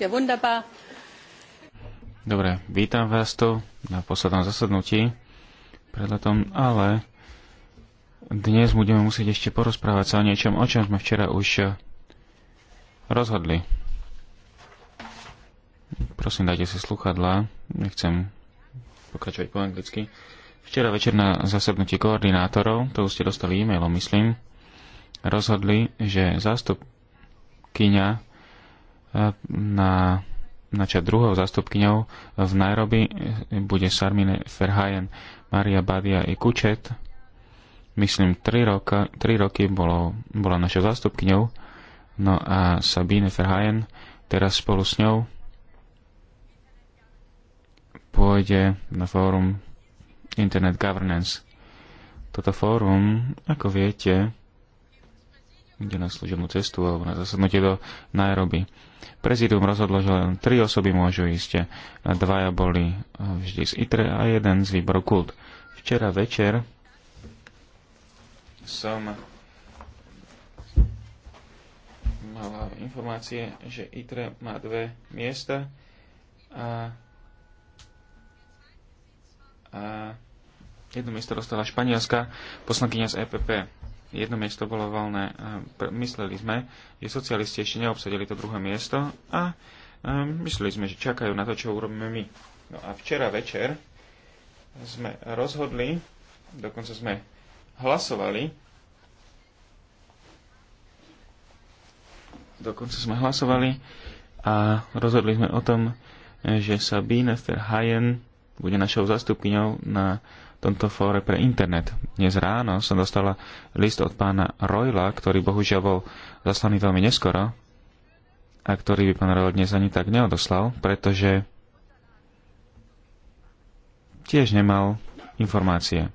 ja wunderbar. Dobre, vítam vás tu na poslednom zasadnutí pred letom, ale dnes budeme musieť ešte porozprávať sa o niečom, o čom sme včera už rozhodli. Prosím, dajte si sluchadla. Nechcem pokračovať po anglicky. Včera večer na zasadnutí koordinátorov, to už ste dostali e-mailom, myslím, rozhodli, že zástup kyňa na načať druhou zastupkyňou v Nairobi bude Sarmine Ferhajen Maria Badia i Kučet. Myslím, 3, roka, 3 roky bolo, bola našou zastupkyňou. No a Sabine Ferhajen teraz spolu s ňou pôjde na fórum Internet Governance. Toto fórum, ako viete, ide na služebnú cestu alebo na zasadnutie do Nairobi. Prezidium rozhodlo, že len tri osoby môžu ísť. A dvaja boli e, vždy z ITRE a jeden z výboru KULT. Včera večer som mal informácie, že ITRE má dve miesta a, a jedno miesto dostala španielská poslankyňa z EPP jedno miesto bolo voľné. Eh, mysleli sme, že socialisti ešte neobsadili to druhé miesto a eh, mysleli sme, že čakajú na to, čo urobíme my. No a včera večer sme rozhodli, dokonca sme hlasovali, dokonca sme hlasovali a rozhodli sme o tom, eh, že Sabine Verheyen bude našou zastupkyňou na tomto fóre pre internet. Dnes ráno som dostala list od pána Rojla, ktorý bohužiaľ bol zaslaný veľmi neskoro a ktorý by pán Rojl dnes ani tak neodoslal, pretože tiež nemal informácie.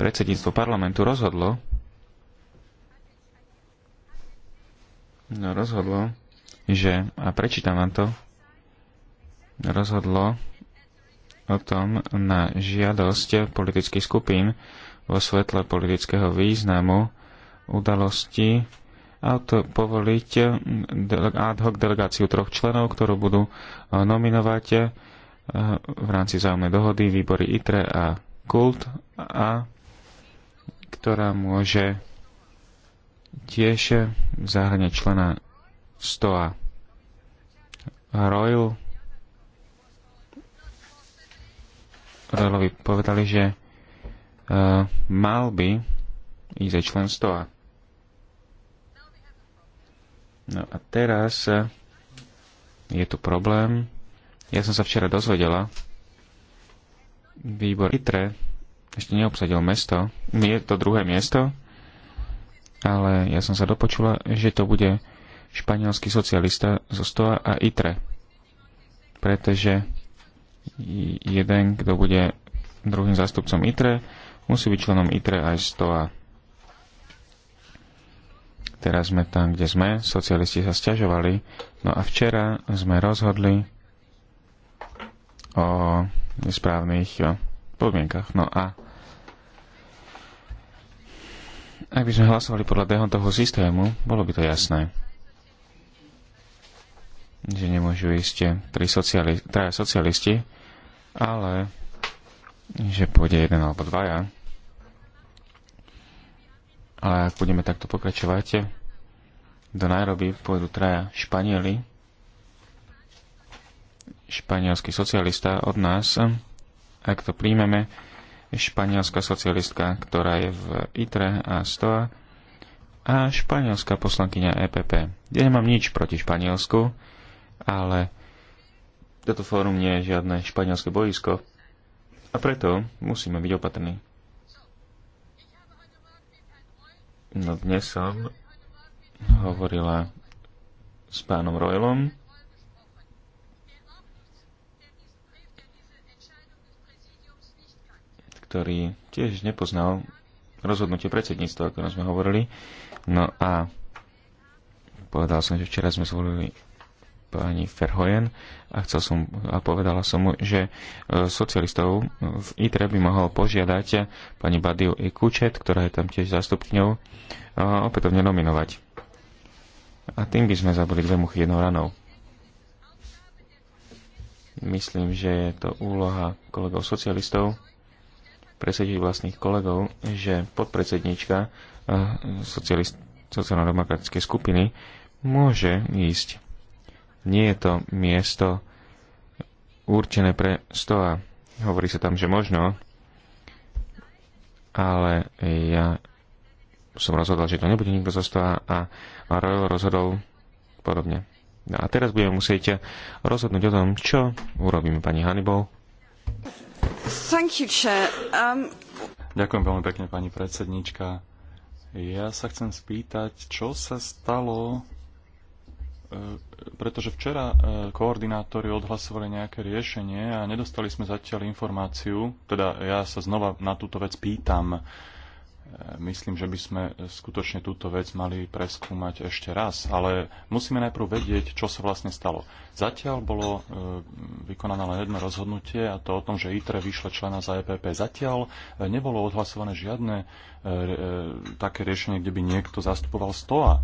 Predsedníctvo parlamentu rozhodlo, no rozhodlo, že, a prečítam vám to, rozhodlo o tom na žiadosť politických skupín vo svetle politického významu udalosti a to povoliť ad hoc delegáciu troch členov, ktorú budú eh, nominovať eh, v rámci zájomnej dohody výbory ITRE a KULT a ktorá môže tiež eh, zahrňať člena STOA. Royal Royalovi povedali, že uh, mal by ísť aj člen stoa. No a teraz e, je tu problém. Ja som sa včera dozvedela, výbor ITRE ešte neobsadil mesto, je to druhé miesto, ale ja som sa dopočula, že to bude španielský socialista zo Stoa a ITRE, pretože jeden, kto bude druhým zástupcom ITRE, musí byť členom ITRE aj toho. Teraz sme tam, kde sme, socialisti sa stiažovali, no a včera sme rozhodli o nesprávnych podmienkach. No a ak by sme hlasovali podľa Dehontovho systému, bolo by to jasné že nemôžu ísť tri sociali- traja socialisti, ale že pôjde jeden alebo dvaja. Ale ak budeme takto pokračovať, do Nairobi pôjdu traja Španieli, španielský socialista od nás, ak to príjmeme, španielská socialistka, ktorá je v ITRE a STOA, a španielská poslankyňa EPP. Ja nemám nič proti Španielsku, ale toto fórum nie je žiadne španielské boisko a preto musíme byť opatrní. No dnes som hovorila s pánom Royalom, ktorý tiež nepoznal rozhodnutie predsedníctva, ako sme hovorili. No a povedal som, že včera sme zvolili pani Ferhojen a, chcel som, a povedala som mu, že e, socialistov v ITRE by mohol požiadať pani Badiu i Kučet, ktorá je tam tiež zástupkňou, e, opätovne nominovať. A tým by sme zabili dve muchy jednou ranou. Myslím, že je to úloha kolegov socialistov presvedčiť vlastných kolegov, že podpredsednička e, socialist, sociálno-demokratickej skupiny môže ísť nie je to miesto určené pre stoa. Hovorí sa tam, že možno, ale ja som rozhodol, že to nebude nikto zo stoa a Royal rozhodol podobne. No a teraz budeme musieť rozhodnúť o tom, čo urobíme pani Hannibal. You, um... Ďakujem veľmi pekne, pani predsednička. Ja sa chcem spýtať, čo sa stalo E, pretože včera e, koordinátori odhlasovali nejaké riešenie a nedostali sme zatiaľ informáciu, teda ja sa znova na túto vec pýtam. E, myslím, že by sme skutočne túto vec mali preskúmať ešte raz, ale musíme najprv vedieť, čo sa vlastne stalo. Zatiaľ bolo vykonané len jedno rozhodnutie a to o tom, že ITRE vyšle člena za EPP. Zatiaľ nebolo odhlasované žiadne také riešenie, kde by niekto zastupoval STOA.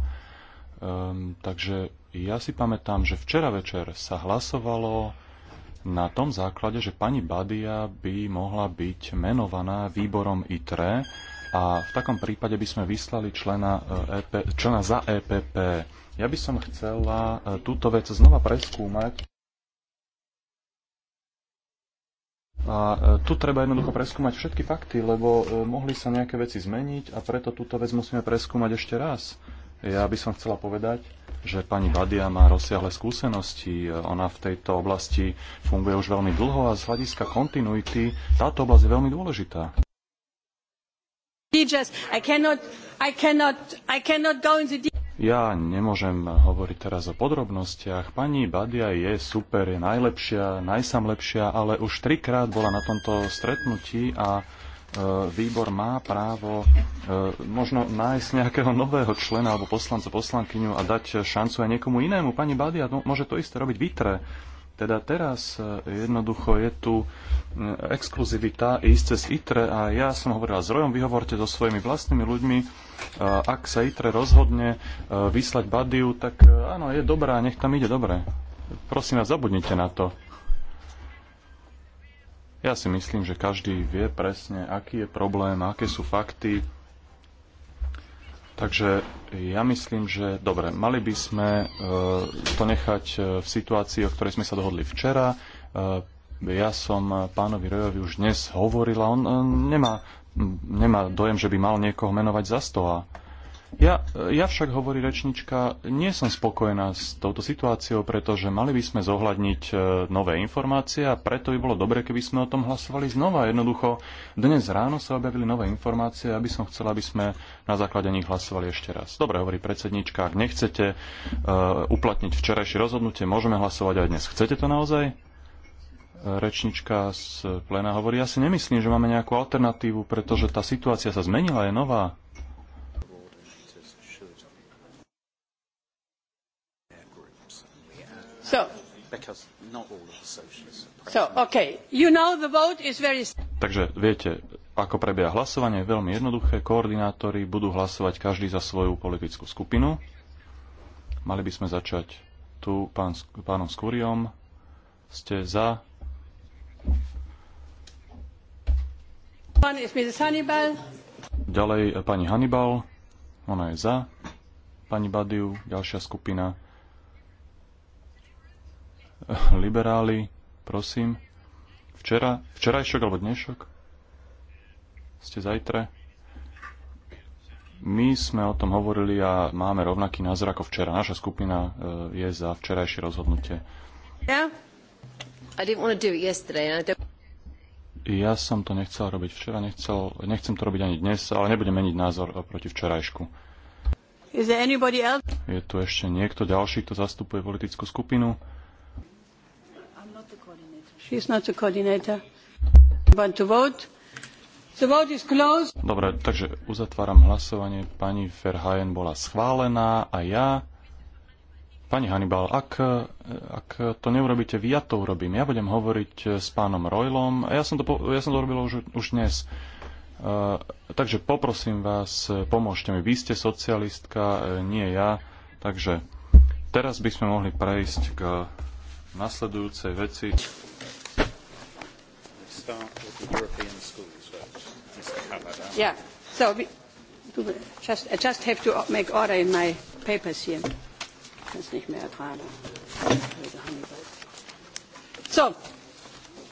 Um, takže ja si pamätám, že včera večer sa hlasovalo na tom základe, že pani Badia by mohla byť menovaná výborom ITRE a v takom prípade by sme vyslali člena, EP, e člena za EPP. Ja by som chcela e, túto vec znova preskúmať. A e, tu treba jednoducho preskúmať všetky fakty, lebo mohli sa nejaké veci zmeniť a preto túto vec musíme preskúmať ešte raz. Ja by som chcela povedať, že pani Badia má rozsiahle skúsenosti. Ona v tejto oblasti funguje už veľmi dlho a z hľadiska kontinuity táto oblasť je veľmi dôležitá. Ja nemôžem hovoriť teraz o podrobnostiach. Pani Badia je super, je najlepšia, najsamlepšia, ale už trikrát bola na tomto stretnutí a E, výbor má právo e, možno nájsť nejakého nového člena alebo poslanca, poslankyňu a dať šancu aj niekomu inému. Pani Badia no, môže to isté robiť vitre. Teda teraz e, jednoducho je tu exkluzivita ísť cez ITRE a ja som hovorila s Rojom, vyhovorte so svojimi vlastnými ľuďmi. Ak sa ITRE rozhodne vyslať Badiu, tak áno, je dobrá, nech tam ide dobre. Prosím vás, zabudnite na to. Ja si myslím, že každý vie presne, aký je problém, aké sú fakty. Takže ja myslím, že dobre, mali by sme e, to nechať e, v situácii, o ktorej sme sa dohodli včera. E, ja som pánovi Rojovi už dnes hovoril a on nemá, nemá dojem, že by mal niekoho menovať za stola. Ja, ja však, hovorí rečnička, nie som spokojná s touto situáciou, pretože mali by sme zohľadniť e, nové informácie a preto by bolo dobre, keby sme o tom hlasovali znova. Jednoducho, dnes ráno sa objavili nové informácie, aby som chcela, aby sme na základe nich hlasovali ešte raz. Dobre, hovorí predsednička, ak nechcete uh, uplatniť včerajšie rozhodnutie, môžeme hlasovať aj dnes. Chcete to naozaj? E, rečnička z plena hovorí, ja si nemyslím, že máme nejakú alternatívu, pretože tá situácia sa zmenila, je nová. So, because not all of the socialists are so, okay. you know the vote is very... Takže viete, ako prebieha hlasovanie, veľmi jednoduché. Koordinátori budú hlasovať každý za svoju politickú skupinu. Mali by sme začať tu pán, pánom Skúriom. Ste za... Ďalej eh, pani Hannibal, ona je za. Pani Badiu, ďalšia skupina liberáli, prosím, včera, včerajšok alebo dnešok? Ste zajtre? My sme o tom hovorili a máme rovnaký názor ako včera. Naša skupina e, je za včerajšie rozhodnutie. Yeah. Ja som to nechcel robiť včera, nechcel, nechcem to robiť ani dnes, ale nebudem meniť názor e, proti včerajšku. Je tu ešte niekto ďalší, kto zastupuje politickú skupinu? Dobre, takže uzatváram hlasovanie. Pani Verhaen bola schválená a ja... Pani Hannibal, ak, ak to neurobíte vy, ja to urobím. Ja budem hovoriť s pánom Roylom. Ja som to, ja som to urobil už, už dnes. Uh, takže poprosím vás, pomôžte mi. Vy ste socialistka, e, nie ja. Takže teraz by sme mohli prejsť k nasledujúcej veci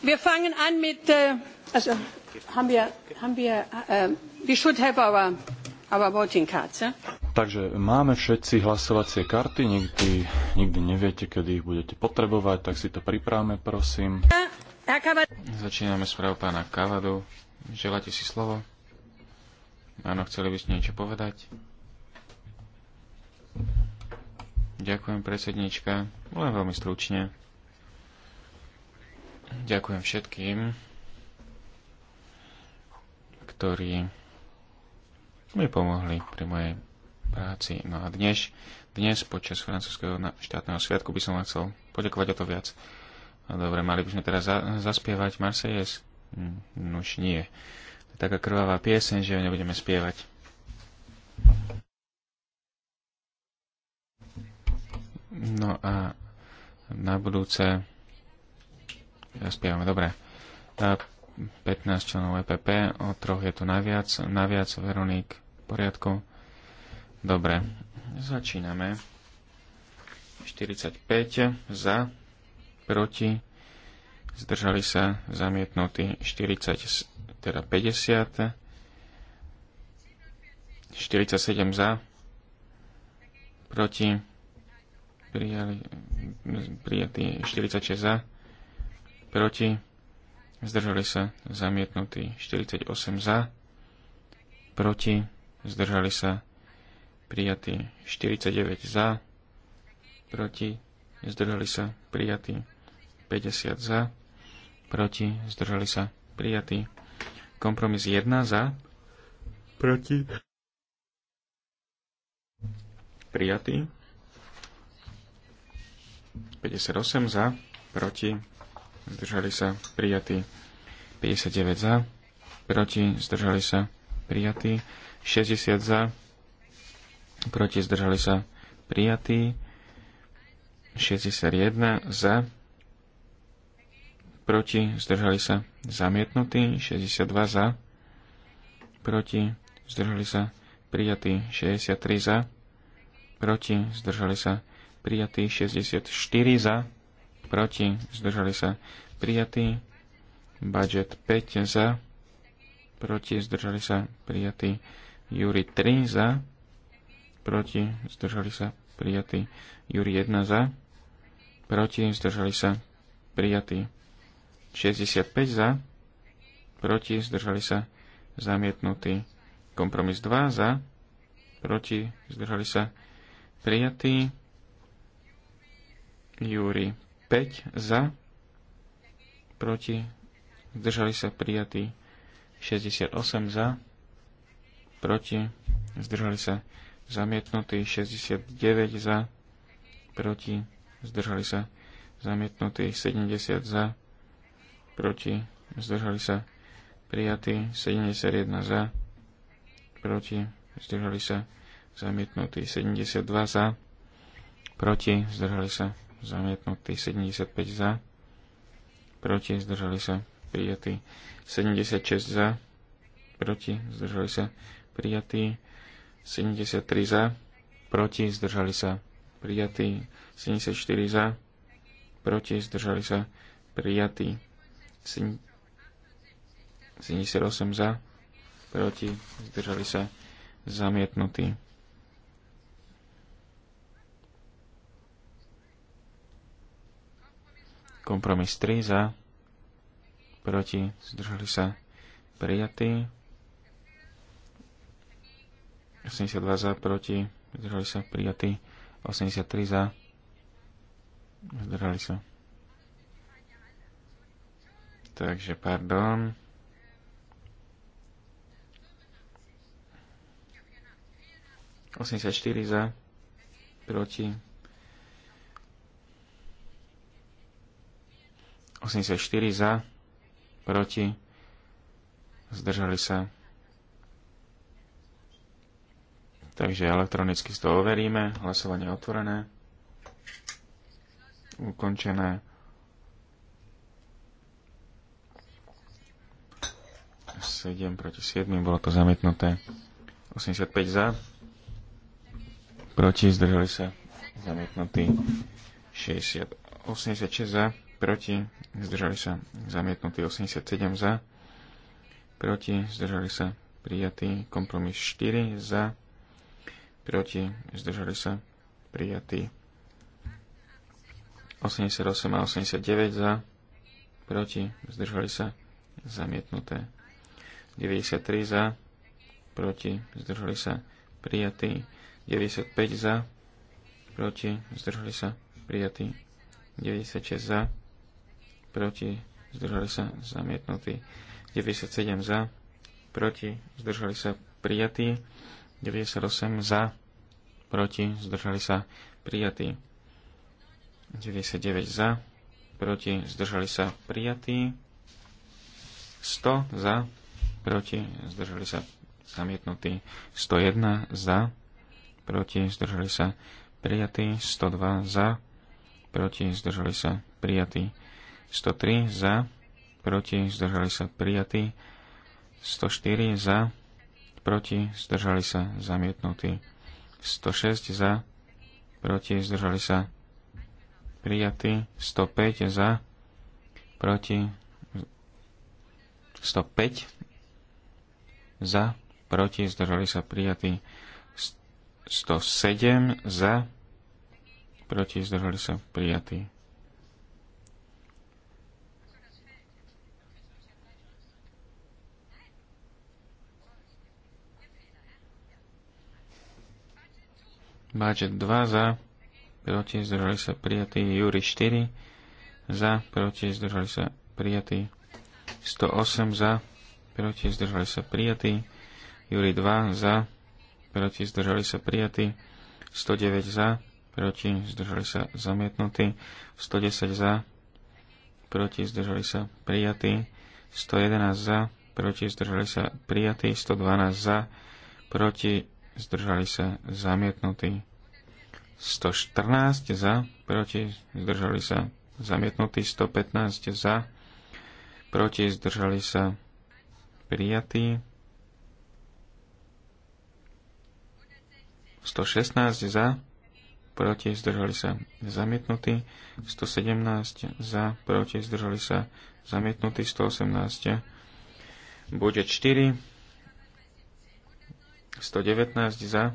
wir fangen an mit, äh, also haben wir, haben wir, äh, we should have our, our voting cards, eh? Takže máme všetci hlasovacie karty, nikdy, nikdy neviete, kedy ich budete potrebovať, tak si to pripravme, prosím. Začíname správu pána Kavadu. Želáte si slovo? Áno, chceli by ste niečo povedať? Ďakujem, predsednička. Len veľmi stručne. Ďakujem všetkým, ktorí mi pomohli pri mojej práci. No a dnes, dnes počas francúzského štátneho sviatku by som vám chcel poďakovať o to viac. No dobre, mali by sme teraz za, zaspievať Marseilles? Hm, no už nie. To je taká krvavá pieseň, že ju nebudeme spievať. No a na budúce zaspievame. Dobre. 15 členov EPP, o troch je tu naviac, naviac Veronik, v poriadku. Dobre, začíname. 45 za, proti, zdržali sa zamietnutí 40, teda 50, 47 za, proti, prijali, prijatí 46 za, proti, zdržali sa zamietnutí 48 za, proti, zdržali sa prijatí 49 za, proti, zdržali sa prijatí 50 za, proti, zdržali sa, prijatý. Kompromis 1 za, proti, prijatý. 58 za, proti, zdržali sa, prijatý. 59 za, proti, zdržali sa, prijatý. 60 za, proti, zdržali sa, prijatý. 61 za, proti, zdržali sa zamietnutí, 62 za, proti, zdržali sa prijatí, 63 za, proti, zdržali sa prijatí, 64 za, proti, zdržali sa prijatí, budget 5 za, proti, zdržali sa prijatí, Júri 3 za, proti, zdržali sa prijatí, Júri 1 za, proti, zdržali sa prijatí. 65 za, proti, zdržali sa zamietnutí. Kompromis 2 za, proti, zdržali sa prijatí. Júri 5 za, proti, zdržali sa prijatí. 68 za, proti, zdržali sa zamietnutí. 69 za, proti, zdržali sa zamietnutí. 70 za, proti, zdržali sa prijatí, 71 za, proti, zdržali sa zamietnutí, 72 za, proti, zdržali sa zamietnutí, 75 za, proti, zdržali sa prijatí, 76 za, proti, zdržali sa prijatí, 73 za, proti, zdržali sa prijatí, 74 za, proti, zdržali sa prijatí, 78 za, proti, zdržali sa zamietnutí. Kompromis 3 za, proti, zdržali sa prijatí. 82 za, proti, zdržali sa prijatí. 83 za, zdržali sa Takže pardon. Osemdesiat štyri za, proti. 84 za, proti, zdržali sa. Takže elektronicky z toho overíme. Hlasovanie otvorené. Ukončené. 7 proti 7, bolo to zamietnuté. 85 za, proti, zdržali sa, zamietnutí 60, 86 za, proti, zdržali sa, zamietnutí 87 za, proti, zdržali sa, prijatý, kompromis 4 za, proti, zdržali sa, prijatý 88 a 89 za, proti, zdržali sa, zamietnuté 93 za, proti, zdržali sa prijatí, 95 za, proti, zdržali sa prijatí, 96 za, proti, zdržali sa zamietnutí, 97 za, proti, zdržali sa prijatí, 98 za, proti, zdržali sa prijatí, 99 za, proti, zdržali sa prijatí, 100 za, proti, zdržali sa zamietnutí 101 za, proti, zdržali sa prijatí 102 za, proti, zdržali sa prijatí 103 za, proti, zdržali sa prijatí 104 za, proti, zdržali sa zamietnutí 106 za, proti, zdržali sa prijatí 105 za, proti 105 za, proti, zdržali sa prijatí 107 za, proti, zdržali sa prijatí. Budget 2 za, proti, zdržali sa prijatí. Júri 4 za, proti, zdržali sa prijatí. 108 za, proti, zdržali sa prijatí. Júri 2 za, proti, zdržali sa prijatí. 109 za, proti, zdržali sa zamietnutí. 110 za, proti, zdržali sa prijatí. 111 za, proti, zdržali sa prijatí. 112 za, proti, zdržali sa zamietnutí. 114 za, proti, zdržali sa zamietnutí. 115 za, proti, zdržali sa prijatý. 116 za, proti, zdržali sa, zamietnutí. 117 za, proti, zdržali sa, zamietnutí. 118 bude 4. 119 za,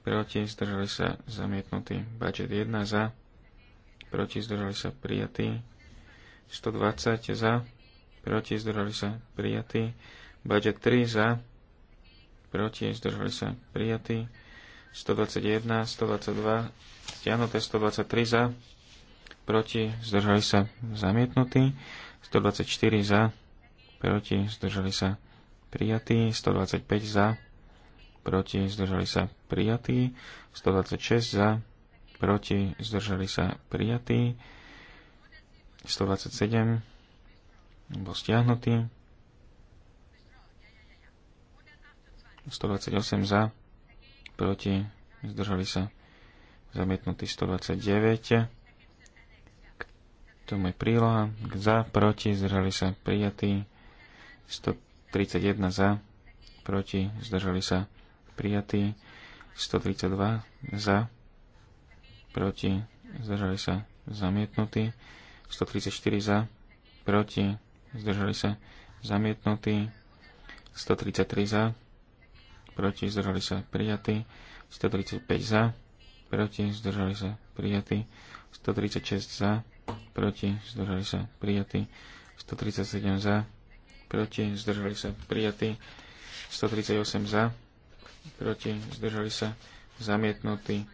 proti, zdržali sa, zamietnutí. Budget 1 za, proti, zdržali sa, prijatí. 120 za, proti, zdržali sa prijatí. Budget 3 za, proti, zdržali sa prijatí. 121, 122, stiahnuté 123 za, proti, zdržali sa zamietnutí. 124 za, proti, zdržali sa prijatí. 125 za, proti, zdržali sa prijatí. 126 za, proti, zdržali sa prijatí. 127 bol stiahnutý. 128 za, proti, zdržali sa zamietnutí, 129. tomu je príloha, za, proti, zdržali sa prijatí. 131 za, proti, zdržali sa prijatí. 132 za, proti, zdržali sa zamietnutí. 134 za, proti, zdržali sa zamietnutí, 133 za, proti zdržali sa prijatí, 135 za, proti zdržali sa prijatí, 136 za, proti zdržali sa prijatí, 137 za, proti zdržali sa prijatí, 138 za, proti zdržali sa zamietnutí,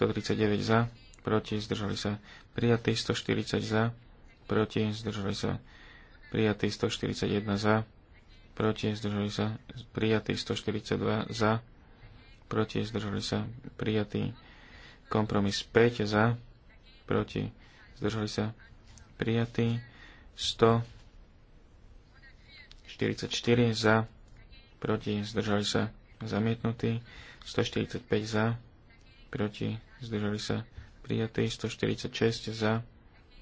139 za, proti zdržali sa prijatí, 140 za, proti zdržali sa prijatí, prijatý 141 za, proti zdržali sa, prijatý 142 za, proti zdržali sa, prijatý kompromis 5 za, proti zdržali sa, prijatý 144 za, proti zdržali sa, zamietnutý 145 za, proti zdržali sa, prijatý 146 za,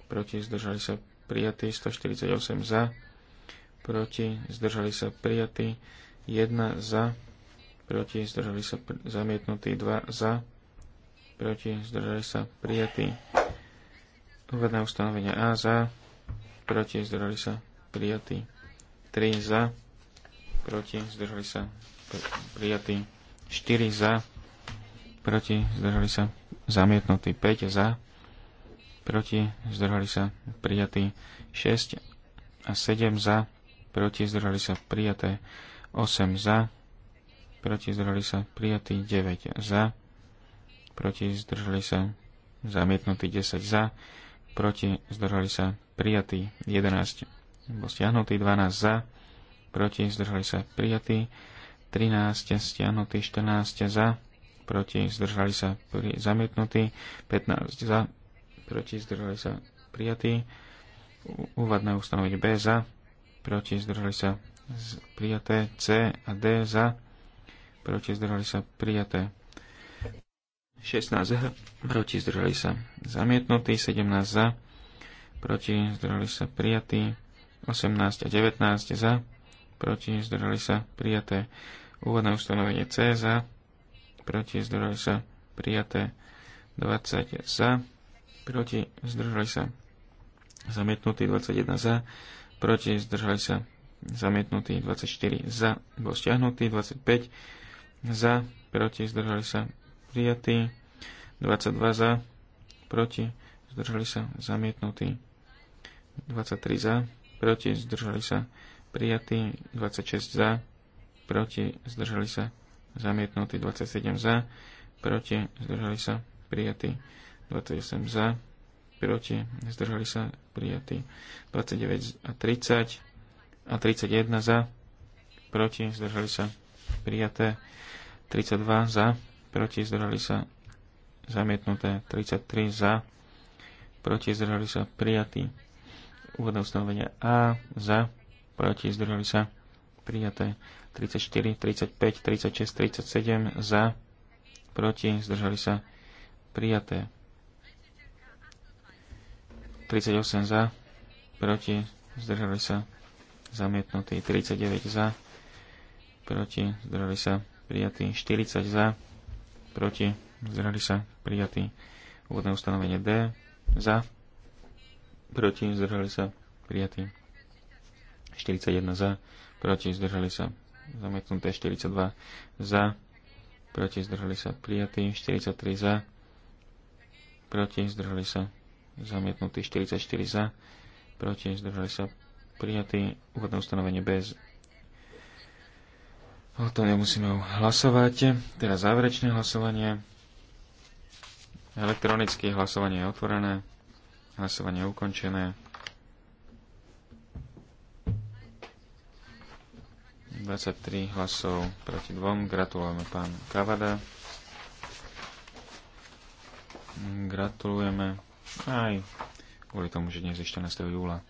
proti zdržali sa, prijatý, 148 za, proti, zdržali sa prijatí, 1 za, proti, zdržali sa zamietnutí, 2 za, proti, zdržali sa prijatí, uvedné ustanovenie A za, proti, zdržali sa prijatí, 3 za, proti, zdržali sa prijatí, 4 za, proti, zdržali sa zamietnutí, 5 za, proti, zdržali sa prijatí 6 a 7 za, proti, zdržali sa prijaté 8 za, proti, zdržali sa prijatí 9 za, proti, zdržali sa zamietnutí 10 za, proti, zdržali sa prijatí 11, bol stiahnutý 12 za, proti, zdržali sa prijatí 13, stiahnutý 14 za, proti, zdržali sa pri, zamietnutí 15 za, proti zdržali sa prijatí. Úvadné ustanoviť B za, proti zdržali sa prijaté. C a D za, proti zdržali sa prijaté. 16 za, proti zdržali sa zamietnutí. 17 za, proti zdržali sa prijatí. 18 a 19 za, proti zdržali sa prijaté. Úvodné ustanovenie C za, proti zdržali sa prijaté. 20 za, proti, zdržali sa, zamietnutí 21 za, proti, zdržali sa, zamietnutí 24 za, bol stiahnutý 25 za, proti, zdržali sa, prijatí 22 za, proti, zdržali sa, zamietnutí 23 za, proti, zdržali sa, prijatí 26 za, proti, zdržali sa, zamietnutí 27 za, proti, zdržali sa, prijatí 28 za, proti, zdržali sa prijatí 29 a 30 a 31 za, proti, zdržali sa prijaté 32 za, proti, zdržali sa zamietnuté 33 za, proti, zdržali sa prijatí úvodné ustanovenie A za, proti, zdržali sa prijaté 34, 35, 36, 37 za, proti, zdržali sa prijaté 38 za, proti, zdržali sa, zamietnutý, 39 za, proti, zdržali sa, prijatý, 40 za, proti, zdržali sa, prijatý, úvodné ustanovenie D, za, proti, zdržali sa, prijatí. 41 za, proti, zdržali sa, zamietnuté, 42 za, proti, zdržali sa, prijatý, 43 za, proti, zdržali sa, zamietnutý 44 za, proti zdržali sa prijatý úvodné ustanovenie bez. O to nemusíme hlasovať. Teda záverečné hlasovanie. Elektronické hlasovanie je otvorené. Hlasovanie je ukončené. 23 hlasov proti dvom. Gratulujeme pán Kavada. Gratulujeme. Aj kvôli tomu, že dnes je 14. júla.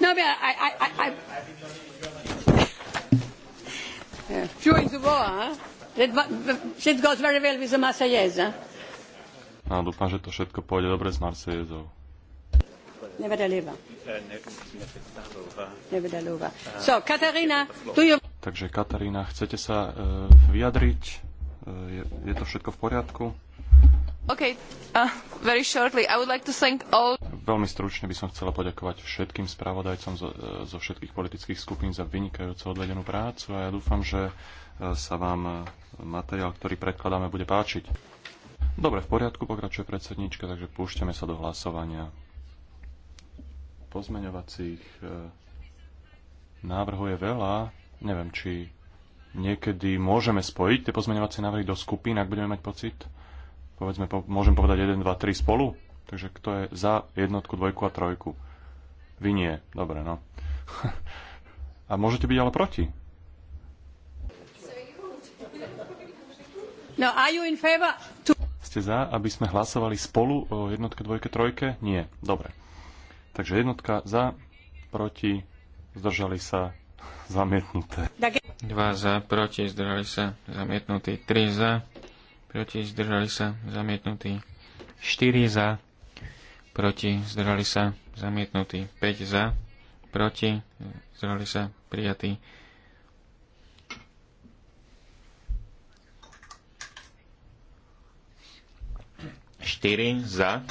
no, but I, I, I, I... Yeah. During the war, huh? That, that goes very well with the Marseillaise. Huh? No, dúfam, že to všetko pôjde dobre s Marseillezou. Nevedaleva. So, Takže Katarína, chcete sa uh, vyjadriť? Uh, je, je to všetko v poriadku? Okay. Uh, very shortly. I would like to thank all... Veľmi stručne by som chcela poďakovať všetkým spravodajcom zo, eh, zo všetkých politických skupín za vynikajúco odvedenú prácu a ja dúfam, že sa vám materiál, ktorý predkladáme, bude páčiť. Dobre, v poriadku, pokračuje predsedníčka, takže púšťame sa do hlasovania pozmeňovacích e, návrhov je veľa. Neviem, či niekedy môžeme spojiť tie pozmeňovacie návrhy do skupín, ak budeme mať pocit. Povedzme, po, môžem povedať 1, 2, 3 spolu. Takže kto je za jednotku, dvojku a trojku? Vy nie. Dobre, no. a môžete byť ale proti. No, are you in favor to... Ste za, aby sme hlasovali spolu o jednotke, dvojke, trojke? Nie. Dobre. Takže jednotka za, proti, zdržali sa, zamietnuté. 2 za, proti, zdržali sa, zamietnutí. 3 za, proti, zdržali sa, zamietnutí. 4 za, proti, zdržali sa, zamietnutí. 5 za, proti, zdržali sa, prijatí. štyri za,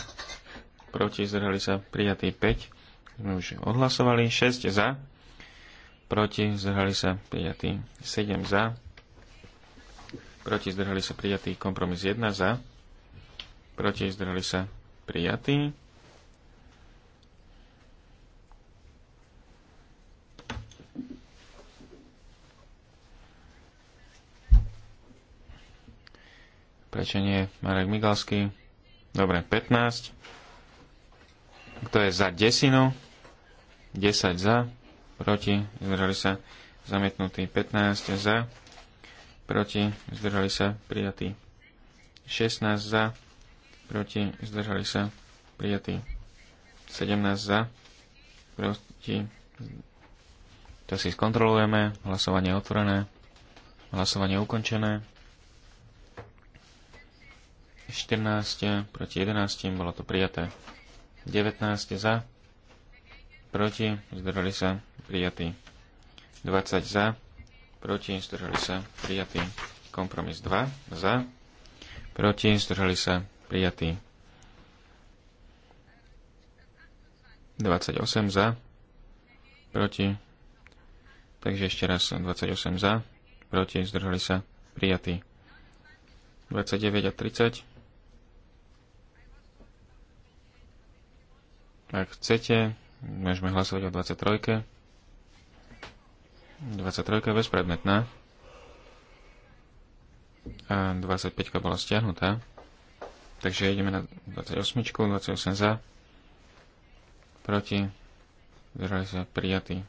proti, zdrhali sa prijatí 5, sme už odhlasovali, 6 za, proti, zdržali sa prijatí 7 za, proti, zdržali sa prijatí kompromis 1 za, proti, zdrhali sa prijatí. Prečo nie? Marek Migalský. Dobre, 15. Kto je za desinu? 10 za, proti, zdržali sa zamietnutí 15 za, proti, zdržali sa prijatí 16 za, proti, zdržali sa prijatí 17 za, proti, to si skontrolujeme, hlasovanie otvorené, hlasovanie ukončené, 14 proti 11, bolo to prijaté. 19 za, proti, zdržali sa, prijatý. 20 za, proti, zdržali sa, prijatý. Kompromis 2 za, proti, zdržali sa, prijatý. 28 za, proti. Takže ešte raz 28 za, proti, zdržali sa, prijatý. 29 a 30 Ak chcete, môžeme hlasovať o 23. 23 je bezpredmetná. A 25 bola stiahnutá. Takže ideme na 28, 28 za. Proti. Zdržali sa prijatí.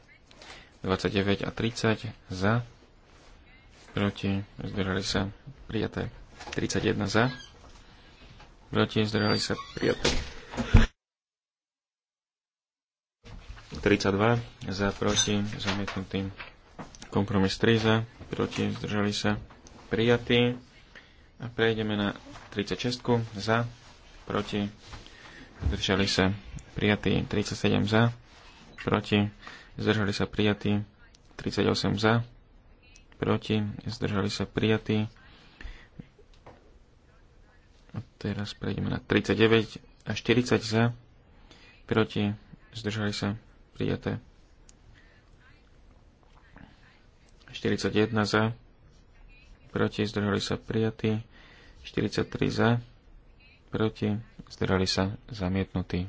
29 a 30 za. Proti. Zdržali sa prijaté. 31 za. Proti. Zdržali sa prijaté. 32 za, proti, zamietnutý. Kompromis 3 za, proti, zdržali sa, prijatý. A prejdeme na 36 za, proti, zdržali sa, prijatý. 37 za, proti, zdržali sa, prijatý. 38 za, proti, zdržali sa, prijatý. A teraz prejdeme na 39 a 40 za, proti, zdržali sa prijaté. 41 za, proti, zdržali sa prijatí. 43 za, proti, zdržali sa zamietnutí.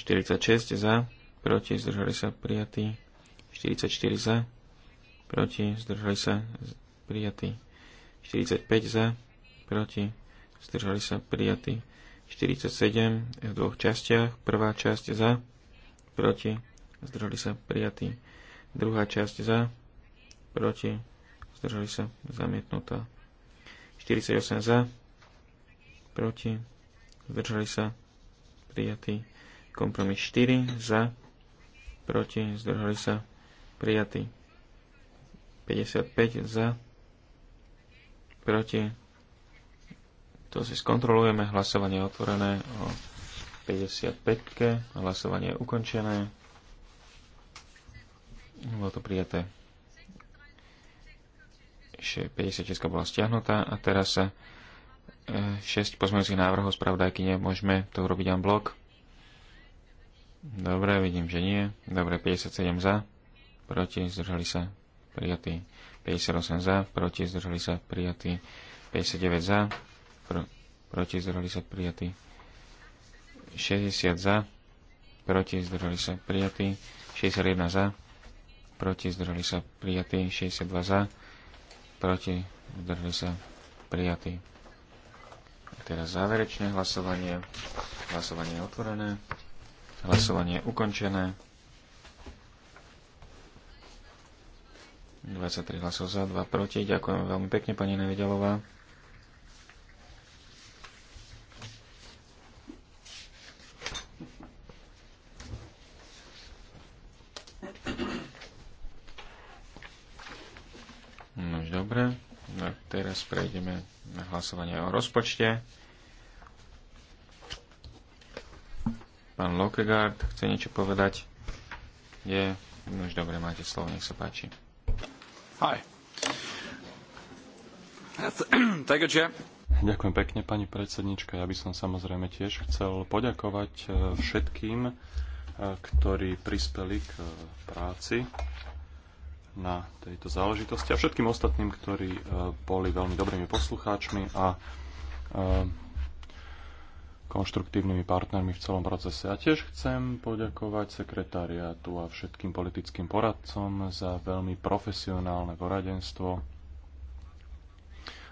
46 za, proti, zdržali sa prijatí. 44 za, proti, zdržali sa prijatí. 45 za, proti, zdržali sa prijatí. 47 v dvoch častiach. Prvá časť za, proti, zdržali sa prijatí. Druhá časť za, proti, zdržali sa zamietnutá. 48 za, proti, zdržali sa prijatí. Kompromis 4 za, proti, zdržali sa prijatí. 55 za, proti, to si skontrolujeme. Hlasovanie je otvorené o 55. Hlasovanie je ukončené. Bolo to prijaté. 56 bola stiahnutá a teraz sa 6 e, pozmeňujúcich návrhov spravodajky nemôžeme to urobiť en blok. Dobre, vidím, že nie. Dobre, 57 za, proti, zdržali sa, prijatí. 58 za, proti, zdržali sa, prijatí. 59 za, pr- proti, zdržali sa prijatí. 60 za, proti, zdržali sa prijatí. 61 za, proti, zdržali sa prijatí. 62 za, proti, zdržali sa prijatí. Teraz záverečné hlasovanie. Hlasovanie je otvorené. Hlasovanie je ukončené. 23 hlasov za, 2 proti. Ďakujem veľmi pekne, pani Nevedelová. Teraz prejdeme na hlasovanie o rozpočte. Pán Lokegaard chce niečo povedať. Je, no už dobre, máte slovo, nech sa páči. Hi. Ďakujem pekne, pani predsednička. Ja by som samozrejme tiež chcel poďakovať eh, všetkým, eh, ktorí prispeli k eh, práci na tejto záležitosti a všetkým ostatným, ktorí e, boli veľmi dobrými poslucháčmi a e, konštruktívnymi partnermi v celom procese. A tiež chcem poďakovať sekretariátu a všetkým politickým poradcom za veľmi profesionálne poradenstvo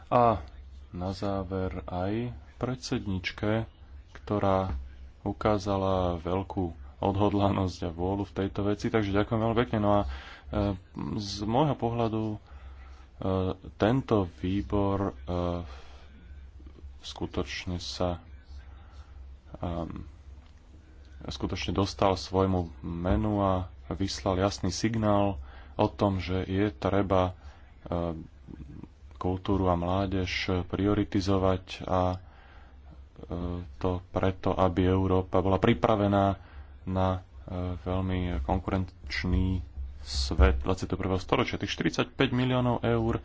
a na záver aj predsedničke, ktorá ukázala veľkú odhodlanosť a vôľu v tejto veci, takže ďakujem veľmi pekne. No a Eh, z môjho pohľadu eh, tento výbor eh, skutočne sa skutočne dostal svojmu menu a vyslal jasný signál o tom, že je treba kultúru a mládež prioritizovať a to preto, aby Európa bola pripravená na veľmi konkurenčný svet 21. storočia. Tých 45 miliónov eur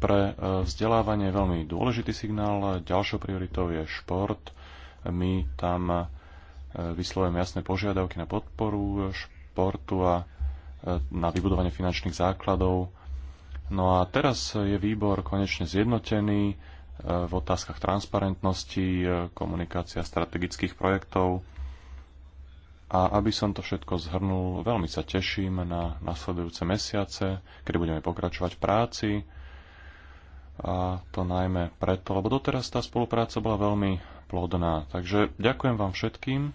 pre e, vzdelávanie je veľmi dôležitý signál. Ďalšou prioritou je šport. My tam e, vyslovujeme jasné požiadavky na podporu športu a e, na vybudovanie finančných základov. No a teraz je výbor konečne zjednotený v otázkach transparentnosti, komunikácia strategických projektov a aby som to všetko zhrnul, veľmi sa teším na nasledujúce mesiace, kedy budeme pokračovať v práci. A to najmä preto, lebo doteraz tá spolupráca bola veľmi plodná. Takže ďakujem vám všetkým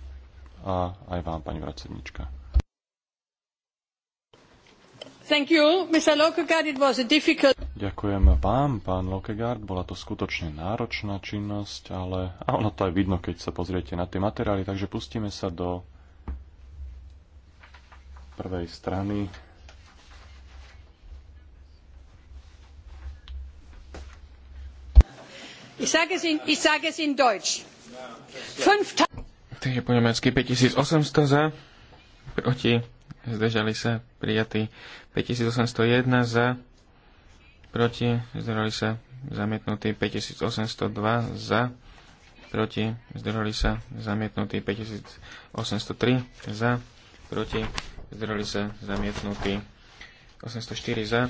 a aj vám, pani vracednička. Difficult... Ďakujem vám, pán Lokegaard. Bola to skutočne náročná činnosť, ale a ono to aj vidno, keď sa pozriete na tie materiály. Takže pustíme sa do prvej strany. Ich sage es in, ich sage es in Deutsch. Takže po nemecky 5800 za, proti, zdržali sa, prijatí 5801 za, proti, zdržali sa, zamietnutí 5802 za, proti, zdržali sa, zamietnutí 5803 za, proti, zdržali sa zamietnutí 804 za,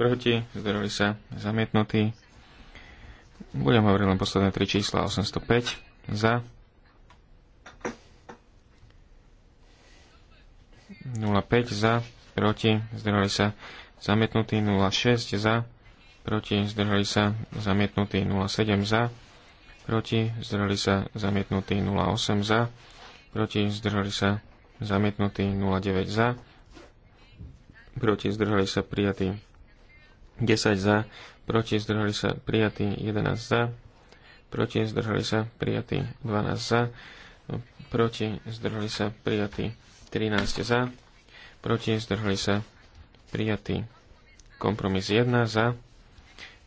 proti, zdržali sa zamietnutí. Budem hovoriť len posledné tri čísla 805 za, 05 za, proti, zdržali sa zamietnutí 06 za, proti, zdržali sa zamietnutí 07 za, proti, zdržali sa zamietnutí 08 za, proti, zdržali sa zamietnutý 09 za, proti zdržali sa prijatí 10 za, proti zdržali sa prijatí 11 za, proti zdržali sa prijatí 12 za, proti zdržali sa prijatí 13 za, proti zdržali sa prijatí kompromis 1 za,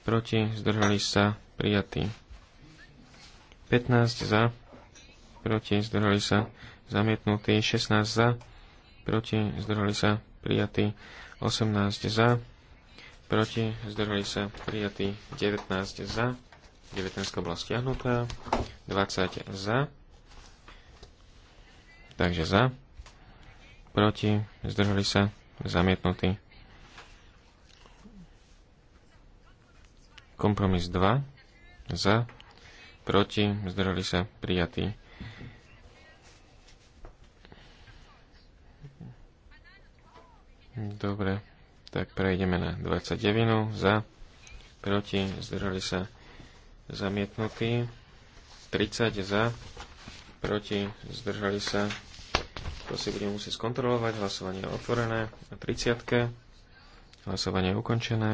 proti zdržali sa prijatí 15 za, proti zdržali sa zamietnutý, 16 za, proti, zdržali sa, prijatý, 18 za, proti, zdržali sa, prijatý, 19 za, 19 bola stiahnutá, 20 za, takže za, proti, zdržali sa, zamietnutý, kompromis 2, za, proti, zdržali sa, prijatý, Dobre, tak prejdeme na 29. Za, proti, zdržali sa zamietnutí. 30 za, proti, zdržali sa. To si budeme musieť skontrolovať. Hlasovanie je otvorené. Na 30. Hlasovanie je ukončené.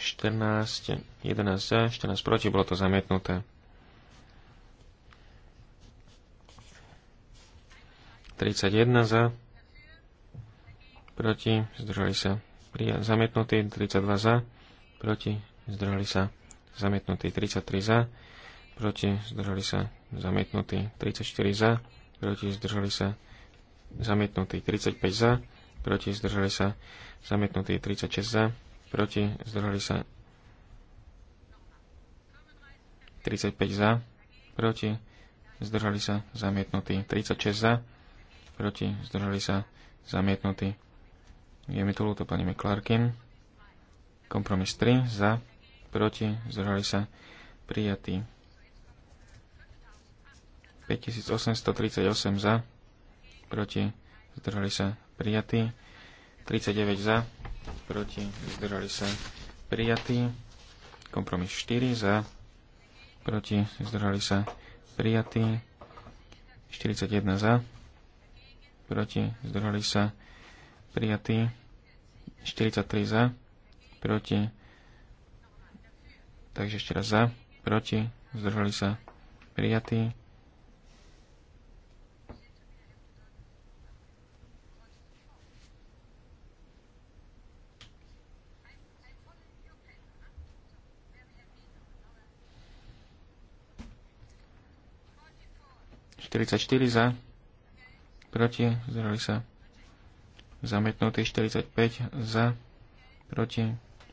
14, 11 za, 14 proti, bolo to zamietnuté. 31 za, proti, zdržali sa, zamietnutí, 32 za, proti, zdržali sa, zamietnutí, 33 za, proti, zdržali sa, zamietnutí, 34 za, proti, zdržali sa, zamietnutí, 35 za, proti, zdržali sa, zamietnutí 36 za, proti, zdržali sa, 35 za, proti, zdržali sa, zamietnutí 36 za, proti, zdržali sa, zamietnutí. Je mi to ľúto, pani McClarkin. Kompromis 3, za, proti, zdržali sa, prijatí. 5838 za, proti, zdržali sa, prijatí. 39 za, proti, zdržali sa, prijatí. Kompromis 4 za, proti, zdržali sa, prijatí. 41 za, proti, zdržali sa prijatí, 43 za, proti, takže ešte raz za, proti, zdržali sa prijatí. Štyridsať štyri za proti, zdržali sa zamietnutí 45 za, proti,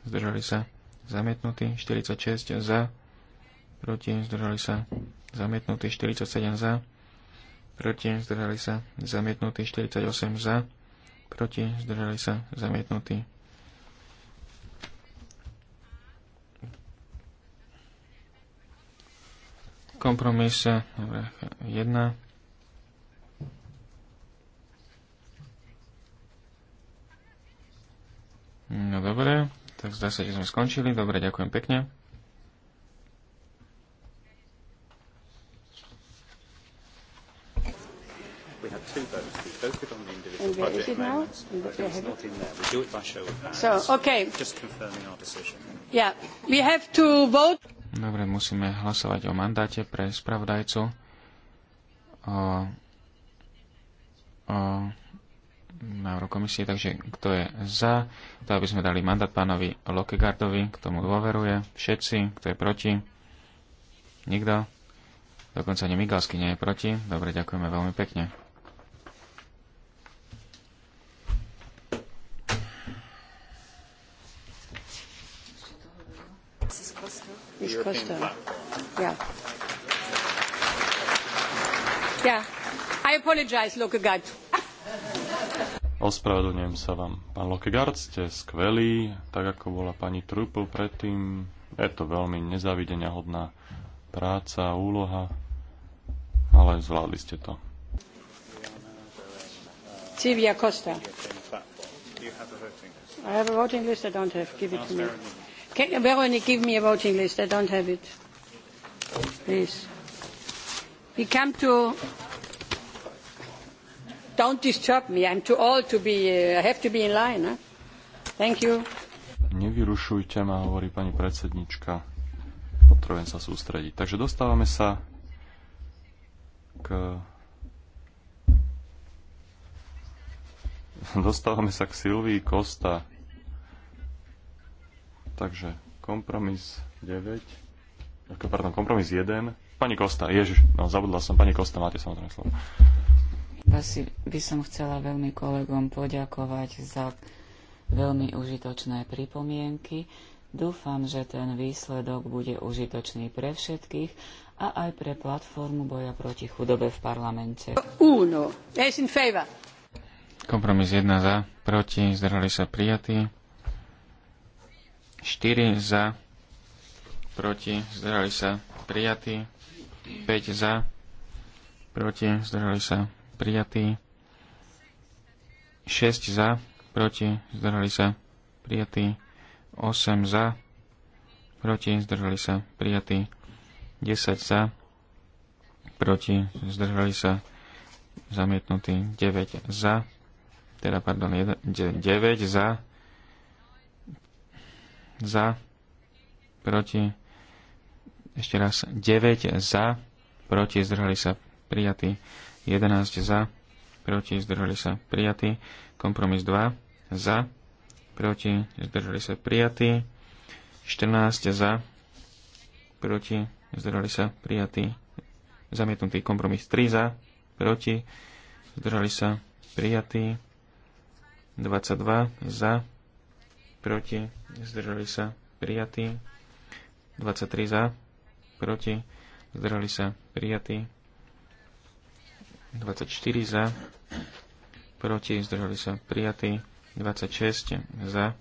zdržali sa zamietnutí 46 za, proti, zdržali sa zamietnutí 47 za, proti, zdržali sa Zametnutý 48 za, proti, zdržali sa zamietnutí. Kompromis 1 eh, No dobre, tak zdá sa, že sme skončili. Dobre, ďakujem pekne. Dobre, musíme hlasovať o mandáte pre spravodajcu. Uh, uh, návrhu komisie, takže kto je za to, aby sme dali mandát pánovi Lokegardovi, k tomu dôveruje, všetci, kto je proti, nikto, dokonca ani Migalsky nie je proti, dobre, ďakujeme veľmi pekne. Yeah. Yeah. I apologize, Lokegard. Ospravedlňujem sa vám. Pán Lokegard, ste skvelí, tak ako bola pani Trupl predtým. Je to veľmi nezavidenia hodná práca a úloha, ale zvládli ste to. Civia Costa. I have a voting list I don't have. Give it to me. Can you, Veronique give me a voting list? I don't have it. Please. We come to Don't disturb me. I'm too old to be... Uh, I have to be in line. Thank you. Nevyrušujte ma, hovorí pani predsednička. Potrebujem sa sústrediť. Takže dostávame sa k... Dostávame sa k Silvii Kosta. Takže kompromis 9. Pardon, kompromis 1. Pani Kosta, ježiš, no zabudla som. Pani Kosta, máte samozrejme slovo. Asi by som chcela veľmi kolegom poďakovať za veľmi užitočné pripomienky. Dúfam, že ten výsledok bude užitočný pre všetkých a aj pre platformu boja proti chudobe v parlamente. Uno. Es in favor. Kompromis 1 za, proti, zdrhali sa prijatí. 4 za, proti, zdrhali sa prijatí. 5 za, proti, zdrhali sa prijatý. 6 za, proti, zdržali sa, prijatý. 8 za, proti, zdržali sa, prijatý. 10 za, proti, zdržali sa, zamietnutý. 9 za, teda pardon, 9 za, za, proti, ešte raz 9 za, proti, zdržali sa, prijatý. 11 za, proti, zdržali sa prijatí. Kompromis 2 za, proti, zdržali sa prijatí. 14 za, proti, zdržali sa prijatí. Zamietnutý kompromis 3 za, proti, zdržali sa prijatí. 22 za, proti, zdržali sa prijatí. 23 za, proti, zdržali sa prijatí. 24 za, proti, zdržali sa prijatí, 26 za,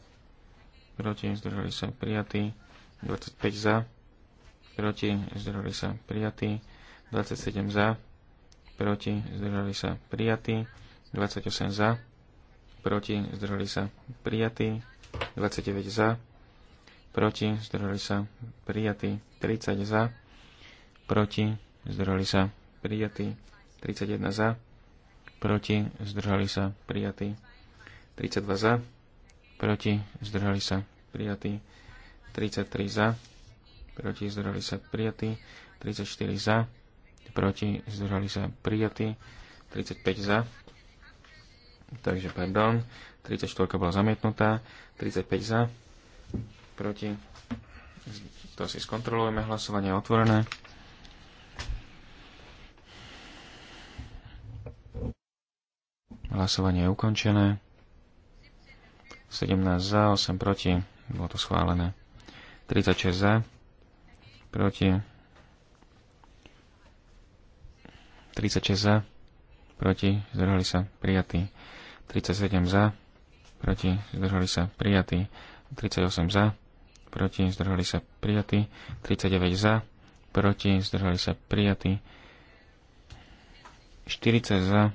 proti, zdržali sa prijatí, 25 za, proti, zdržali sa prijatí, 27 za, proti, zdržali sa prijatí, 28 za, proti, zdržali sa prijatí, 29 za, proti, zdržali sa prijatí, 30 za, proti, zdržali sa prijatí, 31 za, proti, zdržali sa, prijatí. 32 za, proti, zdržali sa, prijatí. 33 za, proti, zdržali sa, prijatí. 34 za, proti, zdržali sa, prijatí. 35 za, takže pardon, 34 bola zamietnutá, 35 za, proti, to si skontrolujeme, hlasovanie je otvorené. Hlasovanie je ukončené. 17 za, 8 proti. Bolo to schválené. 36 za, proti. 36 za, proti. Zdržali sa, prijatí. 37 za, proti. Zdržali sa, prijatí. 38 za, proti. Zdržali sa, prijatí. 39 za, proti. Zdržali sa, prijatí. 40 za,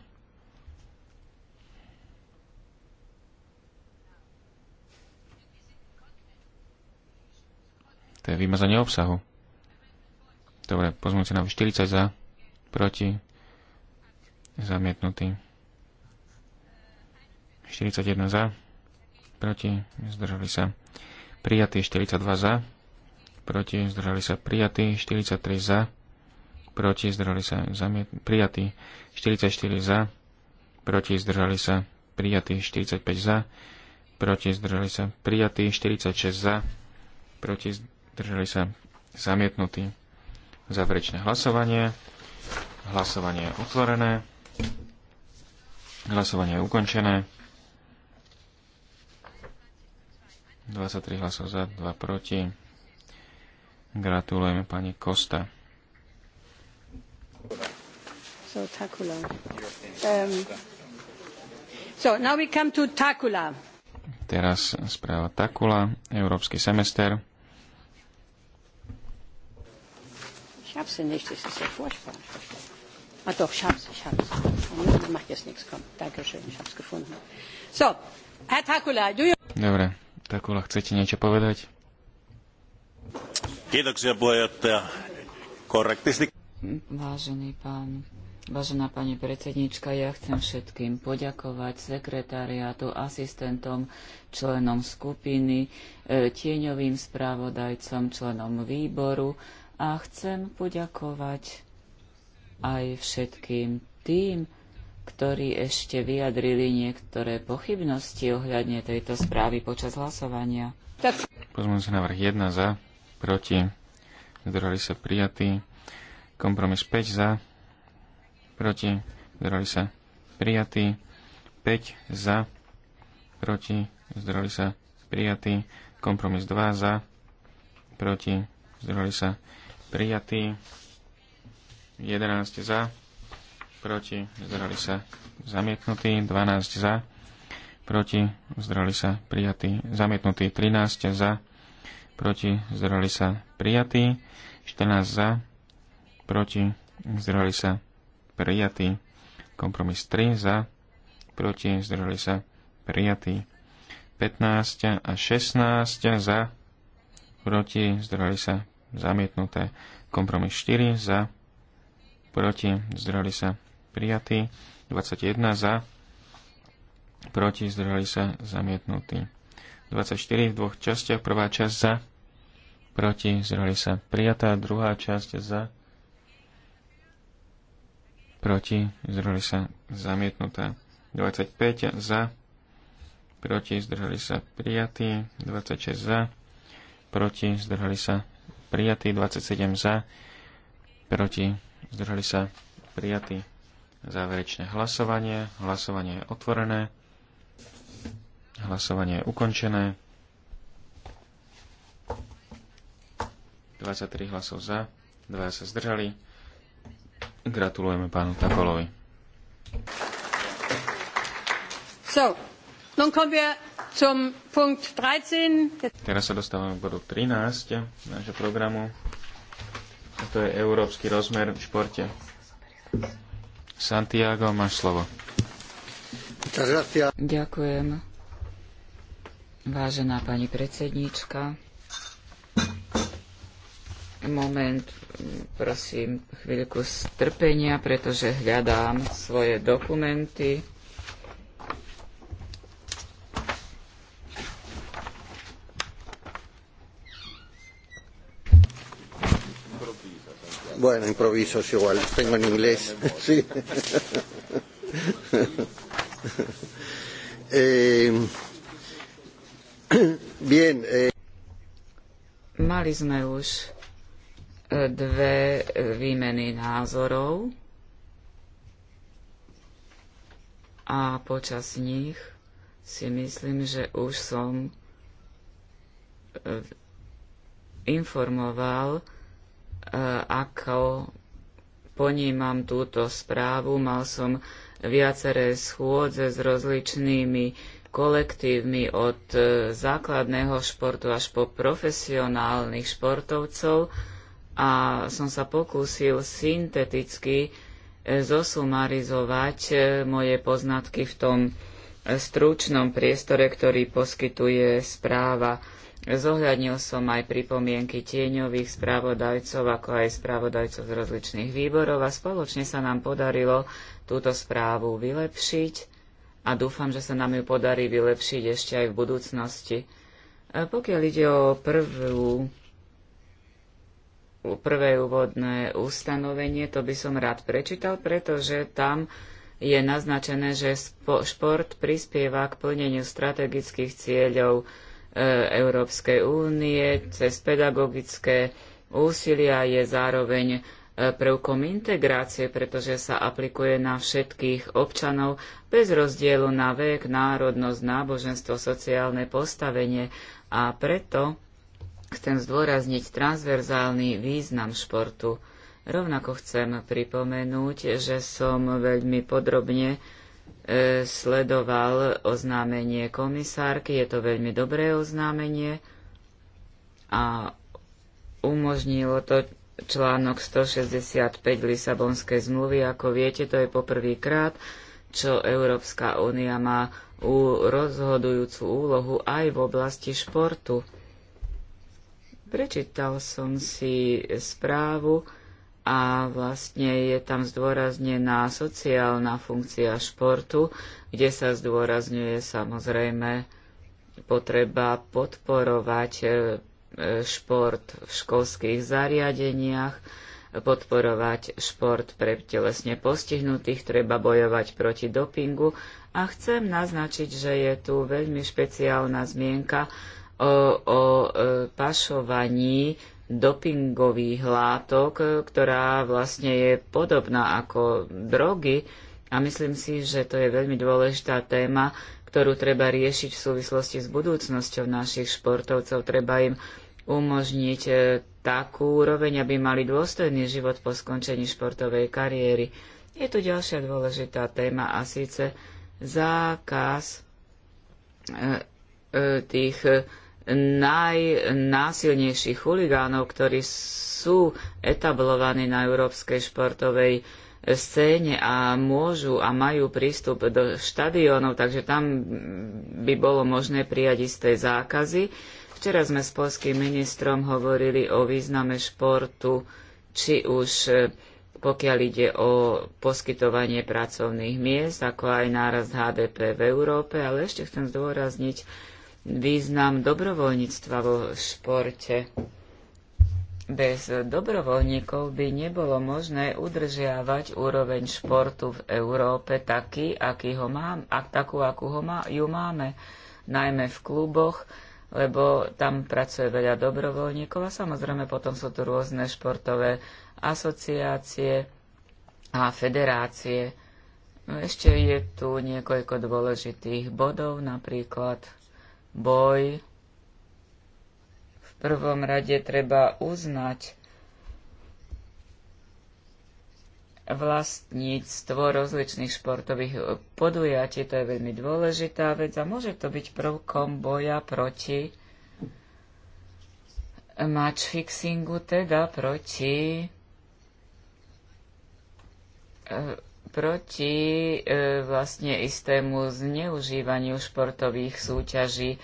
je vymazanie obsahu. Dobre, pozmúci na 40 za, proti, zamietnutý. 41 za, proti, zdržali sa. Prijatý 42 za, proti, zdržali sa. Prijatý 43 za, proti, zdržali sa. Zamiet, prijatý 44 za, proti, zdržali sa. Prijatý 45 za, proti, zdržali sa. Prijatý 46 za, proti, Držali sa zamietnutí. Záverečné hlasovanie. Hlasovanie je otvorené. Hlasovanie je ukončené. 23 hlasov za, 2 proti. Gratulujeme pani Kosta. So, Takula. Um, so, now we come to Takula. Teraz správa Takula, Európsky semester. Ich habe sie nicht, das ist ja furchtbar. Ah doch, ich habe sie, ich habe sie. Macht jetzt nichts, komm. Dankeschön, ich habe es gefunden. So, Herr Takula, du... Dobre, Takula, chcete ihr niečo povedať? Kiitoksia puheenjohtaja. Korrektisti. Hm? Vážený pán Vážená pani predsednička, ja chcem všetkým poďakovať sekretariátu, asistentom, členom skupiny, e, tieňovým správodajcom, členom výboru, a chcem poďakovať aj všetkým tým, ktorí ešte vyjadrili niektoré pochybnosti ohľadne tejto správy počas hlasovania. Pozmúť sa návrh 1 za, proti, zdržali sa prijatí, kompromis 5 za, proti, zdržali sa prijatí, 5 za, proti, zdržali sa prijatí, kompromis 2 za, proti, zdržali sa prijatí prijatý. 11 za, proti, zdrali sa zamietnutí, 12 za, proti, zdrali sa prijatí, zamietnutí, 13 za, proti, zdrali sa prijatí, 14 za, proti, zdrali sa prijatí, kompromis 3 za, proti, zdrali sa prijatí, 15 a 16 za, proti, zdrali sa zamietnuté. Kompromis 4 za, proti, zdržali sa prijatí. 21 za, proti, zdrali sa zamietnutí. 24 v dvoch častiach, prvá časť za, proti, zdrali sa prijatá, druhá časť za, proti, zdrali sa zamietnutá. 25 za, proti, zdržali sa prijatí, 26 za, proti, zdržali sa prijatý, 27 za, proti, zdržali sa, prijatý. Záverečné hlasovanie, hlasovanie je otvorené, hlasovanie je ukončené. 23 hlasov za, 2 sa zdržali. Gratulujeme pánu Takolovi. So, Teraz sa dostávame k bodu 13 nášho programu. A to je európsky rozmer v športe. Santiago, máš slovo. Ďakujem. Vážená pani predsedníčka. Moment, prosím, chvíľku strpenia, pretože hľadám svoje dokumenty. Bueno, improviso es igual, tengo en inglés. Sí. eh, bien, eh. Mali sme už e, dve e, výmeny názorov a počas nich si myslím, že už som e, informoval ako ponímam túto správu. Mal som viaceré schôdze s rozličnými kolektívmi od e, základného športu až po profesionálnych športovcov a som sa pokúsil synteticky e, zosumarizovať e, moje poznatky v tom stručnom priestore, ktorý poskytuje správa. Zohľadnil som aj pripomienky tieňových správodajcov, ako aj správodajcov z rozličných výborov a spoločne sa nám podarilo túto správu vylepšiť a dúfam, že sa nám ju podarí vylepšiť ešte aj v budúcnosti. pokiaľ ide o prvú prvé úvodné ustanovenie, to by som rád prečítal, pretože tam je naznačené, že šport prispieva k plneniu strategických cieľov E, Európskej únie cez pedagogické úsilia je zároveň e, prvkom integrácie, pretože sa aplikuje na všetkých občanov bez rozdielu na vek, národnosť, náboženstvo, sociálne postavenie a preto chcem zdôrazniť transverzálny význam športu. Rovnako chcem pripomenúť, že som veľmi podrobne E, sledoval oznámenie komisárky, je to veľmi dobré oznámenie a umožnilo to článok 165 Lisabonskej zmluvy. Ako viete, to je poprvýkrát, čo Európska únia má rozhodujúcu úlohu aj v oblasti športu. Prečítal som si správu, a vlastne je tam zdôraznená sociálna funkcia športu, kde sa zdôrazňuje samozrejme potreba podporovať e, e, šport v školských zariadeniach, podporovať šport pre telesne postihnutých, treba bojovať proti dopingu a chcem naznačiť, že je tu veľmi špeciálna zmienka o, o e, pašovaní dopingových látok, ktorá vlastne je podobná ako drogy. A myslím si, že to je veľmi dôležitá téma, ktorú treba riešiť v súvislosti s budúcnosťou našich športovcov. Treba im umožniť e, takú úroveň, aby mali dôstojný život po skončení športovej kariéry. Je tu ďalšia dôležitá téma a síce zákaz e, e, tých najnásilnejších chuligánov, ktorí sú etablovaní na európskej športovej scéne a môžu a majú prístup do štadiónov, takže tam by bolo možné prijať isté zákazy. Včera sme s polským ministrom hovorili o význame športu, či už e, pokiaľ ide o poskytovanie pracovných miest, ako aj nárast HDP v Európe, ale ešte chcem zdôrazniť, význam dobrovoľníctva vo športe. Bez dobrovoľníkov by nebolo možné udržiavať úroveň športu v Európe taký, aký ho mám, a takú, akú ho má, ju máme, najmä v kluboch, lebo tam pracuje veľa dobrovoľníkov a samozrejme potom sú tu rôzne športové asociácie a federácie. No, ešte je tu niekoľko dôležitých bodov, napríklad boj v prvom rade treba uznať vlastníctvo rozličných športových podujatí, to je veľmi dôležitá vec a môže to byť prvkom boja proti match fixingu, teda proti e, proti e, vlastne istému zneužívaniu športových súťaží.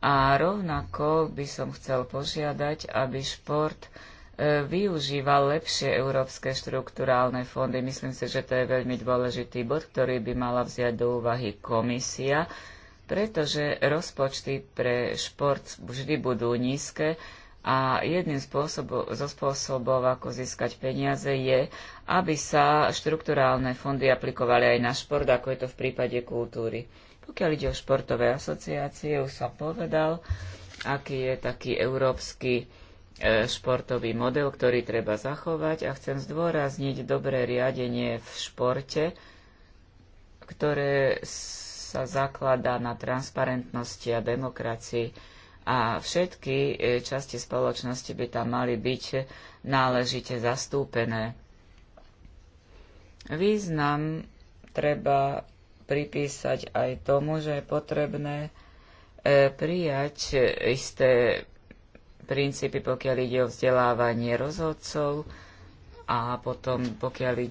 A rovnako by som chcel požiadať, aby šport e, využíval lepšie európske štruktúrálne fondy. Myslím si, že to je veľmi dôležitý bod, ktorý by mala vziať do úvahy komisia, pretože rozpočty pre šport vždy budú nízke a jedným zo spôsobov, ako získať peniaze, je, aby sa štrukturálne fondy aplikovali aj na šport, ako je to v prípade kultúry. Pokiaľ ide o športové asociácie, už som povedal, aký je taký európsky e, športový model, ktorý treba zachovať a chcem zdôrazniť dobré riadenie v športe, ktoré sa zakladá na transparentnosti a demokracii a všetky e, časti spoločnosti by tam mali byť náležite zastúpené. Význam treba pripísať aj tomu, že je potrebné e, prijať isté princípy, pokiaľ ide o vzdelávanie rozhodcov a potom, pokiaľ e,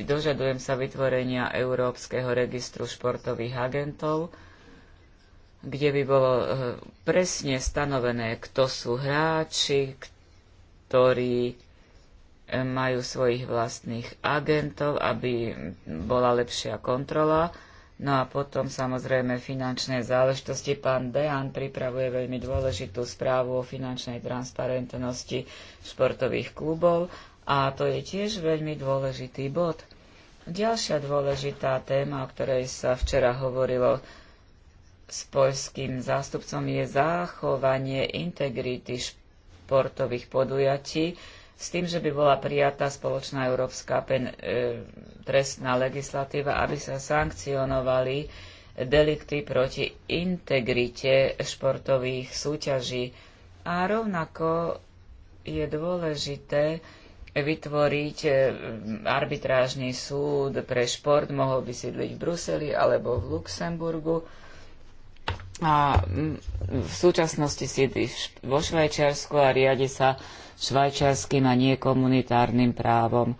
dožadujem sa vytvorenia Európskeho registru športových agentov, kde by bolo e, presne stanovené, kto sú hráči, ktorí e, majú svojich vlastných agentov, aby bola lepšia kontrola. No a potom samozrejme finančné záležitosti. Pán Dejan pripravuje veľmi dôležitú správu o finančnej transparentnosti športových klubov a to je tiež veľmi dôležitý bod. Ďalšia dôležitá téma, o ktorej sa včera hovorilo s poľským zástupcom je zachovanie integrity športových podujatí s tým, že by bola prijatá spoločná európska pen, e, trestná legislatíva, aby sa sankcionovali delikty proti integrite športových súťaží. A rovnako je dôležité vytvoriť e, arbitrážny súd pre šport, mohol by sídliť v Bruseli alebo v Luxemburgu a v súčasnosti sídli vo Švajčiarsku a riadi sa švajčiarským a nie komunitárnym právom.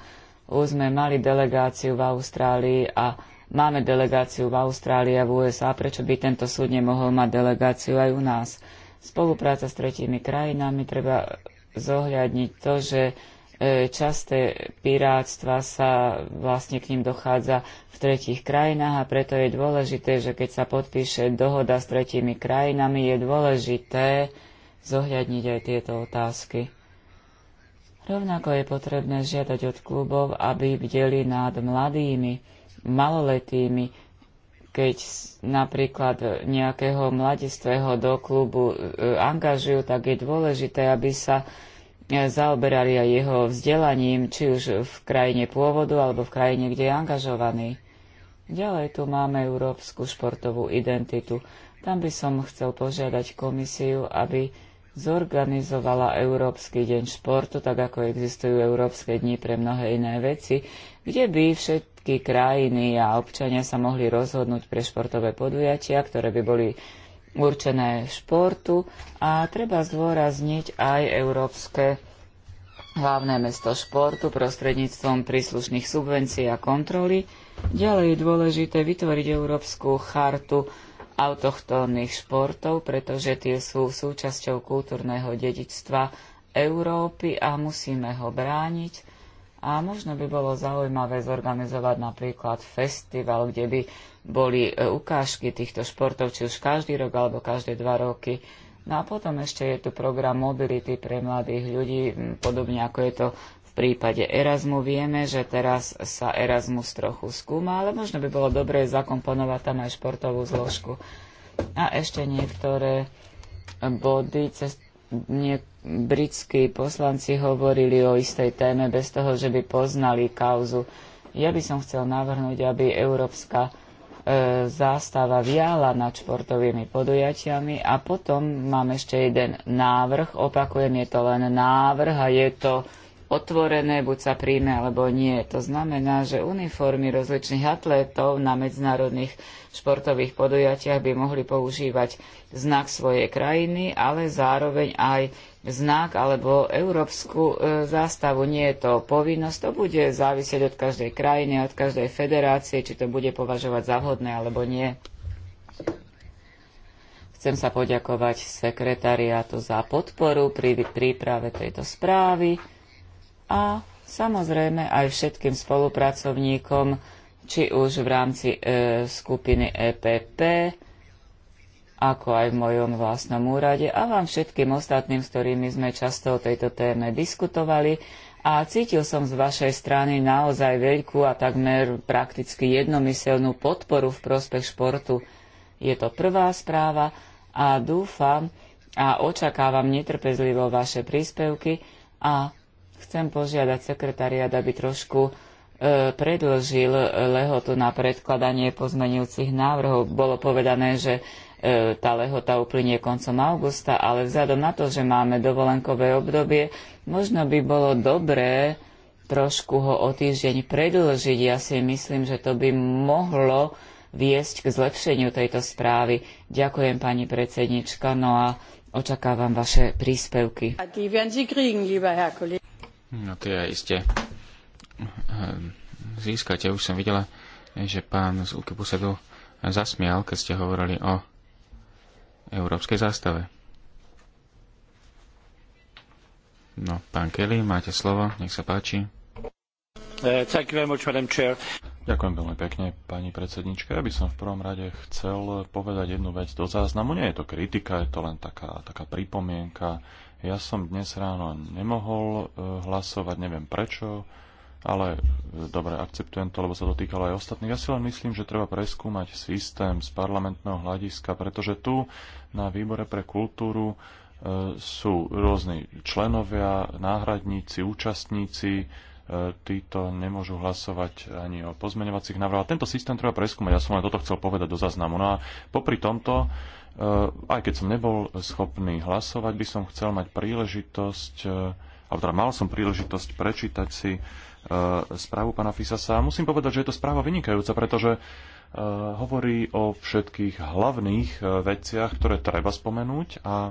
Už sme mali delegáciu v Austrálii a máme delegáciu v Austrálii a v USA. Prečo by tento súd nemohol mať delegáciu aj u nás? Spolupráca s tretími krajinami treba zohľadniť to, že E, časté pirátstva sa vlastne k ním dochádza v tretích krajinách a preto je dôležité, že keď sa podpíše dohoda s tretími krajinami, je dôležité zohľadniť aj tieto otázky. Rovnako je potrebné žiadať od klubov, aby bdeli nad mladými, maloletými, keď napríklad nejakého mladistvého do klubu e, angažujú, tak je dôležité, aby sa zaoberali aj jeho vzdelaním, či už v krajine pôvodu alebo v krajine, kde je angažovaný. Ďalej tu máme európsku športovú identitu. Tam by som chcel požiadať komisiu, aby zorganizovala Európsky deň športu, tak ako existujú Európske dni pre mnohé iné veci, kde by všetky krajiny a občania sa mohli rozhodnúť pre športové podujatia, ktoré by boli určené športu a treba zdôrazniť aj európske hlavné mesto športu prostredníctvom príslušných subvencií a kontroly. Ďalej je dôležité vytvoriť Európsku chartu autochtónnych športov, pretože tie sú súčasťou kultúrneho dedičstva Európy a musíme ho brániť. A možno by bolo zaujímavé zorganizovať napríklad festival, kde by boli e, ukážky týchto športov, či už každý rok alebo každé dva roky. No a potom ešte je tu program mobility pre mladých ľudí, podobne ako je to v prípade Erasmu. Vieme, že teraz sa Erasmus trochu skúma, ale možno by bolo dobré zakomponovať tam aj športovú zložku. A ešte niektoré body, cez nie, britskí poslanci hovorili o istej téme bez toho, že by poznali kauzu. Ja by som chcel navrhnúť, aby Európska E, zástava viala nad športovými podujatiami a potom mám ešte jeden návrh, opakujem, je to len návrh a je to otvorené, buď sa príjme alebo nie. To znamená, že uniformy rozličných atlétov na medzinárodných športových podujatiach by mohli používať znak svojej krajiny, ale zároveň aj znak alebo európsku e, zástavu. Nie je to povinnosť, to bude závisieť od každej krajiny, od každej federácie, či to bude považovať za vhodné alebo nie. Chcem sa poďakovať sekretariátu za podporu pri príprave tejto správy a samozrejme aj všetkým spolupracovníkom, či už v rámci e, skupiny EPP, ako aj v mojom vlastnom úrade a vám všetkým ostatným, s ktorými sme často o tejto téme diskutovali a cítil som z vašej strany naozaj veľkú a takmer prakticky jednomyselnú podporu v prospech športu. Je to prvá správa a dúfam a očakávam netrpezlivo vaše príspevky a chcem požiadať sekretariat, aby trošku e, predlžil e, lehotu na predkladanie pozmenujúcich návrhov. Bolo povedané, že E, tá lehota uplynie koncom augusta, ale vzhľadom na to, že máme dovolenkové obdobie, možno by bolo dobré trošku ho o týždeň predlžiť. Ja si myslím, že to by mohlo viesť k zlepšeniu tejto správy. Ďakujem, pani predsednička, no a očakávam vaše príspevky. No to ja iste. Eh, získate, už som videla, že pán z Ukypu sa tu zasmial, keď ste hovorili o európskej zástave. No, pán Kelly, máte slovo, nech sa páči. Uh, much, Ďakujem veľmi pekne, pani predsednička. Ja by som v prvom rade chcel povedať jednu vec do záznamu. Nie je to kritika, je to len taká, taká pripomienka. Ja som dnes ráno nemohol uh, hlasovať, neviem prečo ale e, dobre, akceptujem to, lebo sa to týkalo aj ostatných. Ja si len myslím, že treba preskúmať systém z parlamentného hľadiska, pretože tu na výbore pre kultúru e, sú rôzni členovia, náhradníci, účastníci, e, títo nemôžu hlasovať ani o pozmeňovacích návrhoch. Tento systém treba preskúmať, ja som len toto chcel povedať do záznamu. No a popri tomto, aj keď som nebol schopný hlasovať, by som chcel mať príležitosť, alebo teda mal som príležitosť prečítať si E, správu pána Fisasa. Musím povedať, že je to správa vynikajúca, pretože e, hovorí o všetkých hlavných e, veciach, ktoré treba spomenúť a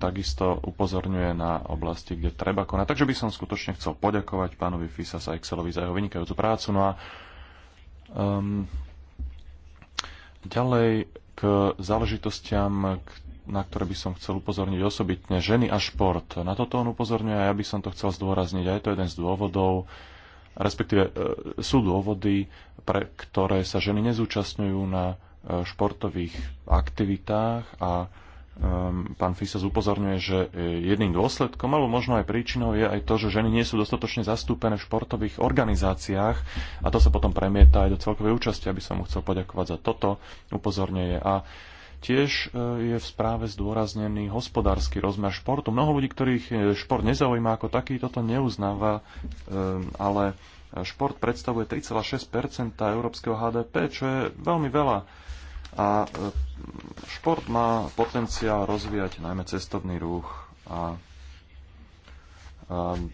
takisto upozorňuje na oblasti, kde treba konať. Takže by som skutočne chcel poďakovať pánovi Fisas a Excelovi za jeho vynikajúcu prácu. No a um, ďalej k záležitostiam, na ktoré by som chcel upozorniť osobitne, ženy a šport. Na toto on upozorňuje a ja by som to chcel zdôrazniť. A je to jeden z dôvodov, respektíve e, sú dôvody, pre ktoré sa ženy nezúčastňujú na e, športových aktivitách a um, pán Fisas upozorňuje, že e, jedným dôsledkom, alebo možno aj príčinou je aj to, že ženy nie sú dostatočne zastúpené v športových organizáciách a to sa potom premieta aj do celkovej účasti, aby som mu chcel poďakovať za toto upozornenie. A uh, Tiež e, je v správe zdôraznený hospodársky rozmer športu. Mnoho ľudí, ktorých e, šport nezaujíma ako taký, toto neuznáva, e, ale šport predstavuje 3,6 európskeho HDP, čo je veľmi veľa. A šport má potenciál rozvíjať najmä cestovný ruch a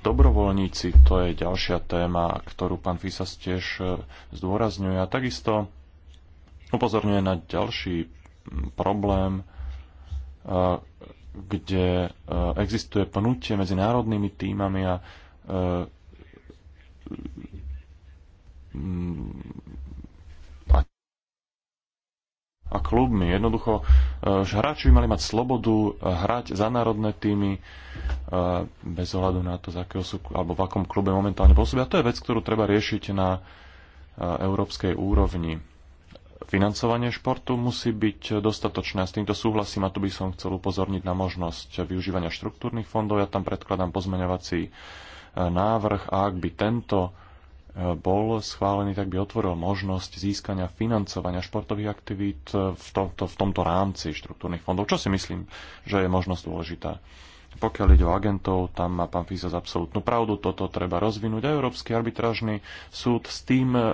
Dobrovoľníci, to je ďalšia téma, ktorú pán Fisas tiež zdôrazňuje a takisto upozorňuje na ďalší problém, kde existuje pnutie medzi národnými týmami a a klubmi. Jednoducho, že hráči by mali mať slobodu hrať za národné týmy bez ohľadu na to, z akého sú, alebo v akom klube momentálne pôsobia. To je vec, ktorú treba riešiť na európskej úrovni. Financovanie športu musí byť dostatočné a s týmto súhlasím a tu by som chcel upozorniť na možnosť využívania štruktúrnych fondov. Ja tam predkladám pozmeňovací e, návrh a ak by tento e, bol schválený, tak by otvoril možnosť získania financovania športových aktivít e, v tomto, v tomto rámci štruktúrnych fondov, čo si myslím, že je možnosť dôležitá. Pokiaľ ide o agentov, tam má pán Fizas absolútnu pravdu, toto treba rozvinúť. A Európsky arbitrážny súd s, tým, e,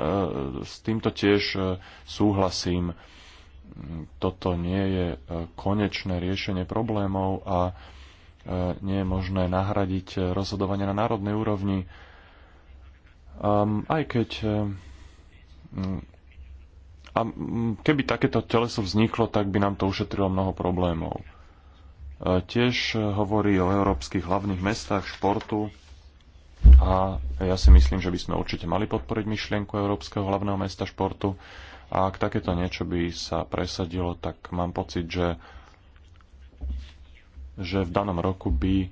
s týmto tiež e, súhlasím. Toto nie je e, konečné riešenie problémov a nie je možné nahradiť rozhodovanie na národnej úrovni. aj keď mm, a mm, keby takéto teleso vzniklo, tak by nám to ušetrilo mnoho problémov tiež e, hovorí o európskych hlavných mestách športu a ja si myslím, že by sme určite mali podporiť myšlienku Európskeho hlavného mesta športu a ak takéto niečo by sa presadilo, tak mám pocit, že, že v danom roku by e,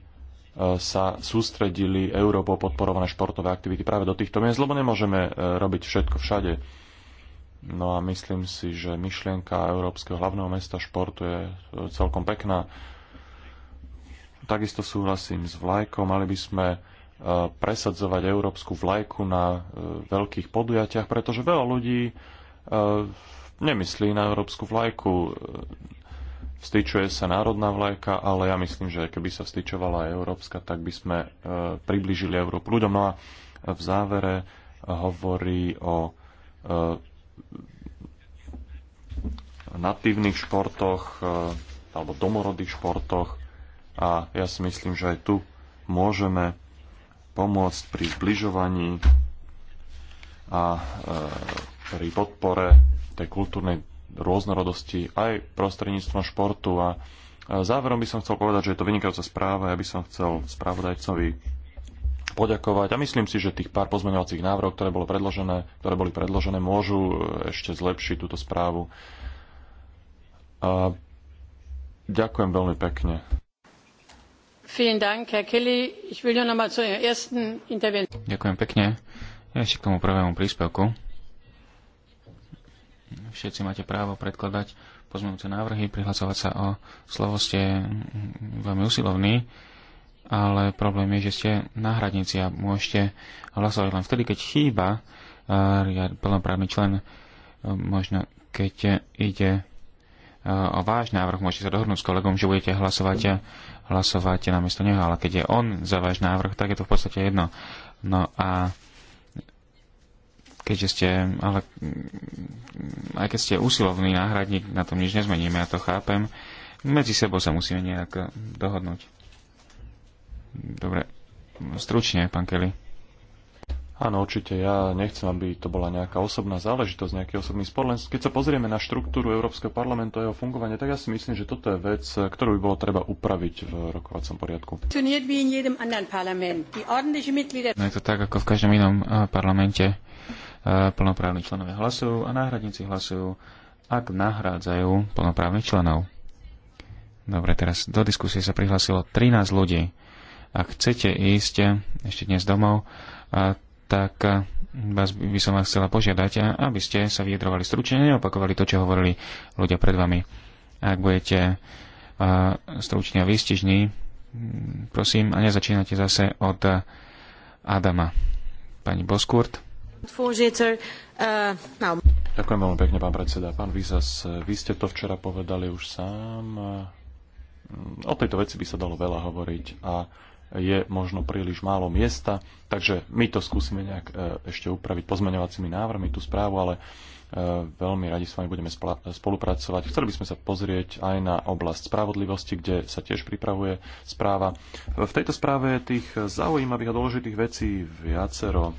sa sústredili Európou podporované športové aktivity práve do týchto miest, lebo nemôžeme e, robiť všetko všade. No a myslím si, že myšlienka Európskeho hlavného mesta športu je celkom pekná Takisto súhlasím s vlajkou. Mali by sme e, presadzovať európsku vlajku na e, veľkých podujatiach, pretože veľa ľudí e, nemyslí na európsku vlajku. Vstýčuje sa národná vlajka, ale ja myslím, že keby sa vstýčovala aj európska, tak by sme priblížili Európu ľuďom. No a v závere hovorí o natívnych športoch alebo domorodých športoch a ja si myslím, že aj tu môžeme pomôcť pri zbližovaní a e, pri podpore tej kultúrnej rôznorodosti aj prostredníctvom športu. A záverom by som chcel povedať, že je to vynikajúca správa. Ja by som chcel správodajcovi poďakovať a myslím si, že tých pár pozmeňovacích návrhov, ktoré, bolo predložené, ktoré boli predložené, môžu e, ešte zlepšiť túto správu. A ďakujem veľmi pekne. Ďakujem pekne. ešte k tomu prvému príspevku. Všetci máte právo predkladať pozmeňujúce návrhy, prihlasovať sa o slovo ste veľmi usilovní, ale problém je, že ste náhradníci a môžete hlasovať len vtedy, keď chýba ja eh, plnoprávny člen, eh, možno keď ide eh, o váš návrh, môžete sa dohodnúť s kolegom, že budete hlasovať hlasovať namiesto neho, ale keď je on za váš návrh, tak je to v podstate jedno. No a keďže ste, ale mm, aj keď ste usilovný náhradník, na tom nič nezmeníme, ja to chápem. Medzi sebou sa musíme nejak dohodnúť. Dobre, stručne, pán Kelly. Áno, určite. Ja nechcem, aby to bola nejaká osobná záležitosť, nejaký osobný spor. Len keď sa pozrieme na štruktúru Európskeho parlamentu a jeho fungovanie, tak ja si myslím, že toto je vec, ktorú by bolo treba upraviť v rokovacom poriadku. No je to tak, ako v každom inom eh, parlamente. Eh, plnoprávni členovia hlasujú a náhradníci hlasujú, ak nahrádzajú plnoprávnych členov. Dobre, teraz do diskusie sa prihlásilo 13 ľudí. Ak chcete ísť eh, ešte dnes domov, tak vás by som vás chcela požiadať, aby ste sa vyjadrovali stručne neopakovali to, čo hovorili ľudia pred vami. Ak budete stručne a výstižní, prosím, a nezačínate zase od Adama. Pani Boskurt. Eh, Ďakujem veľmi pekne, pán predseda. Pán Vizas, vy ste to včera povedali už sám. O tejto veci by sa dalo veľa hovoriť a je možno príliš málo miesta, takže my to skúsime nejak e, ešte upraviť pozmeňovacími návrhmi tú správu, ale e, veľmi radi s vami budeme spolupracovať. Chceli by sme sa pozrieť aj na oblasť spravodlivosti, kde sa tiež pripravuje správa. V tejto správe je tých zaujímavých a dôležitých vecí viacero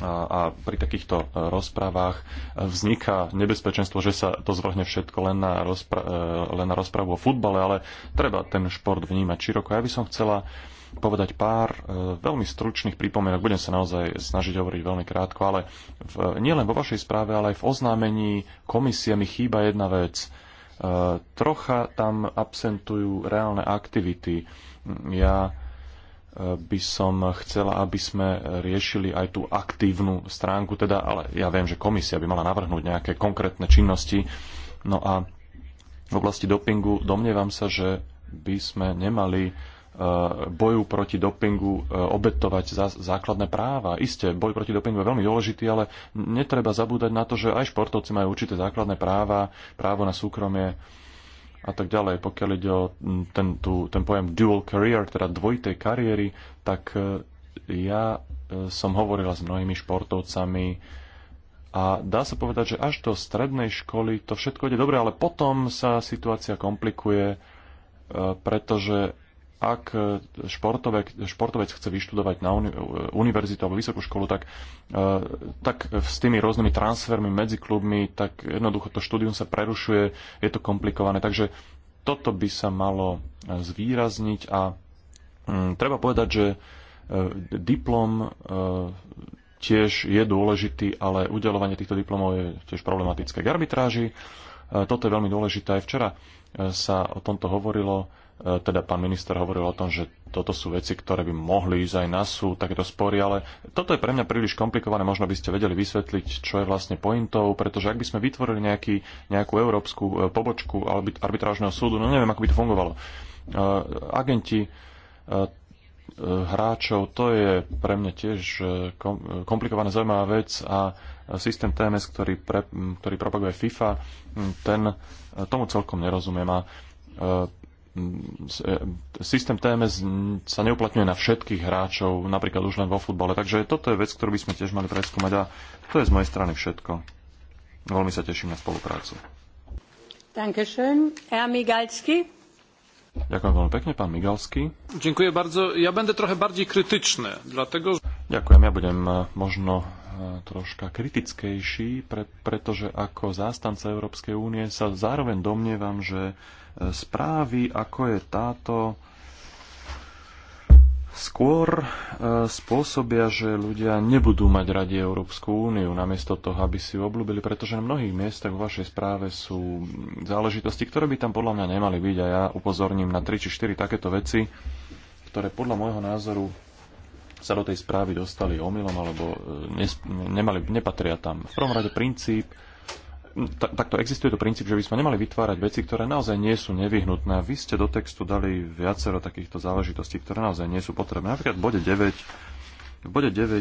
a pri takýchto e, rozprávach e, vzniká nebezpečenstvo, že sa to zvrhne všetko len na, rozpr- e, len na rozprávu o futbale, ale treba ten šport vnímať široko. Ja by som chcela povedať pár veľmi stručných pripomienok. Budem sa naozaj snažiť hovoriť veľmi krátko, ale v, nielen vo vašej správe, ale aj v oznámení komisie mi chýba jedna vec. Trocha tam absentujú reálne aktivity. Ja by som chcela, aby sme riešili aj tú aktívnu stránku, teda, ale ja viem, že komisia by mala navrhnúť nejaké konkrétne činnosti. No a v oblasti dopingu domnievam sa, že by sme nemali e, boju proti dopingu e, obetovať za základné práva. Isté, boj proti dopingu je veľmi dôležitý, ale netreba zabúdať na to, že aj športovci majú určité základné práva, právo na súkromie, a tak ďalej. Pokiaľ ide o mm, ten, tu, ten pojem dual career, teda dvojitej kariéry, tak e, ja e, som hovorila s mnohými športovcami a dá sa povedať, že až do strednej školy to všetko ide dobre, ale potom sa situácia komplikuje, e, pretože ak e, športovec, športovec chce vyštudovať na uni, e, univerzitu alebo vysokú školu, tak, e, tak s tými rôznymi transfermi medzi klubmi, tak jednoducho to štúdium sa prerušuje, je to komplikované. Takže toto by sa malo zvýrazniť a mm, treba povedať, že e, diplom e, tiež je dôležitý, ale udelovanie týchto diplomov je tiež problematické. K arbitráži, e, toto je veľmi dôležité. Aj včera sa o tomto hovorilo E, teda pán minister hovoril o tom, že toto sú veci, ktoré by mohli ísť aj na súd, takéto spory, ale toto je pre mňa príliš komplikované, možno by ste vedeli vysvetliť, čo je vlastne pointou, pretože ak by sme vytvorili nejaký, nejakú európsku e, pobočku arbitrážneho súdu, no neviem, ako by to fungovalo. E, agenti hráčov, to je pre mňa tiež komplikovaná zaujímavá vec a systém TMS, ktorý, pre, ktorý propaguje FIFA, ten, tomu celkom nerozumiem a Mm, e, systém TMS sa neuplatňuje na všetkých hráčov, napríklad už len vo futbale. Takže toto je vec, ktorú by sme tiež mali preskúmať a to je z mojej strany všetko. Veľmi sa teším na spoluprácu. Dankeschön. Herr Migalski. Ďakujem veľmi pekne, pán Migalsky. Ďakujem bardzo. Ja będę trochę bardziej krytyczny, dlatego... Ďakujem, ja budem e, možno troška kritickejší, pre, pretože ako zástanca Európskej únie sa zároveň domnievam, že e, správy, ako je táto, skôr e, spôsobia, že ľudia nebudú mať radi Európsku úniu, namiesto toho, aby si ju obľúbili, pretože na mnohých miestach vo vašej správe sú záležitosti, ktoré by tam podľa mňa nemali byť a ja upozorním na 3 či 4 takéto veci, ktoré podľa môjho názoru sa do tej správy dostali omylom alebo e, nemali, nepatria tam. V prvom rade princíp, takto existuje to princíp, že by sme nemali vytvárať veci, ktoré naozaj nie sú nevyhnutné. Vy ste do textu dali viacero takýchto záležitostí, ktoré naozaj nie sú potrebné. Napríklad v bode 9, v bode 9 e,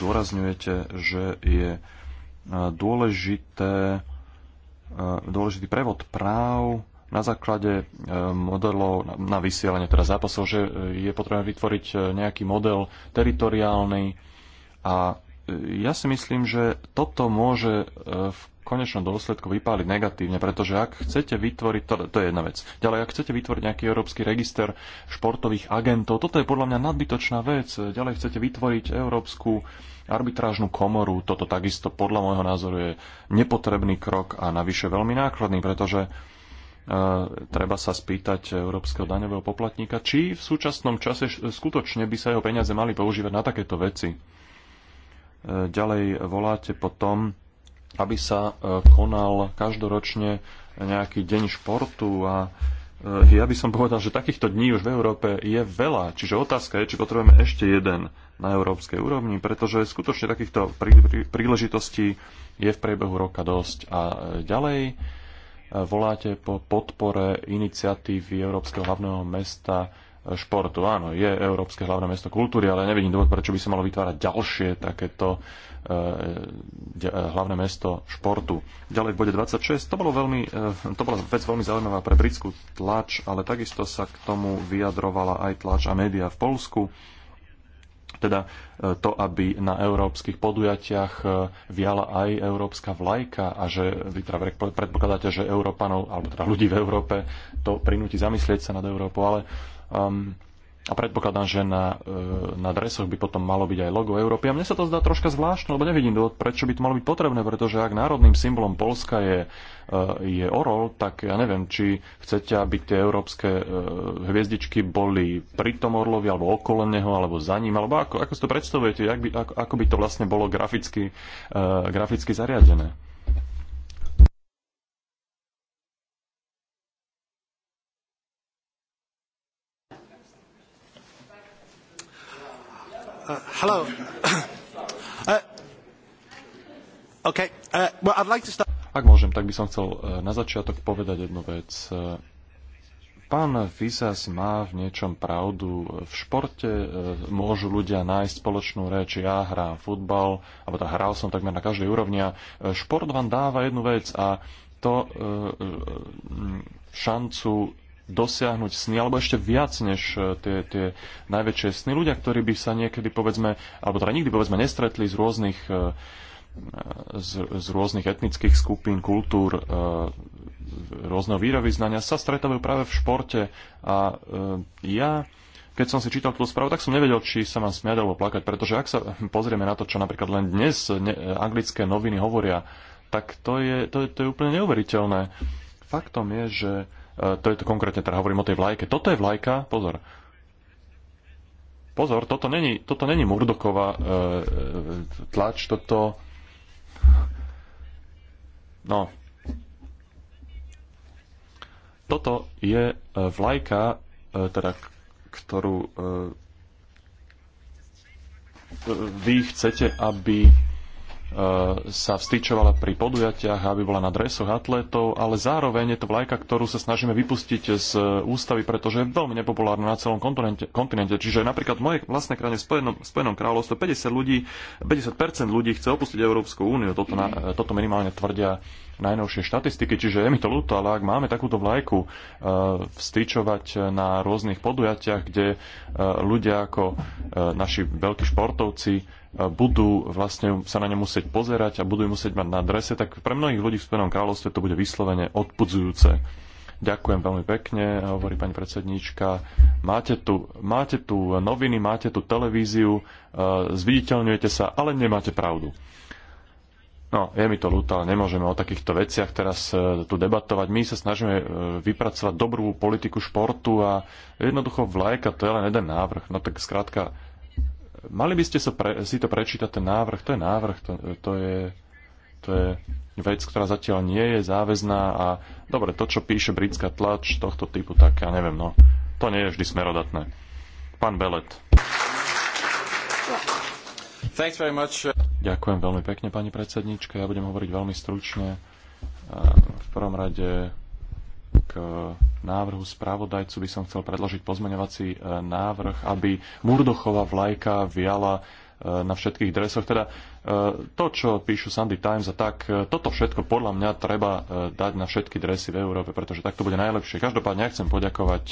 zdôrazňujete, že je e, dôležité, dôležitý prevod práv na základe e, modelov na vysielanie teda zápasov, že e, je potrebné vytvoriť e, nejaký model teritoriálny a ja si myslím, že toto môže v konečnom dôsledku vypáliť negatívne, pretože ak chcete vytvoriť, to, to je jedna vec, ďalej, ak chcete vytvoriť nejaký európsky register športových agentov, toto je podľa mňa nadbytočná vec, ďalej chcete vytvoriť európsku arbitrážnu komoru, toto takisto podľa môjho názoru je nepotrebný krok a navyše veľmi nákladný, pretože uh, treba sa spýtať európskeho daňového poplatníka, či v súčasnom čase skutočne by sa jeho peniaze mali používať na takéto veci. E, ďalej voláte potom, aby sa e, konal každoročne nejaký deň športu a e, ja by som povedal, že takýchto dní už v Európe je veľa. Čiže otázka je, či potrebujeme ešte jeden na európskej úrovni, pretože skutočne takýchto príležitostí je v priebehu roka dosť. A ďalej voláte po podpore iniciatívy Európskeho hlavného mesta športu. Áno, je Európske hlavné mesto kultúry, ale nevidím dôvod, prečo by sa malo vytvárať ďalšie takéto e, de, e, hlavné mesto športu. Ďalej v bode 26. To, bolo veľmi, e, to bola vec veľmi zaujímavá pre britskú tlač, ale takisto sa k tomu vyjadrovala aj tlač a média v Polsku teda e, to, aby na európskych podujatiach e, viala aj európska vlajka a že vy teda predpokladáte, že Európanov, alebo teda ľudí v Európe, to prinúti zamyslieť sa nad Európou, ale um, a predpokladám, že na, e, na dresoch by potom malo byť aj logo Európy. A mne sa to zdá troška zvláštne, lebo nevidím, prečo by to malo byť potrebné, pretože ak národným symbolom Polska je, e, je orol, tak ja neviem, či chcete, aby tie európske e, hviezdičky boli pri tom orlovi, alebo okolo neho, alebo za ním, alebo ako, ako si to predstavujete, ako by, ako, ako by to vlastne bolo graficky, graficky zariadené. Uh, hello. Uh, okay. uh, well, I'd like to start... Ak môžem, tak by som chcel uh, na začiatok povedať jednu vec. Uh, pán Fisas má v niečom pravdu. V športe môžu ľudia nájsť spoločnú reč. Ja hrám futbal, alebo tá hral som takmer na každej úrovni a šport vám dáva jednu vec a to šancu dosiahnuť sny, alebo ešte viac než e, tie, tie najväčšie sny. Ľudia, ktorí by sa niekedy, povedzme, alebo teda nikdy, povedzme, nestretli z rôznych, e, z, z rôznych etnických skupín, kultúr, e, rôzneho výrovýznania, sa stretávajú práve v športe. A ja keď som si čítal túto správu, tak som nevedel, či sa mám smiať alebo plakať, pretože ak sa pozrieme na to, čo napríklad len dnes ne, anglické noviny hovoria, tak to je, to, je, to je úplne neuveriteľné. Faktom je, že E, to je to konkrétne, teda hovorím o tej vlajke. Toto je vlajka, pozor. Pozor, toto není, toto není Murdoková e, e, tlač, toto... No. Toto je e, vlajka, e, teda, ktorú e, vy chcete, aby E, sa vstýčovala pri podujatiach, aby bola na dresoch atlétov, ale zároveň je to vlajka, ktorú sa snažíme vypustiť z ústavy, pretože je veľmi nepopulárna na celom kontinente. kontinente. Čiže napríklad v mojej vlastnej krajine v Spojenom, Spojenom kráľovstve 50 ľudí, 50% ľudí chce opustiť Európsku úniu. Toto, na, e, toto minimálne tvrdia najnovšie štatistiky, čiže je mi to ľúto, ale ak máme takúto vlajku eh, vstýčovať na rôznych podujatiach, kde eh, ľudia ako eh, naši veľkí športovci budú vlastne sa na ne musieť pozerať a budú musieť mať na drese, tak pre mnohých ľudí v Spojenom kráľovstve to bude vyslovene odpudzujúce. Ďakujem veľmi pekne, hovorí pani predsedníčka. Máte tu, máte tu noviny, máte tu televíziu, zviditeľňujete sa, ale nemáte pravdu. No, je mi to ľúto, ale nemôžeme o takýchto veciach teraz e, tu debatovať. My sa snažíme e, vypracovať dobrú politiku športu a jednoducho vlajka to je len jeden návrh. No tak skrátka, mali by ste so pre, si to prečítať, ten návrh, to je návrh, to, to, je, to je vec, ktorá zatiaľ nie je záväzná a dobre, to, čo píše britská tlač tohto typu, tak ja neviem, no, to nie je vždy smerodatné. Pán Belet. Thanks very much. Ďakujem veľmi pekne, pani predsedníčka. Ja budem hovoriť veľmi stručne. V prvom rade k návrhu správodajcu by som chcel predložiť pozmeňovací e, návrh, aby Murdochova vlajka viala e, na všetkých dresoch. Teda e, to, čo píšu Sunday Times a tak, toto všetko podľa mňa treba dať na všetky dresy v Európe, pretože tak to bude najlepšie. Každopádne ja chcem poďakovať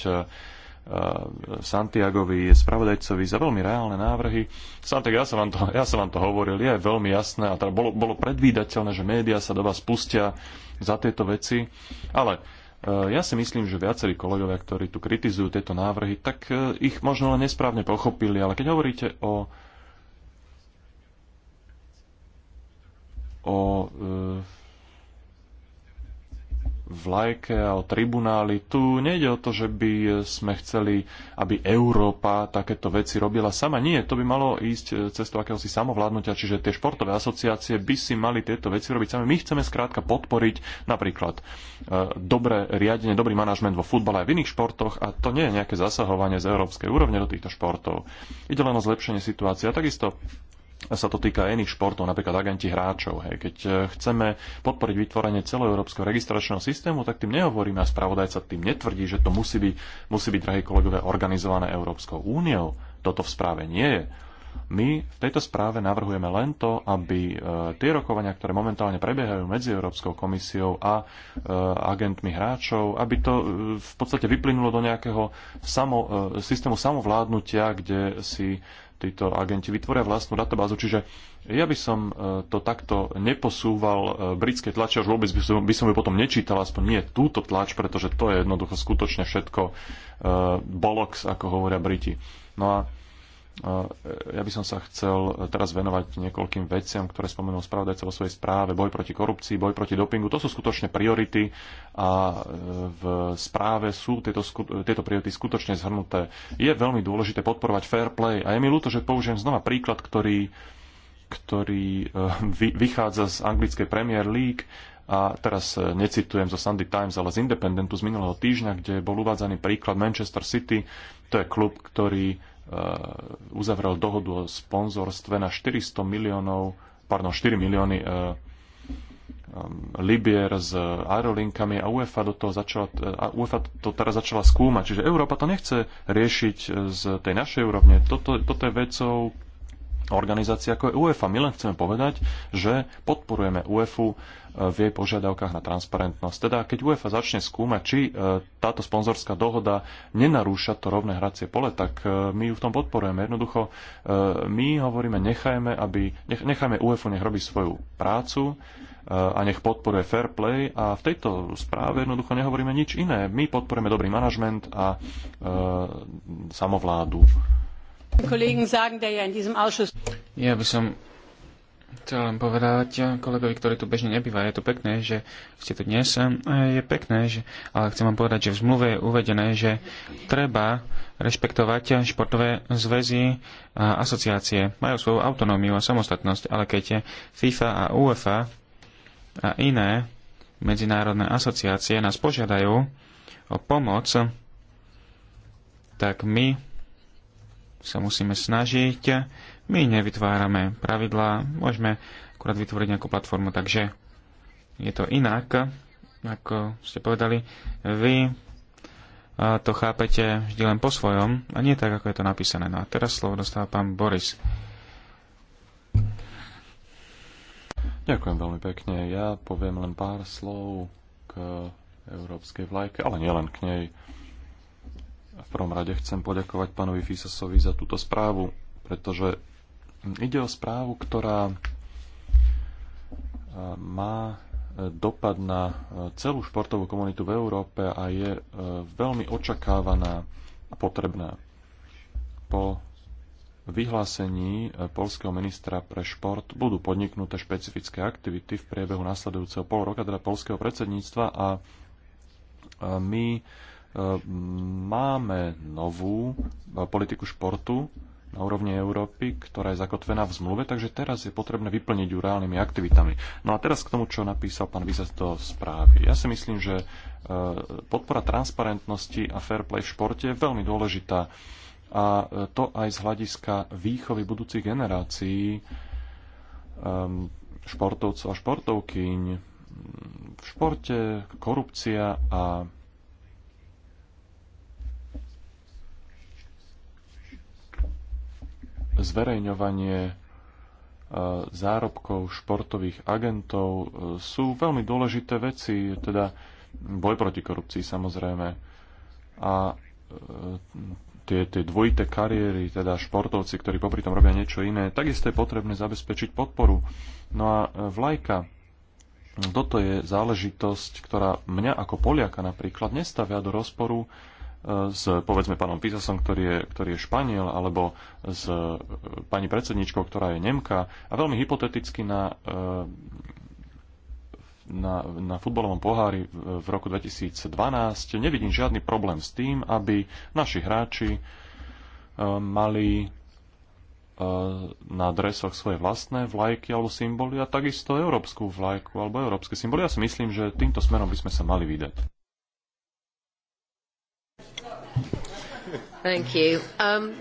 Ehm, Santiagovi, spravodajcovi za veľmi reálne návrhy. Santiago, ja som vám to, ja som vám to hovoril, je veľmi jasné a teda bolo, bolo predvídateľné, že médiá sa do vás pustia za tieto veci, ale ehm, ja si myslím, že viacerí kolegovia, ktorí tu kritizujú tieto návrhy, tak ehm, ich možno len nesprávne pochopili, ale keď hovoríte o o vlajke a o tribunáli. Tu nejde o to, že by sme chceli, aby Európa takéto veci robila sama. Nie, to by malo ísť eh, to akéhosi samovládnutia, čiže tie športové asociácie by si mali tieto veci robiť sami. My chceme skrátka podporiť napríklad eh, dobré riadenie, dobrý manažment vo futbale aj v iných športoch a to nie je nejaké zasahovanie z európskej úrovne do týchto športov. Ide len o zlepšenie situácie. A takisto sa to týka aj iných športov, napríklad agenti hráčov. Hej. Keď e, chceme podporiť vytvorenie celoeurópskeho registračného systému, tak tým nehovoríme a spravodajca tým netvrdí, že to musí byť, musí byť drahí kolegové, organizované Európskou úniou. Toto v správe nie je. My v tejto správe navrhujeme len to, aby e, tie rokovania, ktoré momentálne prebiehajú medzi Európskou komisiou a e, agentmi hráčov, aby to v podstate vyplynulo do nejakého samo, systému samovládnutia, kde si títo agenti vytvoria vlastnú databázu. Čiže ja by som e, to takto neposúval e, britskej tlače, už vôbec by som, by som ju potom nečítal, aspoň nie túto tlač, pretože to je jednoducho skutočne všetko uh, e, bolox, ako hovoria Briti. No a E, ja by som sa chcel e, teraz venovať niekoľkým veciam, ktoré spomenul spravodajca vo svojej správe. Boj proti korupcii, boj proti dopingu, to sú skutočne priority a e, v správe sú tieto, tieto priority skutočne zhrnuté. Je veľmi dôležité podporovať fair play a je mi ľúto, že použijem znova príklad, ktorý, ktorý vychádza z anglickej Premier League a teraz necitujem zo Sunday Times, ale z Independentu z minulého týždňa, kde bol uvádzaný príklad Manchester City. To je klub, ktorý E, uzavrel dohodu o sponzorstve na 400 miliónov, pardon, 4 milióny e, e, Libier s aerolinkami a UEFA, do toho začala, a UEFA to teraz začala skúmať. Čiže Európa to nechce riešiť z tej našej úrovne. Toto, toto je vecou organizácie ako je UEFA. My len chceme povedať, že podporujeme UEFA v jej požiadavkách na transparentnosť. Teda keď UEFA začne skúmať, či e, táto sponzorská dohoda nenarúša to rovné hracie pole, tak e, my ju v tom podporujeme. Jednoducho e, my hovoríme, nechajme, aby, nech, nechajme UEFA nech robí svoju prácu a nech podporuje fair play a v tejto správe jednoducho nehovoríme nič iné. My podporujeme dobrý manažment a samovládu. Ja by som Chcem len povedať kolegovi, ktorý tu bežne nebýva, je to pekné, že ste tu dnes. E, je pekné, že, ale chcem vám povedať, že v zmluve je uvedené, že treba rešpektovať športové zväzy a asociácie. Majú svoju autonómiu a samostatnosť, ale keď FIFA a UEFA a iné medzinárodné asociácie nás požiadajú o pomoc, tak my sa musíme snažiť my nevytvárame pravidlá, môžeme akurát vytvoriť nejakú platformu, takže je to inak, ako ste povedali. Vy to chápete vždy len po svojom a nie tak, ako je to napísané. No a teraz slovo dostáva pán Boris. Ďakujem veľmi pekne. Ja poviem len pár slov k európskej vlajke, ale nielen k nej. V prvom rade chcem poďakovať pánovi Fisasovi za túto správu, pretože Ide o správu, ktorá e, má dopad na e, celú športovú komunitu v Európe a je e, veľmi očakávaná a potrebná. Po vyhlásení polského ministra pre šport budú podniknuté špecifické aktivity v priebehu nasledujúceho pol roka, teda polského predsedníctva a my máme novú politiku športu na úrovni Európy, ktorá je zakotvená v zmluve, takže teraz je potrebné vyplniť ju reálnymi aktivitami. No a teraz k tomu, čo napísal pán Vizas do správy. Ja si myslím, že e, podpora transparentnosti a fair play v športe je veľmi dôležitá a e, to aj z hľadiska výchovy budúcich generácií e, športovcov a športovkyň. V športe korupcia a zverejňovanie e, zárobkov športových agentov e, sú veľmi dôležité veci, teda boj proti korupcii samozrejme. A e, tie, tie dvojité kariéry, teda športovci, ktorí popri tom robia niečo iné, takisto je potrebné zabezpečiť podporu. No a vlajka, toto je záležitosť, ktorá mňa ako Poliaka napríklad nestavia do rozporu s povedzme pánom Pisasom, ktorý je, ktorý je Španiel, alebo s e, pani predsedničkou, ktorá je Nemka a veľmi hypoteticky na, e, na, na futbalovom pohári v roku 2012 nevidím žiadny problém s tým, aby naši hráči e, mali na dresoch svoje vlastné vlajky alebo symboly a takisto európsku vlajku alebo európske symboly. Ja si myslím, že týmto smerom by sme sa mali vydať. Thank you. Um,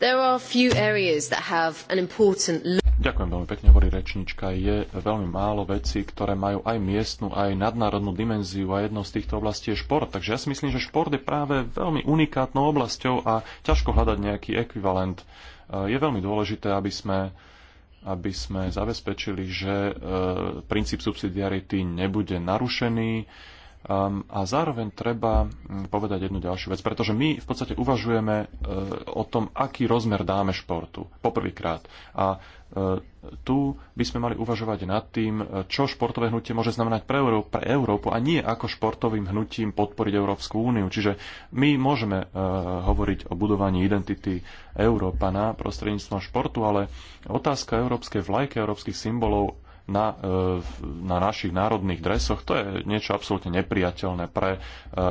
there are few areas that have an important Ďakujem veľmi pekne, hovorí rečnička. Je veľmi málo vecí, ktoré majú aj miestnu, aj nadnárodnú dimenziu a jednou z týchto oblastí je šport. Takže ja si myslím, že šport je práve veľmi unikátnou oblasťou a ťažko hľadať nejaký ekvivalent. Eh, je veľmi dôležité, aby sme aby sme zabezpečili, že eh, princíp subsidiarity nebude narušený, Um, a zároveň treba mm, povedať jednu ďalšiu vec, pretože my v podstate uvažujeme uh, o tom, aký rozmer dáme športu poprvýkrát. A uh, tu by sme mali uvažovať nad tým, e, čo športové hnutie môže znamenať pre, Euró- pre Európu a nie ako športovým hnutím podporiť Európsku úniu. Čiže my môžeme uh, hovoriť o budovaní identity Európana prostredníctvom športu, ale otázka európskej vlajky, európskych symbolov na, e, na našich národných dresoch, to je niečo absolútne nepriateľné pre e,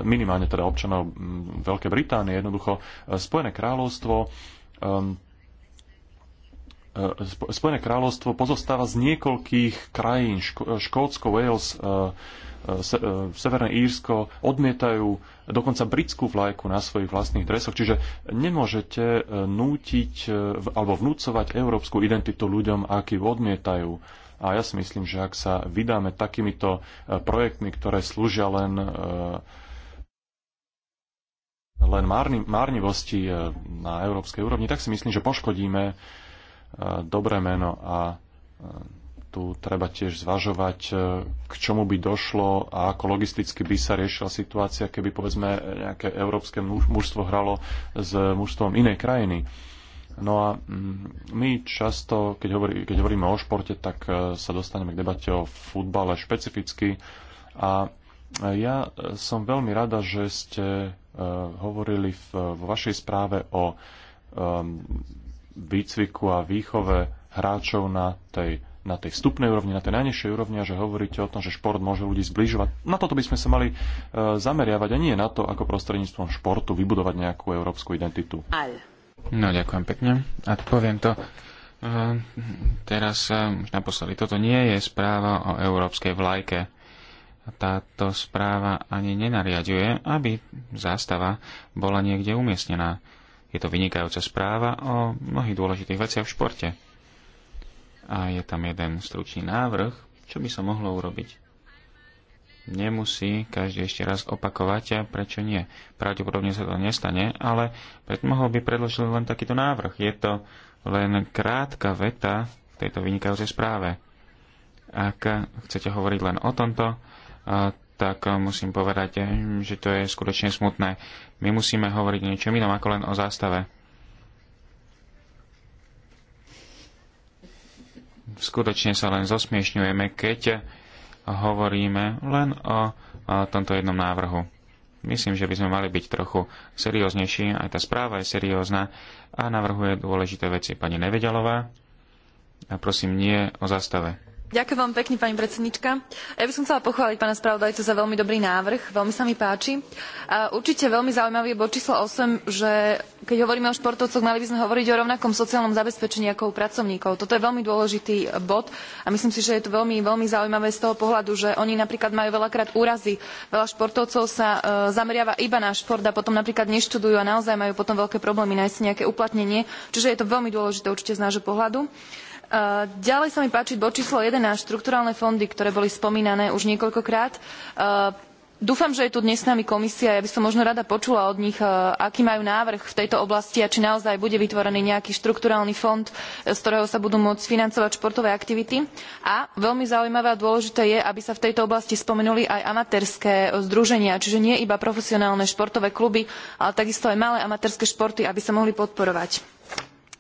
minimálne teda občanov Veľkej Británie. Jednoducho e, Spojené kráľovstvo um, Spojené kráľovstvo pozostáva z niekoľkých krajín, Škótsko, Wales, Severné Írsko, odmietajú dokonca britskú vlajku na svojich vlastných dresoch. Čiže nemôžete nútiť alebo vnúcovať európsku identitu ľuďom, akí odmietajú. A ja si myslím, že ak sa vydáme takýmito e, projektmi, ktoré slúžia len e, len márny, márnivosti e, na európskej úrovni, tak si myslím, že poškodíme dobré meno a tu treba tiež zvažovať, k čomu by došlo a ako logisticky by sa riešila situácia, keby povedzme nejaké európske mužstvo hralo s mužstvom inej krajiny. No a mm, my často, keď, hovorí, keď hovoríme o športe, tak e, sa dostaneme k debate o futbale špecificky. A e, ja som veľmi rada, že ste e, hovorili vo vašej správe o výcviku a výchove hráčov na tej, na tej vstupnej úrovni, na tej najnižšej úrovni a že hovoríte o tom, že šport môže ľudí zbližovať. Na toto by sme sa mali zameriavať a nie na to, ako prostredníctvom športu vybudovať nejakú európsku identitu. Ale. No, ďakujem pekne. A poviem to eh, teraz uh, naposledy. Toto nie je správa o európskej vlajke. Táto správa ani nenariaduje, aby zástava bola niekde umiestnená. Je to vynikajúca správa o mnohých dôležitých veciach v športe. A je tam jeden stručný návrh, čo by sa mohlo urobiť nemusí každý ešte raz opakovať, prečo nie. Pravdepodobne sa to nestane, ale mohol by predložiť len takýto návrh. Je to len krátka veta v tejto vynikajúcej správe. Ak chcete hovoriť len o tomto, tak musím povedať, že to je skutočne smutné. My musíme hovoriť o niečom inom ako len o zástave. Skutočne sa len zosmiešňujeme, keď hovoríme len o, o tomto jednom návrhu. Myslím, že by sme mali byť trochu serióznejší, aj tá správa je seriózna a navrhuje dôležité veci pani Nevedalová. A prosím, nie o zastave. Ďakujem veľmi pekne, pani predsednička. Ja by som chcela pochváliť pána spravodajcu za veľmi dobrý návrh, veľmi sa mi páči. A určite veľmi zaujímavý je bod číslo 8, že keď hovoríme o športovcoch, mali by sme hovoriť o rovnakom sociálnom zabezpečení ako u pracovníkov. Toto je veľmi dôležitý bod a myslím si, že je to veľmi, veľmi zaujímavé z toho pohľadu, že oni napríklad majú veľakrát úrazy. Veľa športovcov sa e, zameriava iba na šport a potom napríklad neštudujú a naozaj majú potom veľké problémy nájsť nejaké uplatnenie. Čiže je to veľmi dôležité určite z nášho pohľadu. E, Ďalej sa mi páči bod číslo 11, štrukturálne fondy, ktoré boli spomínané už niekoľkokrát. Dúfam, že je tu dnes s nami komisia. Ja by som možno rada počula od nich, aký majú návrh v tejto oblasti a či naozaj bude vytvorený nejaký štrukturálny fond, z ktorého sa budú môcť financovať športové aktivity. A veľmi zaujímavé a dôležité je, aby sa v tejto oblasti spomenuli aj amatérske združenia, čiže nie iba profesionálne športové kluby, ale takisto aj malé amatérske športy, aby sa mohli podporovať.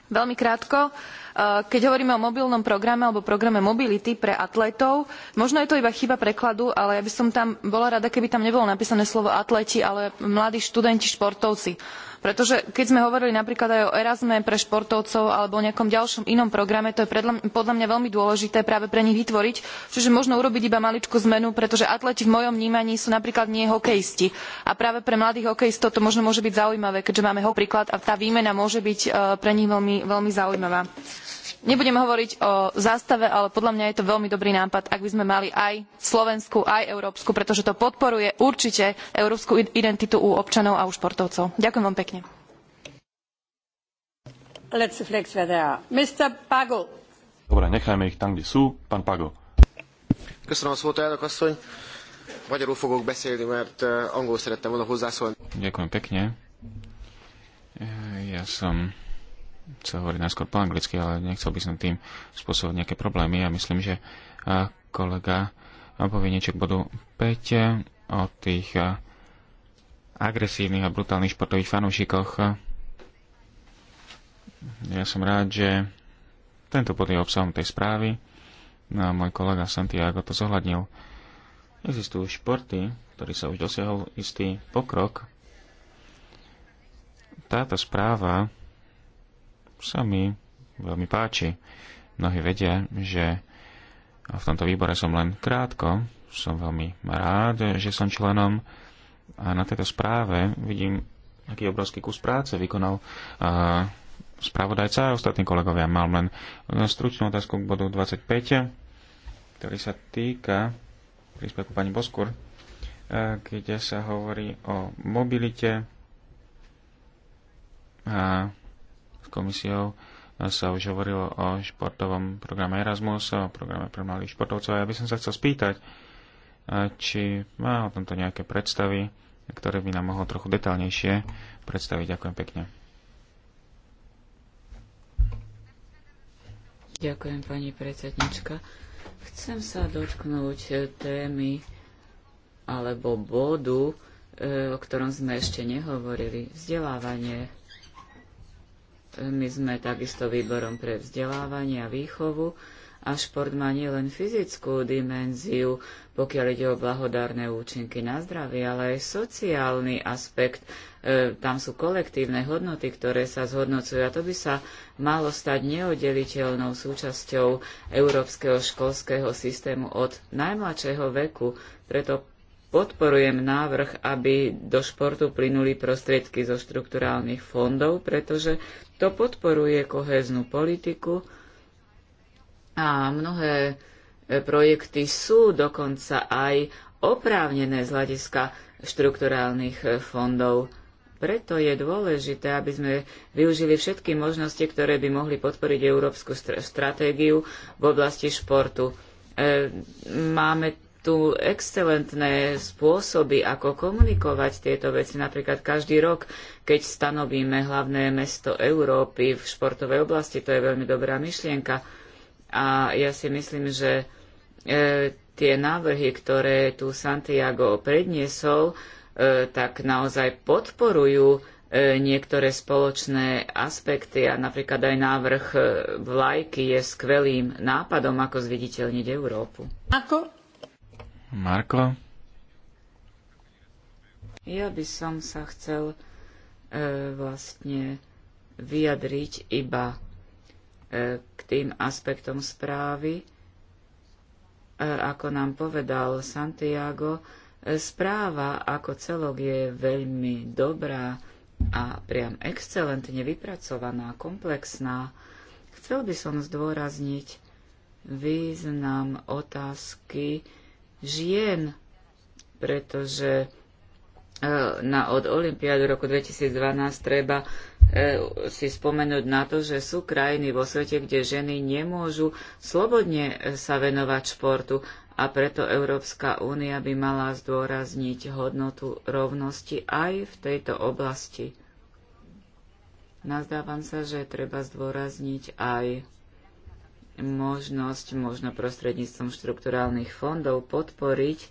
Veľmi krátko. Uh, Eh, keď hovoríme o mobilnom programe alebo programe mobility pre atlétov, možno je to iba chyba prekladu, ale ja by som tam bola rada, keby tam nebolo napísané slovo atléti, ale mladí študenti, športovci pretože keď sme hovorili napríklad aj o Erasme pre športovcov alebo o nejakom ďalšom inom programe, to je podľa mňa veľmi dôležité práve pre nich vytvoriť. Čiže možno urobiť iba maličkú zmenu, pretože atleti v mojom vnímaní sú napríklad nie hokejisti. A práve pre mladých hokejistov to možno môže byť zaujímavé, keďže máme ho príklad a tá výmena môže byť e, pre nich veľmi, veľmi zaujímavá nebudem hovoriť o zástave ale podľa mňa je to veľmi dobrý nápad ak by sme mali aj slovenskú aj európsku pretože to podporuje určite európsku identitu u občanov a u športovcov. ďakujem vám pekne. Dobre, nechajme ich tam, kde sú. Pán Pago. Köszönöm a szót, elnök asszony. Magyarul fogok beszélni, mert eh, angol szerettem volna hozzászólni. Ďakujem pekne. Ja som sa hovorí najskôr po anglicky, ale nechcel by som tým spôsobiť nejaké problémy. Ja myslím, že kolega povie niečo k bodu 5 o tých agresívnych a brutálnych športových fanúšikoch. Ja som rád, že tento bod je obsahom tej správy. No a môj kolega Santiago to zohľadnil. Existujú športy, ktorý sa už dosiahol istý pokrok. Táto správa sa mi veľmi páči. Mnohí vedia, že v tomto výbore som len krátko, som veľmi rád, že som členom a na tejto správe vidím, aký obrovský kus práce vykonal uh, spravodajca a ostatní kolegovia. Mám len stručnú otázku k bodu 25, ktorý sa týka príspevku pani Boskur, kde sa hovorí o mobilite a komisiou sa už hovorilo o športovom programe Erasmus, o programe pre mladých športovcov. Ja by som sa chcel spýtať, či má o tomto nejaké predstavy, ktoré by nám mohol trochu detálnejšie predstaviť. Ďakujem pekne. Ďakujem, pani predsednička. Chcem sa dotknúť e, témy alebo bodu, e, o ktorom sme ešte nehovorili. Vzdelávanie my sme takisto výborom pre vzdelávanie a výchovu a šport má nielen fyzickú dimenziu, pokiaľ ide o blahodárne účinky na zdravie, ale aj sociálny aspekt. E, tam sú kolektívne hodnoty, ktoré sa zhodnocujú a to by sa malo stať neoddeliteľnou súčasťou európskeho školského systému od najmladšieho veku. Preto podporujem návrh, aby do športu plynuli prostriedky zo štrukturálnych fondov, pretože to podporuje kohéznu politiku a mnohé e, projekty sú dokonca aj oprávnené z hľadiska štrukturálnych e, fondov. Preto je dôležité, aby sme využili všetky možnosti, ktoré by mohli podporiť európsku stratégiu v oblasti športu. E, máme tu excelentné spôsoby, ako komunikovať tieto veci. Napríklad každý rok, keď stanovíme hlavné mesto Európy v športovej oblasti, to je veľmi dobrá myšlienka. A ja si myslím, že e, tie návrhy, ktoré tu Santiago predniesol, e, tak naozaj podporujú e, niektoré spoločné aspekty a napríklad aj návrh e, vlajky je skvelým nápadom, ako zviditeľniť Európu. Ako? Marko? Ja by som sa chcel e, vlastne vyjadriť iba e, k tým aspektom správy, e, ako nám povedal Santiago, e, správa ako celok je veľmi dobrá a priam excelentne vypracovaná, komplexná. Chcel by som zdôrazniť význam otázky žien, pretože e, na, od Olympiádu roku 2012 treba e, si spomenúť na to, že sú krajiny vo svete, kde ženy nemôžu slobodne e, sa venovať športu a preto Európska únia by mala zdôrazniť hodnotu rovnosti aj v tejto oblasti. Nazdávam sa, že treba zdôrazniť aj možnosť, možno prostredníctvom štrukturálnych fondov, podporiť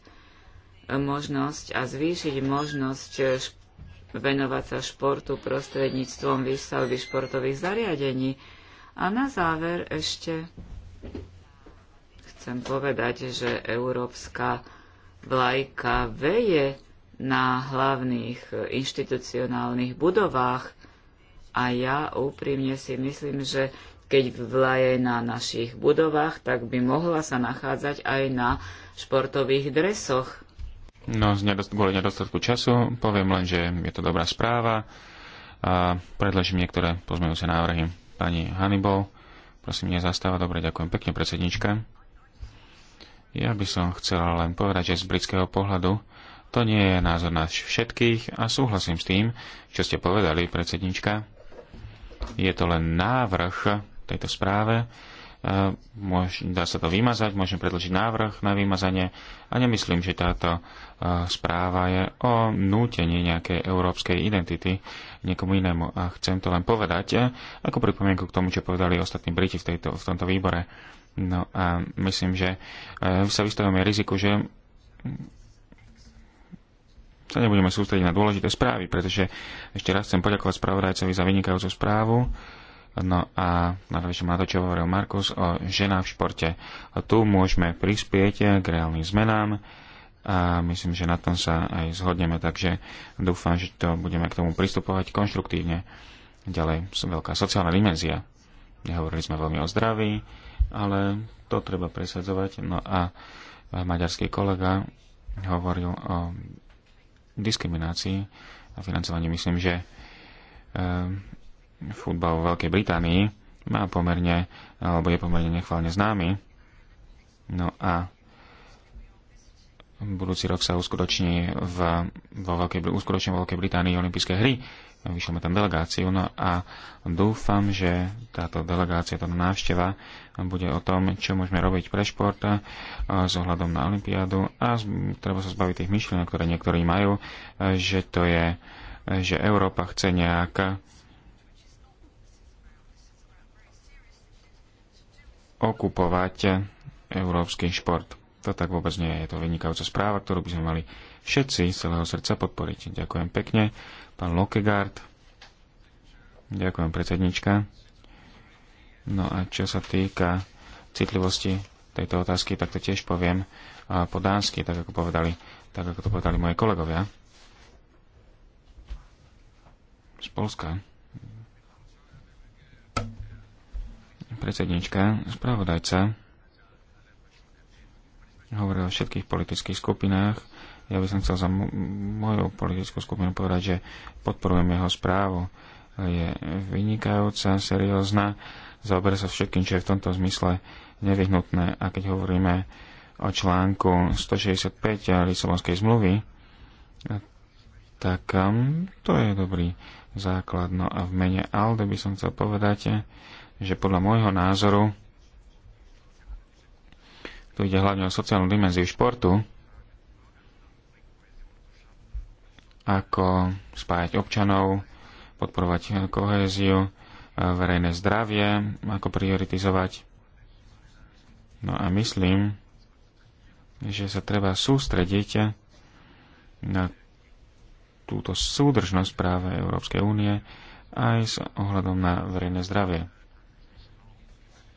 možnosť a zvýšiť možnosť venovať sa športu prostredníctvom výstavby športových zariadení. A na záver ešte chcem povedať, že európska vlajka veje na hlavných inštitucionálnych budovách a ja úprimne si myslím, že keď vlaje na našich budovách, tak by mohla sa nachádzať aj na športových dresoch. No, z nedost- kvôli nedostatku času poviem len, že je to dobrá správa a predložím niektoré pozmeňujúce návrhy. Pani Hannibal, prosím, nezastáva. Dobre, ďakujem pekne, predsednička. Ja by som chcela len povedať, že z britského pohľadu to nie je názor nás všetkých a súhlasím s tým, čo ste povedali, predsednička. Je to len návrh tejto správe. E, dá sa to vymazať, môžem predložiť návrh na vymazanie a nemyslím, že táto e, správa je o nútení nejakej európskej identity niekomu inému. A chcem to len povedať e, ako pripomienku k tomu, čo povedali ostatní Briti v, tejto, v tomto výbore. No a myslím, že sa vystavujeme riziku, že sa nebudeme sústrediť na dôležité správy, pretože ešte raz chcem poďakovať spravodajcovi za vynikajúcu správu. No a nadväžom na to, čo hovoril Markus o ženách v športe. A tu môžeme prispieť k reálnym zmenám a myslím, že na tom sa aj zhodneme, takže dúfam, že to budeme k tomu pristupovať konštruktívne. Ďalej, veľká sociálna dimenzia. Nehovorili sme veľmi o zdraví, ale to treba presadzovať. No a maďarský kolega hovoril o diskriminácii a financovaní. Myslím, že futbal vo Veľkej Británii má pomerne, alebo je pomerne nechválne známy. No a budúci rok sa uskutoční v, vo Veľkej, uskutoční vo Veľkej Británii olympijské hry. Vyšleme tam delegáciu no a dúfam, že táto delegácia, táto návšteva bude o tom, čo môžeme robiť pre šport eh, s ohľadom na Olympiádu a treba sa zbaviť tých myšlienok, ktoré niektorí majú, eh, že to je, eh, že Európa chce nejak okupovať európsky šport. To tak vôbec nie je. Je to vynikajúca správa, ktorú by sme mali všetci z celého srdca podporiť. Ďakujem pekne. Pán Lokegard. Ďakujem, predsednička. No a čo sa týka citlivosti tejto otázky, tak to tiež poviem po dánsky, tak ako, povedali, tak ako to povedali moje kolegovia z Polska. predsednička, spravodajca hovoril o všetkých politických skupinách. Ja by som chcel za moju politickú skupinu povedať, že podporujem jeho správu. Je vynikajúca, seriózna, zaoberá sa všetkým, čo je v tomto zmysle nevyhnutné. A keď hovoríme o článku 165 Lisabonskej zmluvy, tak um, to je dobrý základ. No a v mene ALDE by som chcel povedať, že podľa môjho názoru tu ide hlavne o sociálnu dimenziu športu, ako spájať občanov, podporovať kohéziu, eh, verejné zdravie, ako prioritizovať. No a myslím, že sa treba sústrediť na túto súdržnosť práve Európskej únie aj s ohľadom na verejné zdravie.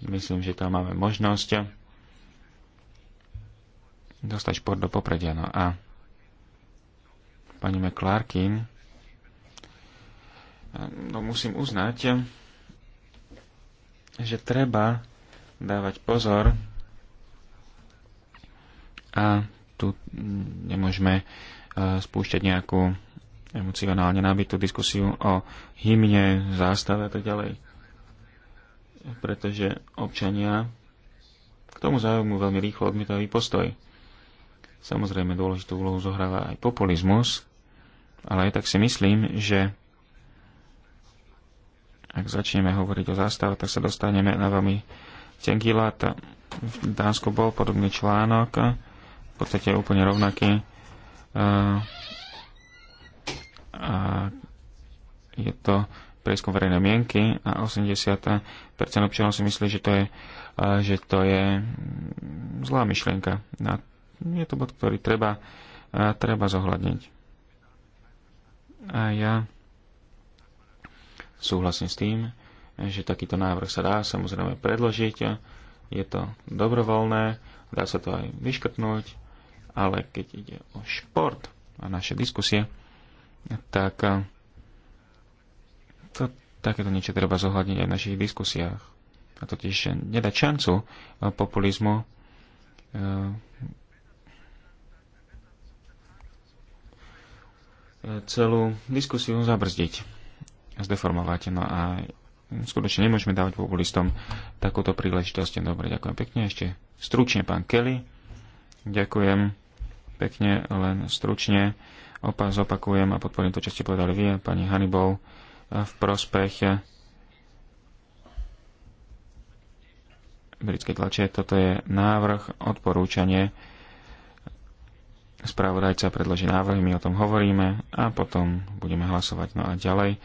Myslím, že tam máme možnosť dostať šport do popredia. No a pani McClarkin, no musím uznať, že treba dávať pozor a tu nemôžeme e, spúšťať nejakú emocionálne nabitú diskusiu o hymne, zástave a tak ďalej pretože občania k tomu záujmu veľmi rýchlo odmietavý postoj. Samozrejme, dôležitú úlohu zohráva aj populizmus, ale aj tak si myslím, že ak začneme hovoriť o zástave, tak sa dostaneme na veľmi tenký lát. V Dánsku bol podobný článok, v podstate úplne rovnaký. A je to prieskum verejnej mienky a 80% občanov si myslí, že to je, že to je mm, zlá myšlienka. A je to bod, ktorý treba, treba zohľadniť. A ja súhlasím s tým, že takýto návrh sa dá samozrejme predložiť. Je to dobrovoľné, dá sa to aj vyškrtnúť, ale keď ide o šport a naše diskusie, tak to, takéto niečo treba zohľadniť aj v našich diskusiách. A totiž nedá šancu e, populizmu e, celú diskusiu zabrzdiť a zdeformovať. No a skutočne nemôžeme dávať populistom takúto príležitosť. Dobre, ďakujem pekne. Ešte stručne pán Kelly. Ďakujem pekne, len stručne. Opa, zopakujem a podporím to, čo ste povedali vy, pani Hannibal v prospech eh, britskej tlače. Toto je návrh, odporúčanie. správodajca predloží návrhy, my o tom hovoríme a potom budeme hlasovať. No a ďalej eh,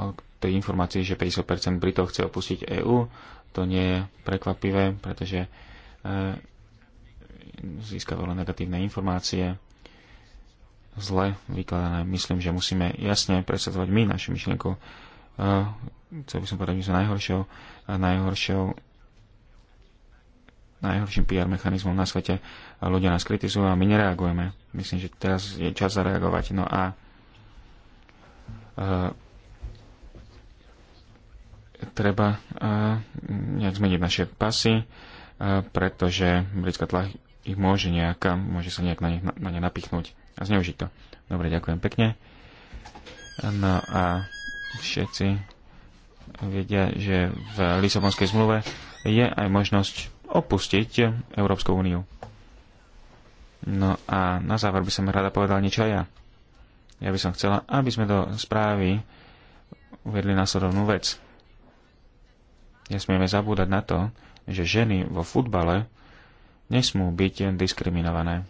o tej informácii, že 50% Britov chce opustiť EÚ, to nie je prekvapivé, pretože eh, získavalo negatívne informácie zle vykladané. Myslím, že musíme jasne presadzovať my našu myšlienku. Uh, chcel by som povedať, že najhoršou, najhoršou najhorším PR mechanizmom na svete. Ľudia nás kritizujú a my nereagujeme. Myslím, že teraz je čas zareagovať. No a uh, treba uh, nejak zmeniť naše pasy, uh, pretože britská tlach ich môže nejaká, môže sa nejak na, ne, na ne napichnúť a zneužiť to. Dobre, ďakujem pekne. No a všetci vedia, že v Lisabonskej zmluve je aj možnosť opustiť Európsku úniu. No a na záver by som rada povedal niečo aj ja. Ja by som chcela, aby sme do správy uvedli následovnú vec. Nesmieme zabúdať na to, že ženy vo futbale nesmú byť diskriminované.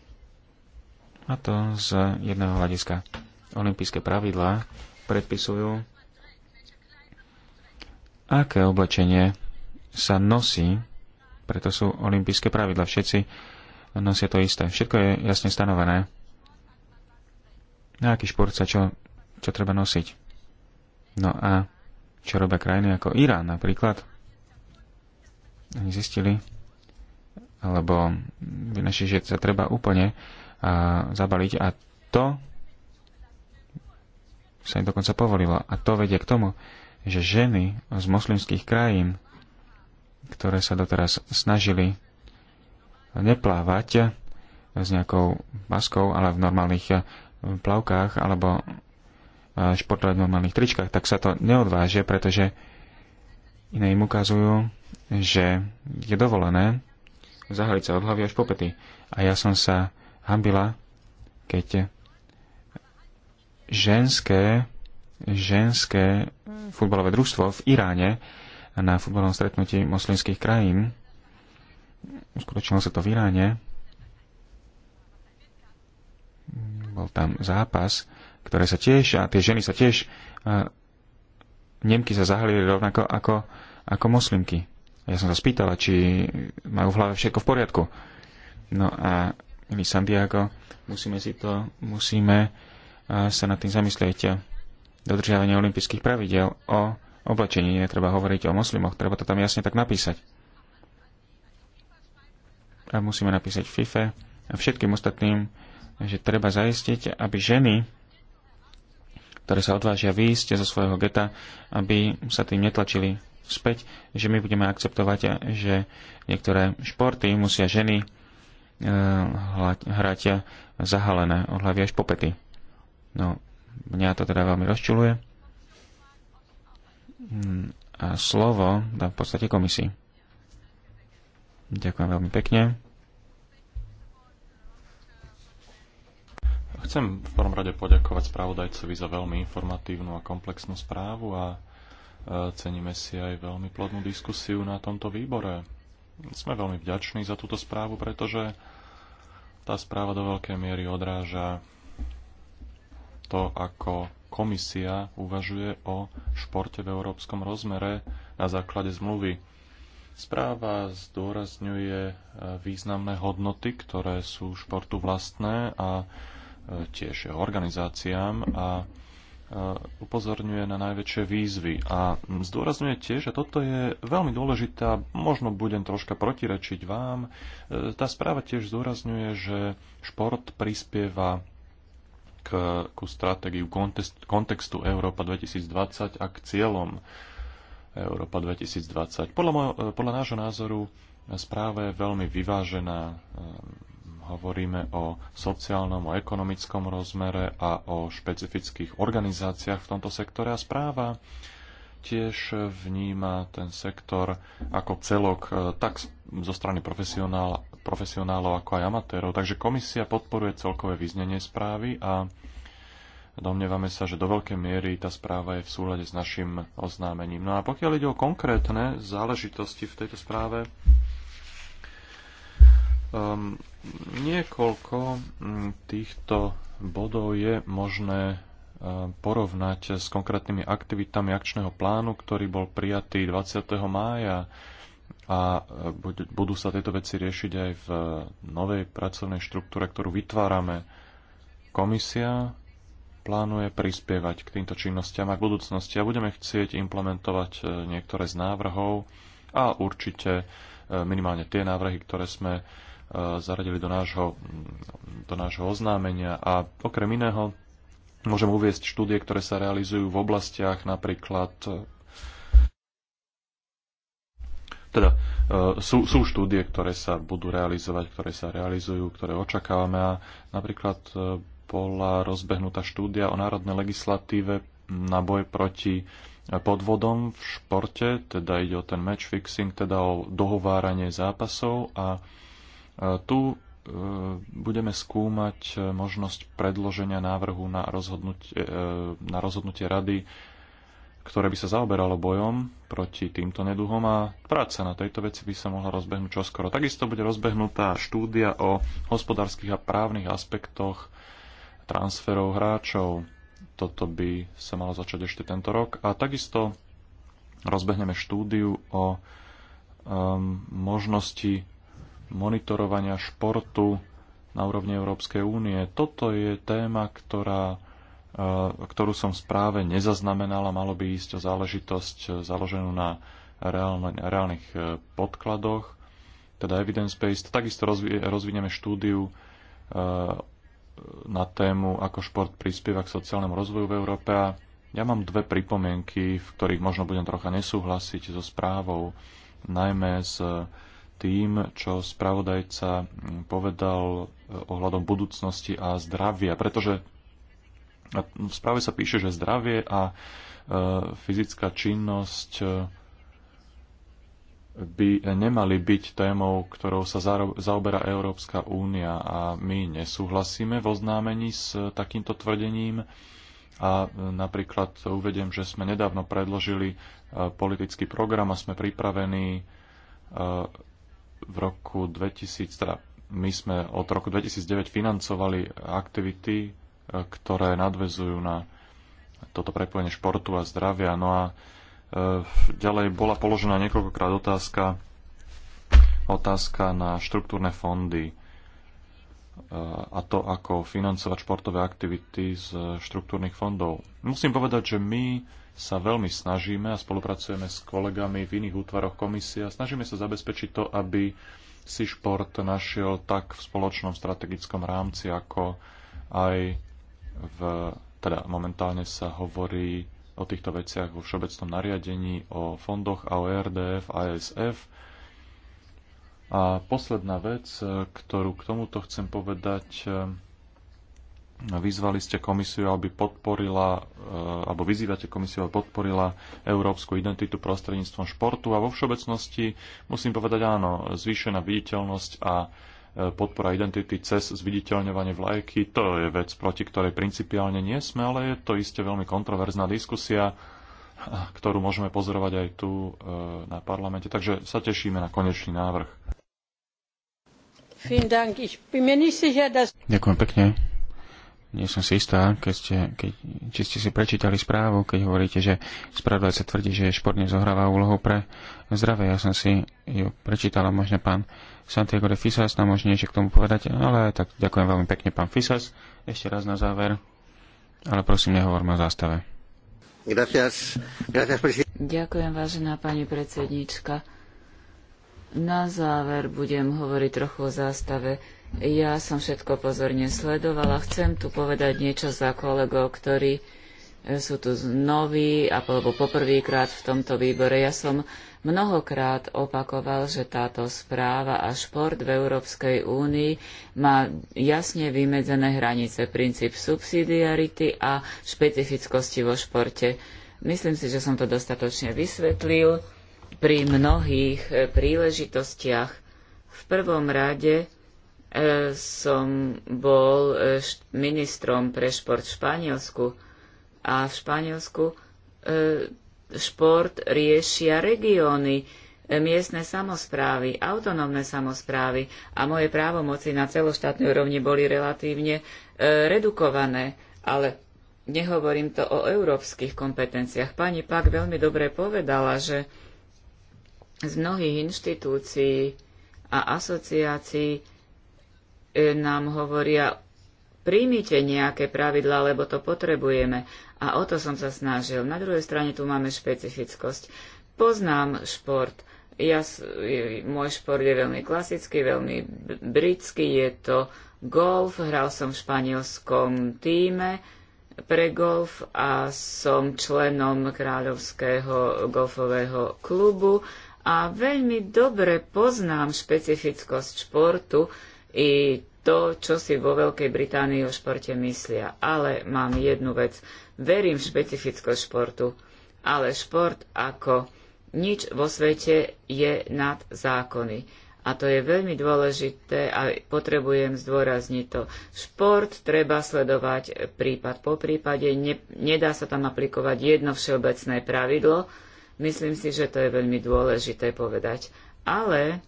A to z jedného hľadiska. Olympijské pravidlá predpisujú, aké oblečenie sa nosí, preto sú olympijské pravidla. Všetci nosia to isté. Všetko je jasne stanovené. Na aký šport sa čo, čo treba nosiť. No a čo robia krajiny ako Irán napríklad? Oni zistili, alebo vynašli, že sa treba úplne zabaliť a to sa im dokonca povolilo. A to vedie k tomu, že ženy z moslimských krajín, ktoré sa doteraz snažili neplávať s nejakou baskou, ale v normálnych eh, plavkách alebo eh, športovať v normálnych tričkách, tak sa to neodváže, pretože iné im ukazujú, že je dovolené zahaliť sa od hlavy až po pety. A ja som sa hambila, keď ženské, ženské futbalové družstvo v Iráne na futbalovom stretnutí moslimských krajín, uskutočnilo sa to v Iráne, bol tam zápas, ktoré sa tiež, a tie ženy sa tiež, Nemky sa zahalili rovnako ako, ako moslimky. ja som sa spýtala, či majú v hlave všetko v poriadku. No a milý Santiago, musíme si to, musíme sa nad tým zamyslieť. Dodržiavanie olympijských pravidel o oblečení, netreba hovoriť o moslimoch, treba to tam jasne tak napísať. A musíme napísať FIFA a všetkým ostatným, že treba zaistiť, aby ženy, ktoré sa odvážia výjsť zo svojho geta, aby sa tým netlačili späť, že my budeme akceptovať, že niektoré športy musia ženy E, hrať zahalené od hlavy až po pety. No, mňa to teda veľmi rozčuluje. Mm, a slovo dá v podstate komisii. Ďakujem veľmi pekne. Chcem v prvom rade poďakovať spravodajcovi za veľmi informatívnu a komplexnú správu a e, ceníme si aj veľmi plodnú diskusiu na tomto výbore. Sme veľmi vďační za túto správu, pretože tá správa do veľkej miery odráža to, ako komisia uvažuje o športe v európskom rozmere na základe zmluvy. Správa zdôrazňuje e, významné hodnoty, ktoré sú športu vlastné a e, tiež jeho organizáciám a Eh, upozorňuje na najväčšie výzvy a zdôrazňuje tiež, že toto je veľmi dôležitá, možno budem troška protirečiť vám, eh, tá správa tiež zdôrazňuje, že šport prispieva k, ku stratégiu kontextu, kontextu Európa 2020 a k cieľom Európa 2020. Podľa, môj, eh, podľa nášho názoru správa je veľmi vyvážená, hovoríme o sociálnom, o ekonomickom rozmere a o špecifických organizáciách v tomto sektore. A správa tiež vníma ten sektor ako celok e, tak zo strany profesionál, profesionálov ako aj amatérov. Takže komisia podporuje celkové význenie správy a domnievame sa, že do veľkej miery tá správa je v súlade s našim oznámením. No a pokiaľ ide o konkrétne záležitosti v tejto správe, Um, niekoľko mm, týchto bodov je možné um, porovnať s konkrétnymi aktivitami akčného plánu, ktorý bol prijatý 20. mája a e, budú sa tieto veci riešiť aj v e, novej pracovnej štruktúre, ktorú vytvárame. Komisia plánuje prispievať k týmto činnostiam a k budúcnosti a budeme chcieť implementovať e, niektoré z návrhov a určite minimálne tie návrhy, ktoré sme zaradili do nášho, do nášho oznámenia. A okrem iného môžem uviezť štúdie, ktoré sa realizujú v oblastiach napríklad teda e, sú, sú štúdie, ktoré sa budú realizovať, ktoré sa realizujú, ktoré očakávame a napríklad e, bola rozbehnutá štúdia o národnej legislatíve na boj proti podvodom v športe, teda ide o ten match fixing, teda o dohováranie zápasov a E, tu e, budeme skúmať e, možnosť predloženia návrhu na rozhodnutie, na rozhodnutie rady, ktoré by sa zaoberalo bojom proti týmto neduhom a práca na tejto veci by sa mohla rozbehnúť čoskoro. Takisto bude rozbehnutá štúdia o hospodárskych a právnych aspektoch transferov hráčov. Toto by sa malo začať ešte tento rok. A takisto rozbehneme štúdiu o um, možnosti monitorovania športu na úrovni Európskej únie. Toto je téma, ktorá, e, ktorú som správe nezaznamenal nezaznamenala. Malo by ísť o záležitosť e, založenú na reálne, reálnych e, podkladoch, teda evidence-based. Takisto rozvineme štúdiu na tému, ako šport prispieva k sociálnemu rozvoju v Európe. A ja mám dve pripomienky, v ktorých možno budem trocha nesúhlasiť so správou, najmä s tým, čo spravodajca povedal eh, ohľadom budúcnosti a zdravia, pretože v správe sa píše, že zdravie a eh, fyzická činnosť eh, by nemali byť témou, ktorou sa zaoberá Európska únia a my nesúhlasíme v oznámení s takýmto tvrdením. A napríklad uvediem, že sme nedávno predložili politický program a sme pripravení v roku 2000, teda my sme od roku 2009 financovali aktivity, e, ktoré nadvezujú na toto prepojenie športu a zdravia. No a e, ďalej bola položená niekoľkokrát otázka, otázka na štruktúrne fondy e, a to, ako financovať športové aktivity z štruktúrnych fondov. Musím povedať, že my sa veľmi snažíme a spolupracujeme s kolegami v iných útvaroch komisie a snažíme sa zabezpečiť to, aby si šport našiel tak v spoločnom strategickom rámci, ako aj v, teda momentálne sa hovorí o týchto veciach vo všeobecnom nariadení, o fondoch a o RDF, ASF. A posledná vec, ktorú k tomuto chcem povedať, Vyzvali ste komisiu, aby podporila, eh, alebo vyzývate komisiu, aby podporila európsku identitu prostredníctvom športu a vo všeobecnosti musím povedať áno, zvýšená viditeľnosť a eh, podpora identity cez zviditeľňovanie vlajky, to je vec, proti ktorej principiálne nie sme, ale je to iste veľmi kontroverzná diskusia, ktorú môžeme pozorovať aj tu eh, na parlamente. Takže sa tešíme na konečný návrh. Ďakujem pekne nie som si istá, keď ste, keď, či ste si prečítali správu, keď hovoríte, že sa tvrdí, že šport nezohráva úlohu pre zdravie. Ja som si ju prečítala, možno pán Santiago de Fisas nám možno niečo k tomu povedať, ale tak ďakujem veľmi pekne, pán Fisas. Ešte raz na záver, ale prosím, nehovorme o zástave. Gracias. Gracias, ďakujem, vážená pani predsednička. Na záver budem hovoriť trochu o zástave. Ja som všetko pozorne sledovala. Chcem tu povedať niečo za kolegov, ktorí e, sú tu noví alebo poprvýkrát v tomto výbore. Ja som mnohokrát opakoval, že táto správa a šport v Európskej únii má jasne vymedzené hranice, princíp subsidiarity a špecifickosti vo športe. Myslím si, že som to dostatočne vysvetlil pri mnohých e, príležitostiach. V prvom rade E, som bol e, ministrom pre šport v Španielsku a v Španielsku e, šport riešia regióny, miestne samozprávy, autonómne samozprávy a moje právomoci na celoštátnej úrovni boli relatívne redukované, ale nehovorím to o európskych kompetenciách. Pani Pak veľmi dobre povedala, že z mnohých inštitúcií a asociácií E, nám hovoria, príjmite nejaké pravidlá, lebo to potrebujeme. A o to som sa snažil. Na druhej strane tu máme špecifickosť. Poznám šport. Ja, môj šport je veľmi klasický, veľmi britský. Je to golf. Hral som v španielskom týme pre golf a som členom Kráľovského golfového klubu a veľmi dobre poznám špecifickosť športu, i to, čo si vo Veľkej Británii o športe myslia. Ale mám jednu vec. Verím v špecifickosť športu, ale šport ako nič vo svete je nad zákony. A to je veľmi dôležité a potrebujem zdôrazniť to. Šport treba sledovať prípad po prípade, ne, nedá sa tam aplikovať jedno všeobecné pravidlo. Myslím si, že to je veľmi dôležité povedať. Ale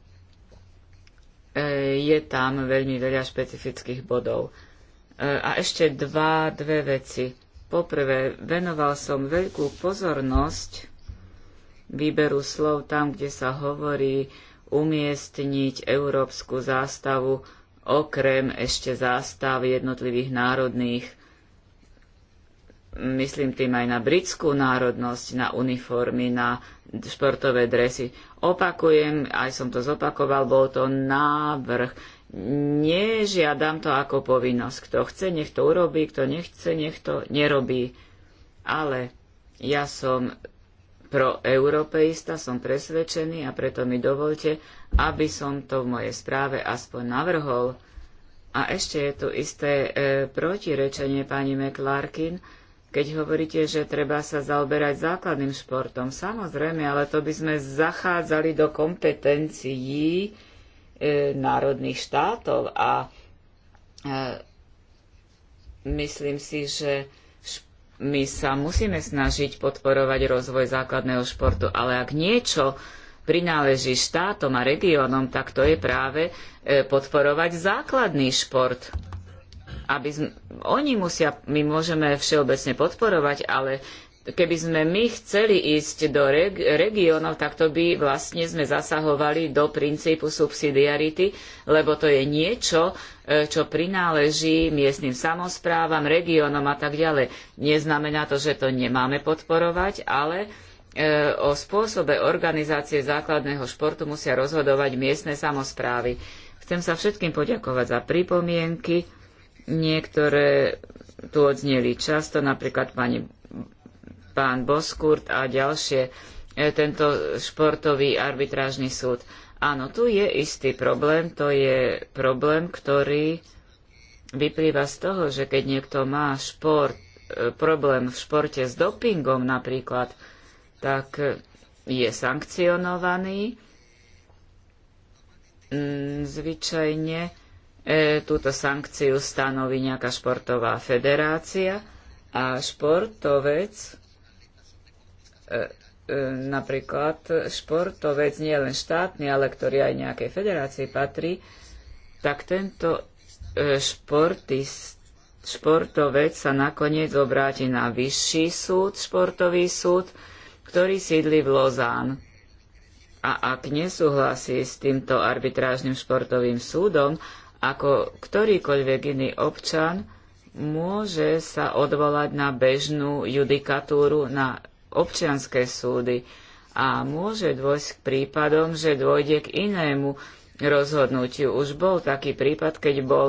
E, je tam veľmi veľa špecifických bodov. E, a ešte dva, dve veci. Poprvé, venoval som veľkú pozornosť výberu slov tam, kde sa hovorí umiestniť európsku zástavu okrem ešte zástav jednotlivých národných myslím tým aj na britskú národnosť, na uniformy, na športové dresy. Opakujem, aj som to zopakoval, bol to návrh. Nežiadam to ako povinnosť. Kto chce, nech to urobí, kto nechce, nech to nerobí. Ale ja som pro europeista, som presvedčený a preto mi dovolte, aby som to v mojej správe aspoň navrhol. A ešte je tu isté e, protirečenie pani McClarkin, keď hovoríte, že treba sa zaoberať základným športom. Samozrejme, ale to by sme zachádzali do kompetencií e, národných štátov a e, myslím si, že my sa musíme snažiť podporovať rozvoj základného športu, ale ak niečo prináleží štátom a regiónom, tak to je práve e, podporovať základný šport aby sme, oni musia, my môžeme všeobecne podporovať, ale keby sme my chceli ísť do reg- regiónov, tak to by vlastne sme zasahovali do princípu subsidiarity, lebo to je niečo, e, čo prináleží miestnym samosprávam, regiónom a tak ďalej. Neznamená to, že to nemáme podporovať, ale e, o spôsobe organizácie základného športu musia rozhodovať miestne samosprávy. Chcem sa všetkým poďakovať za pripomienky Niektoré tu odzneli často, napríklad pani, pán Boskurt a ďalšie, e, tento športový arbitrážny súd. Áno, tu je istý problém, to je problém, ktorý vyplýva z toho, že keď niekto má šport, e, problém v športe s dopingom napríklad, tak je sankcionovaný mm, zvyčajne e, túto sankciu stanoví nejaká športová federácia a športovec, e, e, napríklad športovec nie len štátny, ale ktorý aj nejakej federácii patrí, tak tento e, športist, športovec sa nakoniec obráti na vyšší súd, športový súd, ktorý sídli v Lozán. A ak nesúhlasí s týmto arbitrážnym športovým súdom ako ktorýkoľvek iný občan môže sa odvolať na bežnú judikatúru, na občianské súdy a môže dôjsť k prípadom, že dôjde k inému rozhodnutiu. Už bol taký prípad, keď bol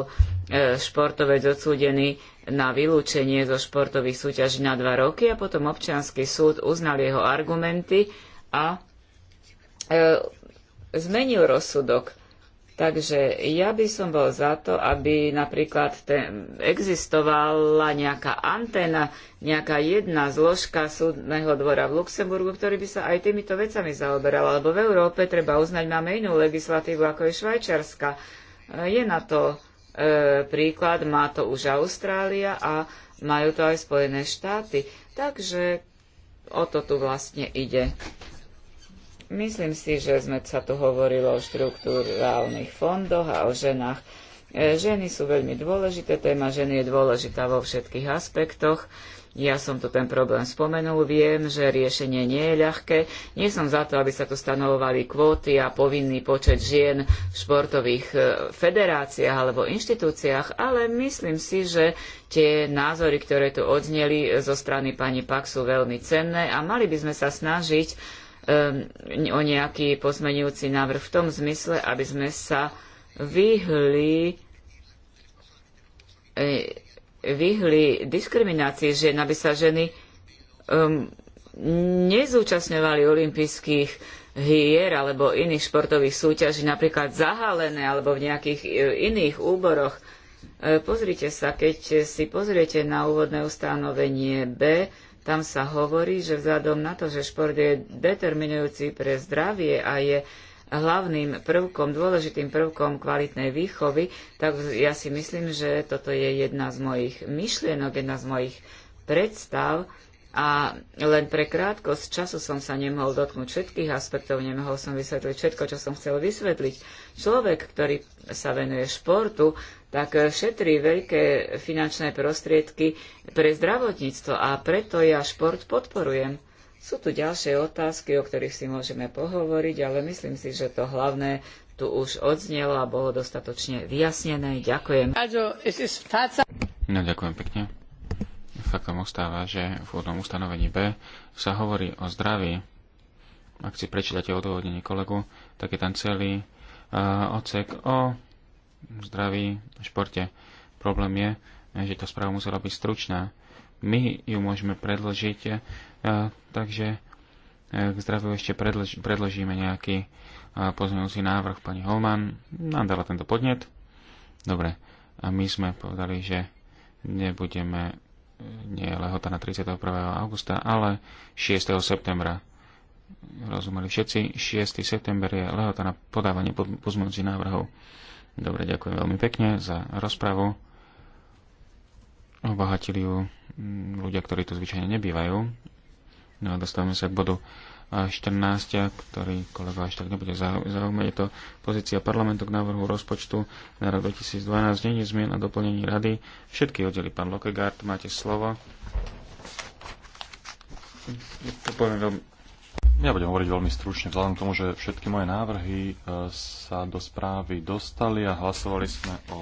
e, športovec odsúdený na vylúčenie zo športových súťaží na dva roky a potom občiansky súd uznal jeho argumenty a e, zmenil rozsudok. Takže ja by som bol za to, aby napríklad ten, existovala nejaká anténa, nejaká jedna zložka súdneho dvora v Luxemburgu, ktorý by sa aj týmito vecami zaoberal. Lebo v Európe, treba uznať, máme inú legislatívu, ako je Švajčarska. E, je na to e, príklad, má to už Austrália a majú to aj Spojené štáty. Takže o to tu vlastne ide. Myslím si, že sme sa tu hovorilo o štruktúrálnych fondoch a o ženách. E, ženy sú veľmi dôležité, téma ženy je dôležitá vo všetkých aspektoch. Ja som tu ten problém spomenul, viem, že riešenie nie je ľahké. Nie som za to, aby sa tu stanovovali kvóty a povinný počet žien v športových e, federáciách alebo inštitúciách, ale myslím si, že tie názory, ktoré tu odzneli zo strany pani Pak sú veľmi cenné a mali by sme sa snažiť Ehm, o nejaký pozmenujúci návrh v tom zmysle, aby sme sa vyhli eh, vyhli diskriminácii žien, aby sa ženy ehm, nezúčastňovali olympijských hier alebo iných športových súťaží, napríklad zahalené alebo v nejakých eh, iných úboroch. Eh, pozrite sa, keď si pozriete na úvodné ustanovenie B, tam sa hovorí, že vzhľadom na to, že šport je determinujúci pre zdravie a je hlavným prvkom, dôležitým prvkom kvalitnej výchovy, tak ja si myslím, že toto je jedna z mojich myšlienok, jedna z mojich predstav a len pre krátkosť času som sa nemohol dotknúť všetkých aspektov, nemohol som vysvetliť všetko, čo som chcel vysvetliť. Človek, ktorý sa venuje športu, tak eh, šetrí veľké finančné prostriedky pre zdravotníctvo a preto ja šport podporujem. Sú tu ďalšie otázky, o ktorých si môžeme pohovoriť, ale myslím si, že to hlavné tu už odznelo a bolo dostatočne vyjasnené. Ďakujem. No, ďakujem pekne. Faktom ostáva, že v úvodnom ustanovení B sa hovorí o zdraví. Ak si prečítate odôvodnenie kolegu, tak je tam celý uh, odsek o zdraví, športe. Problém je, že tá správa musela byť stručná. My ju môžeme predložiť, e, takže e, k zdraviu ešte predlož, predložíme nejaký e, pozmeňujúci návrh. Pani Holman nám dala tento podnet. Dobre, a my sme povedali, že nebudeme, nie je lehota na 31. augusta, ale 6. septembra. Rozumeli všetci, 6. september je lehota na podávanie pozmeňujúcich návrhov. Dobre, ďakujem veľmi pekne za rozpravu. Obohatili ju mm, ľudia, ktorí tu zvyčajne nebývajú. No a dostávame sa k bodu 14, ktorý kolega až tak nebude zaujímať. Je to pozícia parlamentu k návrhu rozpočtu na rok 2012, Není zmien a doplnení rady. Všetky oddely, pán Lokegaard, máte slovo. To poviem veľmi ja budem hovoriť veľmi stručne, vzhľadom k tomu, že všetky moje návrhy e, sa do správy dostali a hlasovali sme o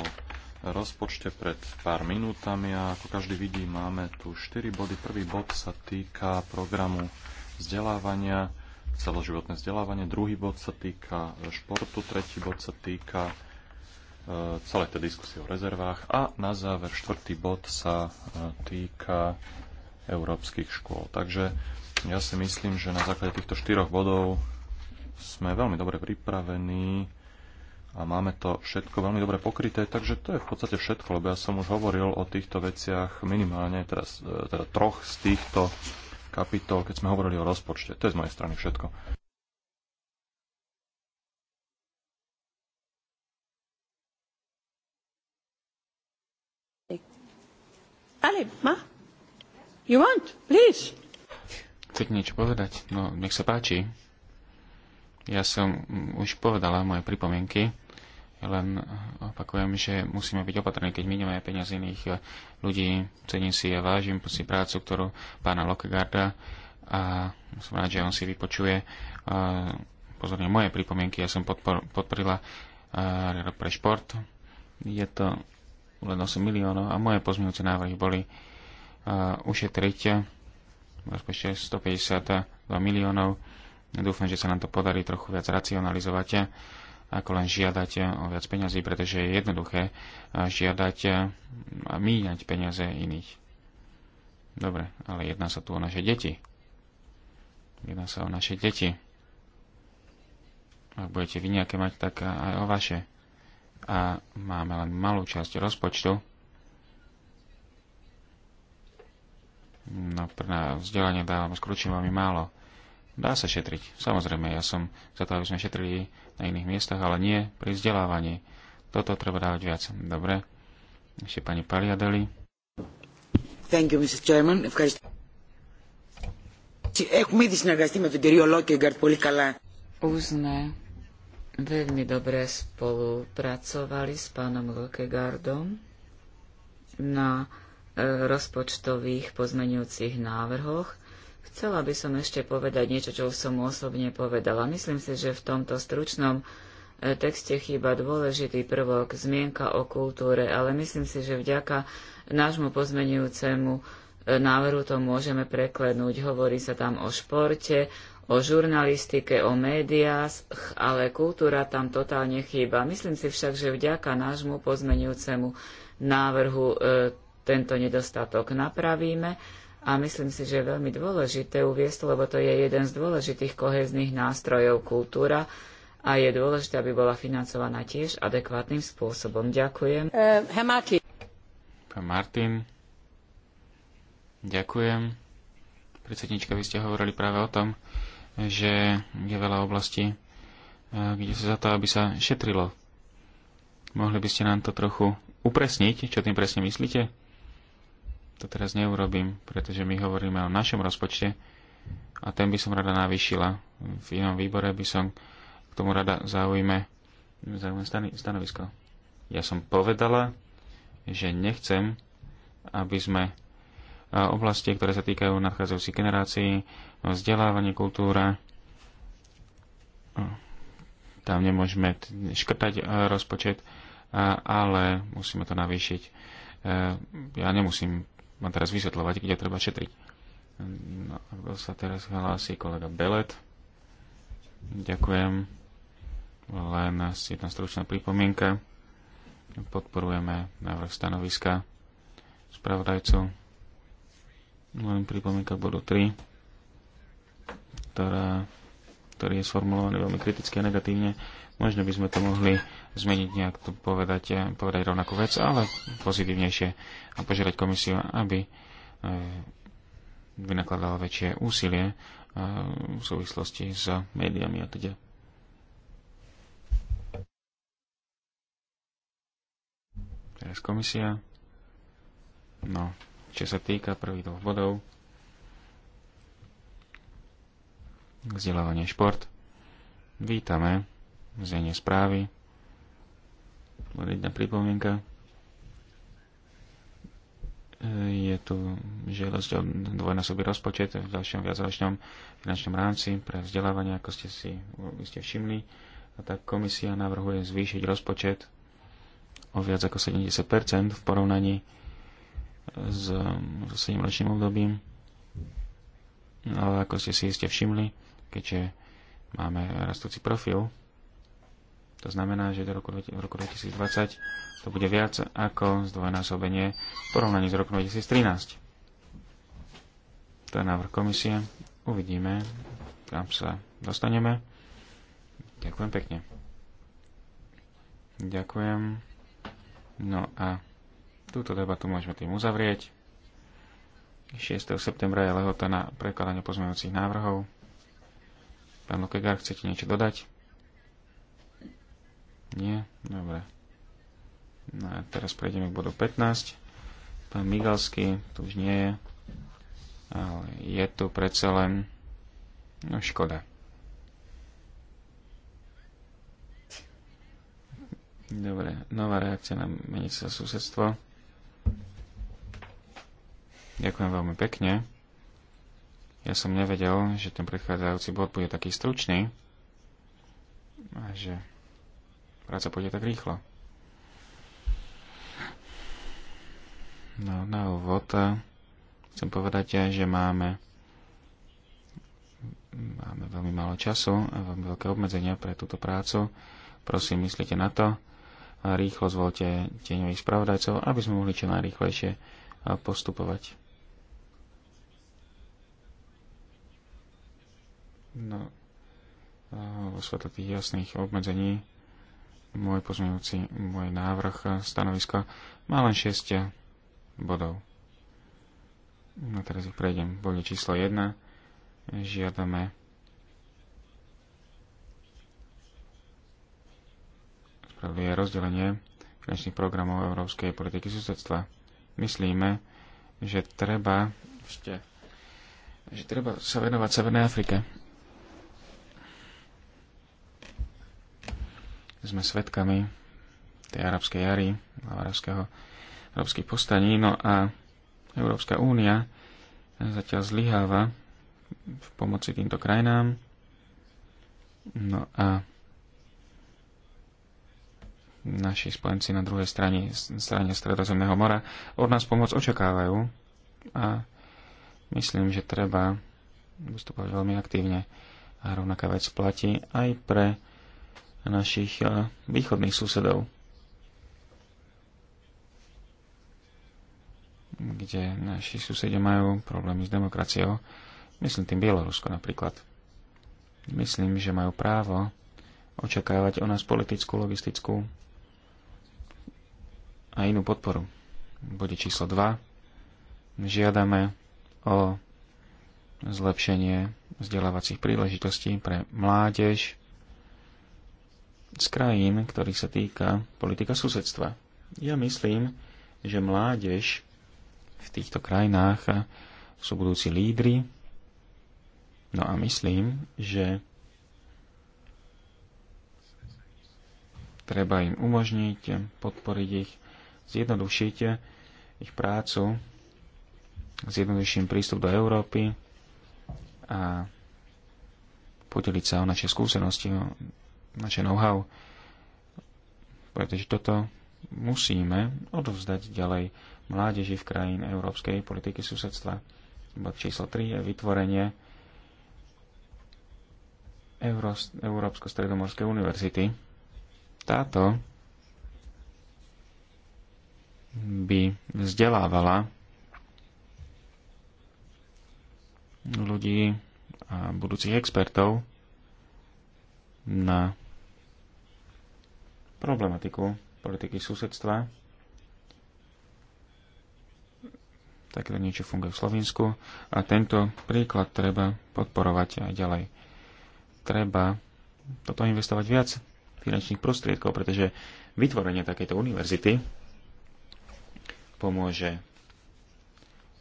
rozpočte pred pár minútami a ako každý vidí, máme tu 4 body. Prvý bod sa týka programu vzdelávania, celoživotné vzdelávanie, druhý bod sa týka športu, tretí bod sa týka e, celé tej diskusie o rezervách a na záver štvrtý bod sa e, týka európskych škôl. Takže ja si myslím, že na základe týchto štyroch bodov sme veľmi dobre pripravení a máme to všetko veľmi dobre pokryté, takže to je v podstate všetko, lebo ja som už hovoril o týchto veciach minimálne, teraz, e, teda troch z týchto kapitol, keď sme hovorili o rozpočte. To je z mojej strany všetko. Ali, ma? You want? Please. Chcete niečo povedať? No, nech sa páči. Ja som mm, už povedala moje pripomienky, len eh, opakujem, že musíme byť opatrní, keď minieme peniaze iných eh, ľudí. Cením si a vážim si prácu, ktorú pána Lockegarda a som rád, že on si vypočuje eh, pozorne moje pripomienky. Ja som podpor, podporila pre šport. Je to len 8 miliónov a moje pozmienujúce návrhy boli ušetriť rozpočte 152 miliónov. Dúfam, že sa nám to podarí trochu viac racionalizovať, ako len žiadať o viac peňazí, pretože je jednoduché žiadať a míňať peniaze iných. Dobre, ale jedná sa tu o naše deti. Jedná sa o naše deti. Ak budete vy nejaké mať, tak aj o vaše. A máme len malú časť rozpočtu, na, no, na vzdelanie dávame skručím veľmi málo. Dá sa šetriť. Samozrejme, ja som za to, aby sme šetrili na iných miestach, ale nie pri vzdelávaní. Toto treba dávať viac. Dobre. Ešte pani Paliadeli. Thank you, Mr. Chairman. Έχουμε ήδη συνεργαστεί με τον κύριο Λόκεγκαρτ πολύ καλά. Už sme veľmi dobre spolupracovali s pánom Lockegaardom na rozpočtových pozmenujúcich návrhoch. Chcela by som ešte povedať niečo, čo som osobne povedala. Myslím si, že v tomto stručnom e, texte chýba dôležitý prvok, zmienka o kultúre, ale myslím si, že vďaka nášmu pozmenujúcemu e, návrhu to môžeme preklenúť. Hovorí sa tam o športe, o žurnalistike, o médiách, ale kultúra tam totálne chýba. Myslím si však, že vďaka nášmu pozmeňujúcemu návrhu e, tento nedostatok napravíme a myslím si, že je veľmi dôležité uviesť, lebo to je jeden z dôležitých kohezných nástrojov kultúra a je dôležité, aby bola financovaná tiež adekvátnym spôsobom. Ďakujem. Uh, Martin. Pán Martin. Ďakujem. Predsednička, vy ste hovorili práve o tom, že je veľa oblastí, e, kde sa za to, aby sa šetrilo. Mohli by ste nám to trochu upresniť, čo tým presne myslíte? to teraz neurobím, pretože my hovoríme o našom rozpočte a ten by som rada navýšila. V inom výbore by som k tomu rada zaujíme, zaujíme stanovisko. Ja som povedala, že nechcem, aby sme e, oblasti, ktoré sa týkajú nadchádzajúcich generácií, vzdelávanie, kultúra, e, tam nemôžeme škrtať e, rozpočet, ale musíme to navýšiť. Ja nemusím ma teraz vysvetľovať, kde treba šetriť. No, ako sa teraz hlási kolega Belet. Ďakujem. Len jedna stručná pripomienka. Podporujeme návrh stanoviska spravodajcu. Len pripomienka bodu 3, ktorá, ktorý je sformulovaný veľmi kriticky a negatívne. Možno by sme to mohli zmeniť nejak, to povedať, eh, povedať rovnakú vec, ale pozitívnejšie a požiadať komisiu, aby eh, vynakladala väčšie úsilie eh, v súvislosti s médiami a teda. Teraz komisia. No, čo sa týka prvých dvoch bodov. Vzdelávanie šport. Vítame znenie správy. Jedna pripomienka. Je tu žiadosť o dvojnásobý rozpočet v ďalšom viacročnom finančnom rámci pre vzdelávanie, ako ste si ste všimli. A tak komisia navrhuje zvýšiť rozpočet o viac ako 70 v porovnaní s, s 7-ročným obdobím. Ale ako ste si iste všimli, keďže máme rastúci profil, to znamená, že do roku, v roku 2020 to bude viac ako zdvojnásobenie v porovnaní s roku 2013. To je návrh komisie. Uvidíme, kam sa dostaneme. Ďakujem pekne. Ďakujem. No a túto debatu môžeme tým uzavrieť. 6. septembra je lehota na prekladanie pozmeňujúcich návrhov. Pán Lukegar, chcete niečo dodať? Nie? Dobre. No a teraz prejdeme k bodu 15. Pán Migalský tu už nie je, ale je tu predsa len... No škoda. Dobre, nová reakcia na menice sa susedstvo. Ďakujem veľmi pekne. Ja som nevedel, že ten predchádzajúci bod bude taký stručný a že práca pôjde tak rýchlo. No, na úvod eh, chcem povedať, eh, že máme, máme veľmi málo času a eh, veľmi veľké obmedzenia pre túto prácu. Prosím, myslite na to a rýchlo zvolte tieňových spravodajcov, aby sme mohli čo najrýchlejšie postupovať. No, vo svetle tých jasných obmedzení môj pozmeňujúci, môj návrh, e, stanoviska má len 6 e, bodov. No teraz ich prejdem. bode číslo 1 žiadame spravili rozdelenie finančných programov európskej politiky susedstva. Myslíme, že treba ešte že treba sa venovať Severnej Afrike sme svetkami tej arabskej jary, arabského, arabských postaní. No a Európska únia zatiaľ zlyháva v pomoci týmto krajinám. No a naši spojenci na druhej strane, strane Stredozemného mora od nás pomoc očakávajú a myslím, že treba vystupovať veľmi aktívne. A rovnaká vec platí aj pre našich eh, východných susedov, kde naši susedia majú problémy s demokraciou. Myslím tým Bielorusko napríklad. Myslím, že majú právo očakávať o nás politickú, logistickú a inú podporu. Bude číslo 2. Žiadame o zlepšenie vzdelávacích príležitostí pre mládež, z krajín, ktorých sa týka politika susedstva. Ja myslím, že mládež v týchto krajinách sú budúci lídry. No a myslím, že treba im umožniť, podporiť ich, zjednodušiť ich prácu, zjednodušiť prístup do Európy a podeliť sa o naše skúsenosti, naše know-how. Pretože toto musíme odovzdať ďalej mládeži v krajín európskej politiky susedstva. Bod číslo 3 je vytvorenie Euró Európsko-stredomorskej univerzity. Táto by vzdelávala ľudí a budúcich expertov na problematiku politiky susedstva. Takéto niečo funguje v Slovensku a tento príklad treba podporovať aj ďalej. Treba toto investovať viac finančných prostriedkov, pretože vytvorenie takejto univerzity pomôže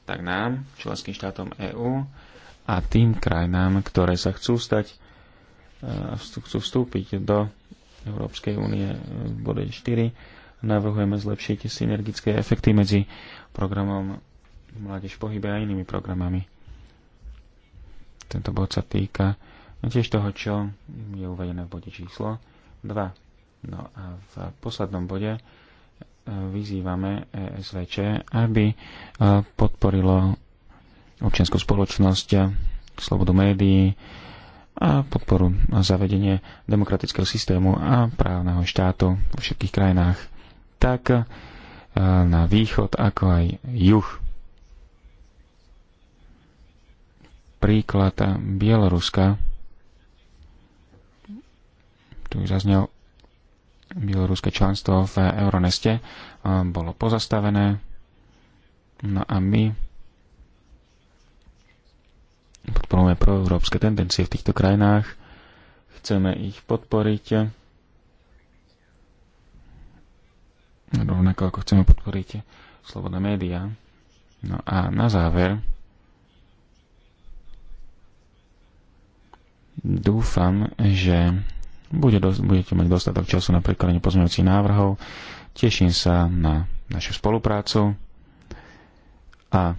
tak nám, členským štátom EÚ a tým krajinám, ktoré sa chcú stať chcú vstúpiť do Európskej únie v bode 4. Navrhujeme zlepšiť synergické efekty medzi programom Mládež v pohybe a inými programami. Tento bod sa týka tiež toho, čo je uvedené v bode číslo 2. No a v poslednom bode e, vyzývame ESVČ, aby e, podporilo občianskú spoločnosť, e, slobodu médií, a podporu a zavedenie demokratického systému a právneho štátu vo všetkých krajinách, tak e, na východ ako aj juh. Príklad Bieloruska. Tu už zaznel bieloruské členstvo v Euroneste e, bolo pozastavené. No a my podporujeme proeurópske tendencie v týchto krajinách, chceme ich podporiť, rovnako ako chceme podporiť slobodné médiá. No a na záver dúfam, že bude, budete mať dostatok času na prekladanie pozmeňujúcich návrhov. Teším sa na našu spoluprácu a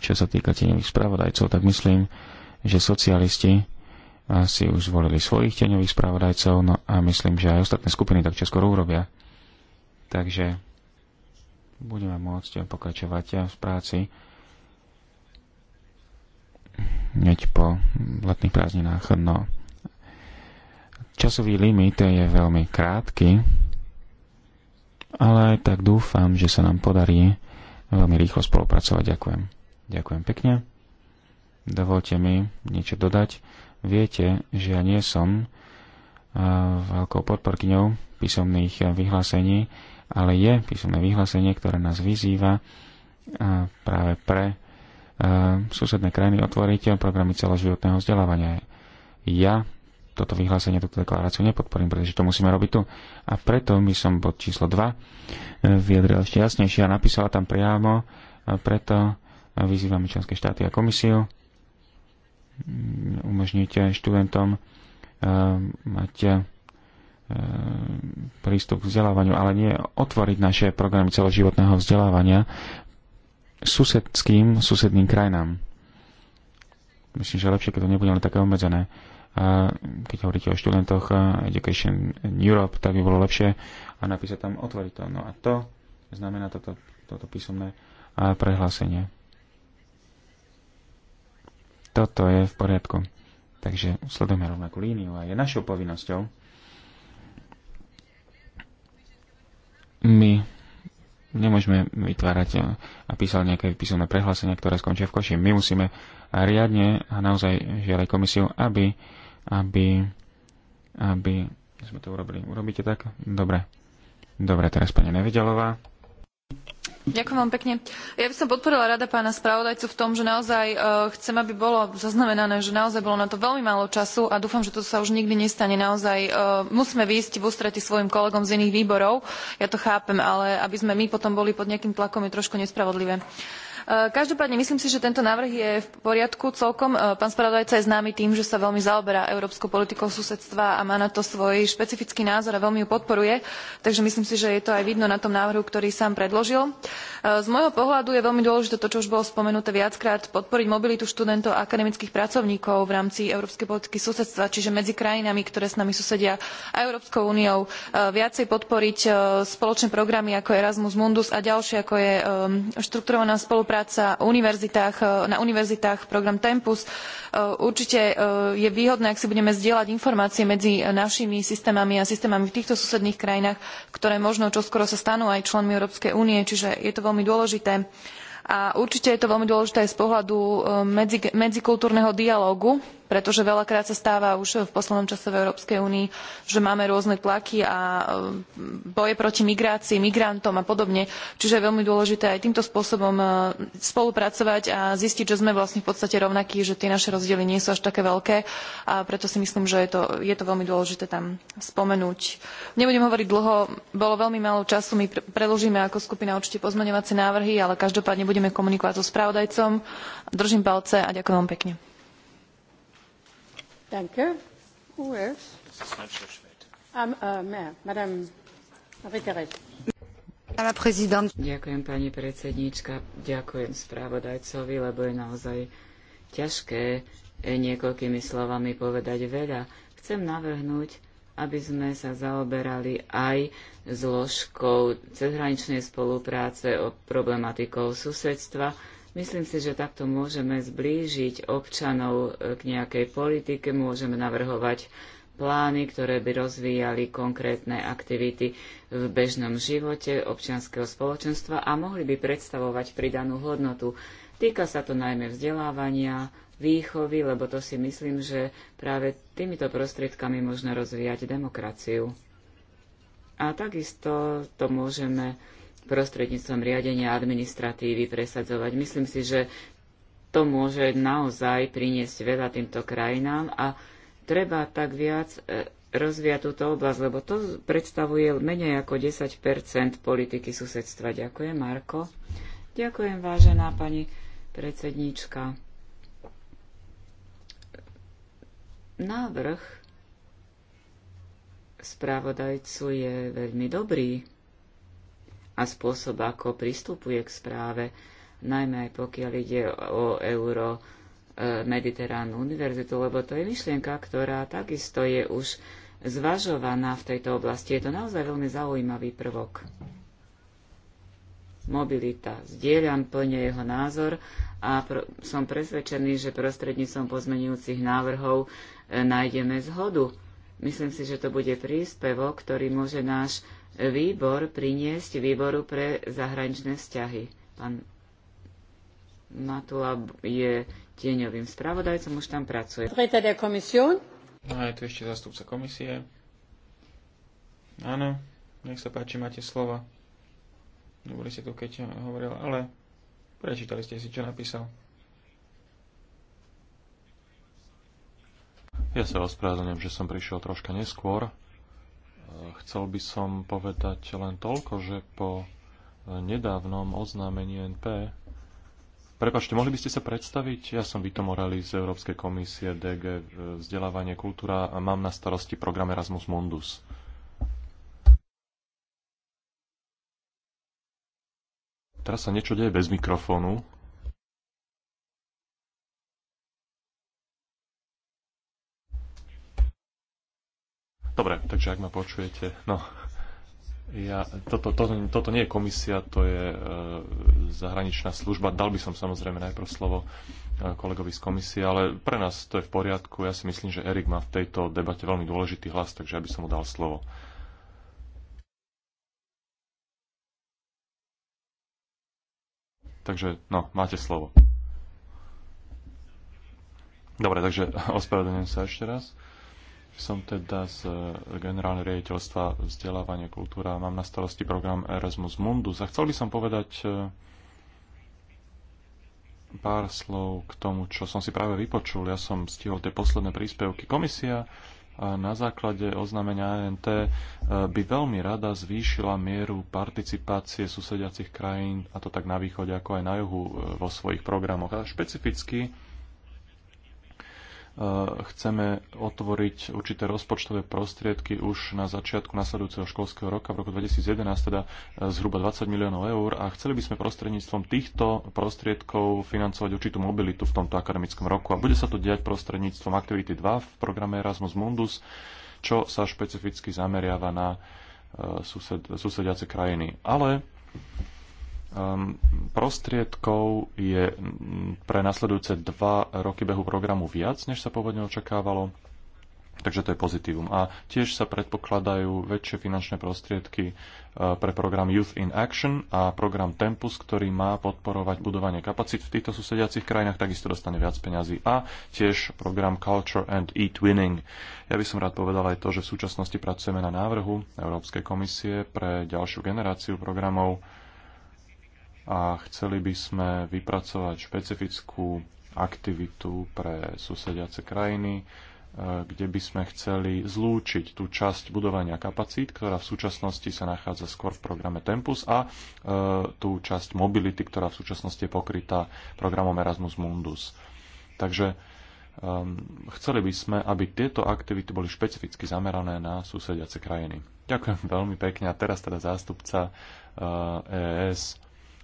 čo sa týka tieňových spravodajcov, tak myslím, že socialisti si už zvolili svojich tieňových spravodajcov, no a myslím, že aj ostatné skupiny tak skoro urobia. Takže budeme môcť pokračovať v práci hneď po letných prázdninách. No, časový limit je veľmi krátky, ale tak dúfam, že sa nám podarí veľmi rýchlo spolupracovať. Ďakujem. Ďakujem pekne. Dovolte mi niečo dodať. Viete, že ja nie som e, veľkou podporkyňou písomných vyhlásení, ale je písomné vyhlásenie, ktoré nás vyzýva e, práve pre e, susedné krajiny otvoriť programy celoživotného vzdelávania. Ja toto vyhlásenie, túto deklaráciu nepodporím, pretože to musíme robiť tu. A preto by som bod číslo 2 vyjadril ešte jasnejšie a napísala tam priamo, preto Vyzývame členské štáty a komisiu mm, umožnite študentom e, mať e, prístup k vzdelávaniu, ale nie otvoriť naše programy celoživotného vzdelávania susedským, susedným krajinám. Myslím, že lepšie, keď to nebude len také obmedzené. A keď hovoríte o študentoch Education Europe, tak by bolo lepšie a napísať tam otvoriť to. No a to znamená toto, toto písomné prehlásenie toto je v poriadku. Takže sledujeme rovnakú líniu a je našou povinnosťou my nemôžeme vytvárať eh, a písať nejaké písomné prehlásenia, ktoré skončia v koši. My musíme riadne a naozaj žiadať komisiu, aby, aby, aby sme to urobili. Urobíte tak? Dobre. Dobre, teraz pani Nevedelová. Ďakujem vám pekne. Ja by som podporila rada pána spravodajcu v tom, že naozaj e, chcem, aby bolo zaznamenané, že naozaj bolo na to veľmi málo času a dúfam, že to sa už nikdy nestane. Naozaj e, musíme výjsť v ústrety svojim kolegom z iných výborov. Ja to chápem, ale aby sme my potom boli pod nejakým tlakom je trošku nespravodlivé. Eh, každopádne myslím si, že tento návrh je v poriadku celkom. Eh, pán spravodajca je známy tým, že sa veľmi zaoberá európskou politikou susedstva a má na to svoj špecifický názor a veľmi ju podporuje. Takže myslím si, že je to aj vidno na tom návrhu, ktorý sám predložil. Eh, z môjho pohľadu je veľmi dôležité to, čo už bolo spomenuté viackrát, podporiť mobilitu študentov a akademických pracovníkov v rámci európskej politiky susedstva, čiže medzi krajinami, ktoré s nami susedia a Európskou úniou, viacej podporiť spoločné programy ako Erasmus Mundus a ďalšie, ako je štrukturovaná spolupráca spolupráca e, na univerzitách, program Tempus. E, určite e, je výhodné, ak si budeme zdieľať informácie medzi našimi systémami a systémami v týchto susedných krajinách, ktoré možno čoskoro sa stanú aj členmi Európskej únie, čiže je to veľmi dôležité. A určite je to veľmi dôležité aj z pohľadu medzikultúrneho dialógu, pretože veľakrát sa stáva už v poslednom čase v Európskej únii, že máme rôzne tlaky a e, boje proti migrácii, migrantom a podobne. Čiže je veľmi dôležité aj týmto spôsobom e, spolupracovať a zistiť, že sme vlastne v podstate rovnakí, že tie naše rozdiely nie sú až také veľké a preto si myslím, že je to, je to veľmi dôležité tam spomenúť. Nebudem hovoriť dlho, bolo veľmi málo času, my predložíme ako skupina určite pozmeňovacie návrhy, ale každopádne budeme komunikovať so spravodajcom. Držím palce a ďakujem vám pekne. Um, uh, ďakujem pani predsedníčka, ďakujem spravodajcovi, lebo je naozaj ťažké e, niekoľkými slovami povedať veľa. Chcem navrhnúť, aby sme sa zaoberali aj zložkou cezhraničnej spolupráce problematikou susedstva, Myslím si, že takto môžeme zblížiť občanov e, k nejakej politike, môžeme navrhovať plány, ktoré by rozvíjali konkrétne aktivity v bežnom živote občianskeho spoločenstva a mohli by predstavovať pridanú hodnotu. Týka sa to najmä vzdelávania, výchovy, lebo to si myslím, že práve týmito prostriedkami možno rozvíjať demokraciu. A takisto to môžeme prostredníctvom riadenia administratívy presadzovať. Myslím si, že to môže naozaj priniesť veľa týmto krajinám a treba tak viac e, rozvíjať túto oblasť, lebo to predstavuje menej ako 10 politiky susedstva. Ďakujem, Marko. Ďakujem, vážená pani predsednička. Návrh správodajcu je veľmi dobrý a spôsob, ako pristupuje k správe, najmä aj pokiaľ ide o euro e, Mediteránnu univerzitu, lebo to je myšlienka, ktorá takisto je už zvažovaná v tejto oblasti. Je to naozaj veľmi zaujímavý prvok. Mobilita. Zdieľam plne jeho názor a pr- som presvedčený, že prostredníctvom pozmenujúcich návrhov e, nájdeme zhodu. Myslím si, že to bude príspevok, ktorý môže náš výbor priniesť výboru pre zahraničné vzťahy. Pán Matula je tieňovým spravodajcom, už tam pracuje. No je tu ešte zastupca komisie. Áno, nech sa páči, máte slova. Neboli ste tu, keď hovoril, ale prečítali ste si, čo napísal. Ja sa ospravedlňujem, že som prišiel troška neskôr chcel by som povedať len toľko, že po nedávnom oznámení NP Prepačte, mohli by ste sa predstaviť? Ja som Vito Morali z Európskej komisie DG Vzdelávanie kultúra a mám na starosti program Erasmus Mundus. Teraz sa niečo deje bez mikrofónu. Dobre, takže ak ma počujete, no, ja, toto, to, toto nie je komisia, to je e, zahraničná služba. Dal by som samozrejme najprv slovo e, kolegovi z komisie, ale pre nás to je v poriadku. Ja si myslím, že Erik má v tejto debate veľmi dôležitý hlas, takže ja by som mu dal slovo. Takže, no, máte slovo. Dobre, takže ospravedlňujem sa ešte raz. Som teda z e, generálneho riaditeľstva vzdelávania kultúra a mám na starosti program Erasmus Mundus. A chcel by som povedať e, pár slov k tomu, čo som si práve vypočul. Ja som stihol tie posledné príspevky. Komisia e, na základe oznámenia ANT by veľmi rada zvýšila mieru participácie susediacich krajín, a to tak na východe ako aj na juhu, vo svojich programoch. A špecificky Eh, chceme otvoriť určité rozpočtové prostriedky už na začiatku nasledujúceho školského roka v roku 2011, teda eh, zhruba 20 miliónov eur a chceli by sme prostredníctvom týchto prostriedkov financovať určitú mobilitu v tomto akademickom roku. A bude sa to diať prostredníctvom Activity 2 v programe Erasmus Mundus, čo sa špecificky zameriava na eh, sused, susediace krajiny. Ale Ehm, prostriedkov je pre nasledujúce dva roky behu programu viac, než sa pôvodne očakávalo. Takže to je pozitívum. A tiež sa predpokladajú väčšie finančné prostriedky eh, pre program Youth in Action a program Tempus, ktorý má podporovať budovanie kapacít v týchto susediacich krajinách, takisto dostane viac peňazí. A tiež program Culture and E-Twinning. Ja by som rád povedal aj to, že v súčasnosti pracujeme na návrhu Európskej komisie pre ďalšiu generáciu programov a chceli by sme vypracovať špecifickú aktivitu pre susediace krajiny, e, kde by sme chceli zlúčiť tú časť budovania kapacít, ktorá v súčasnosti sa nachádza skôr v programe Tempus a e, tú časť mobility, ktorá v súčasnosti je pokrytá programom Erasmus Mundus. Takže um, chceli by sme, aby tieto aktivity boli špecificky zamerané na susediace krajiny. Ďakujem veľmi pekne a teraz teda zástupca uh, e, EES.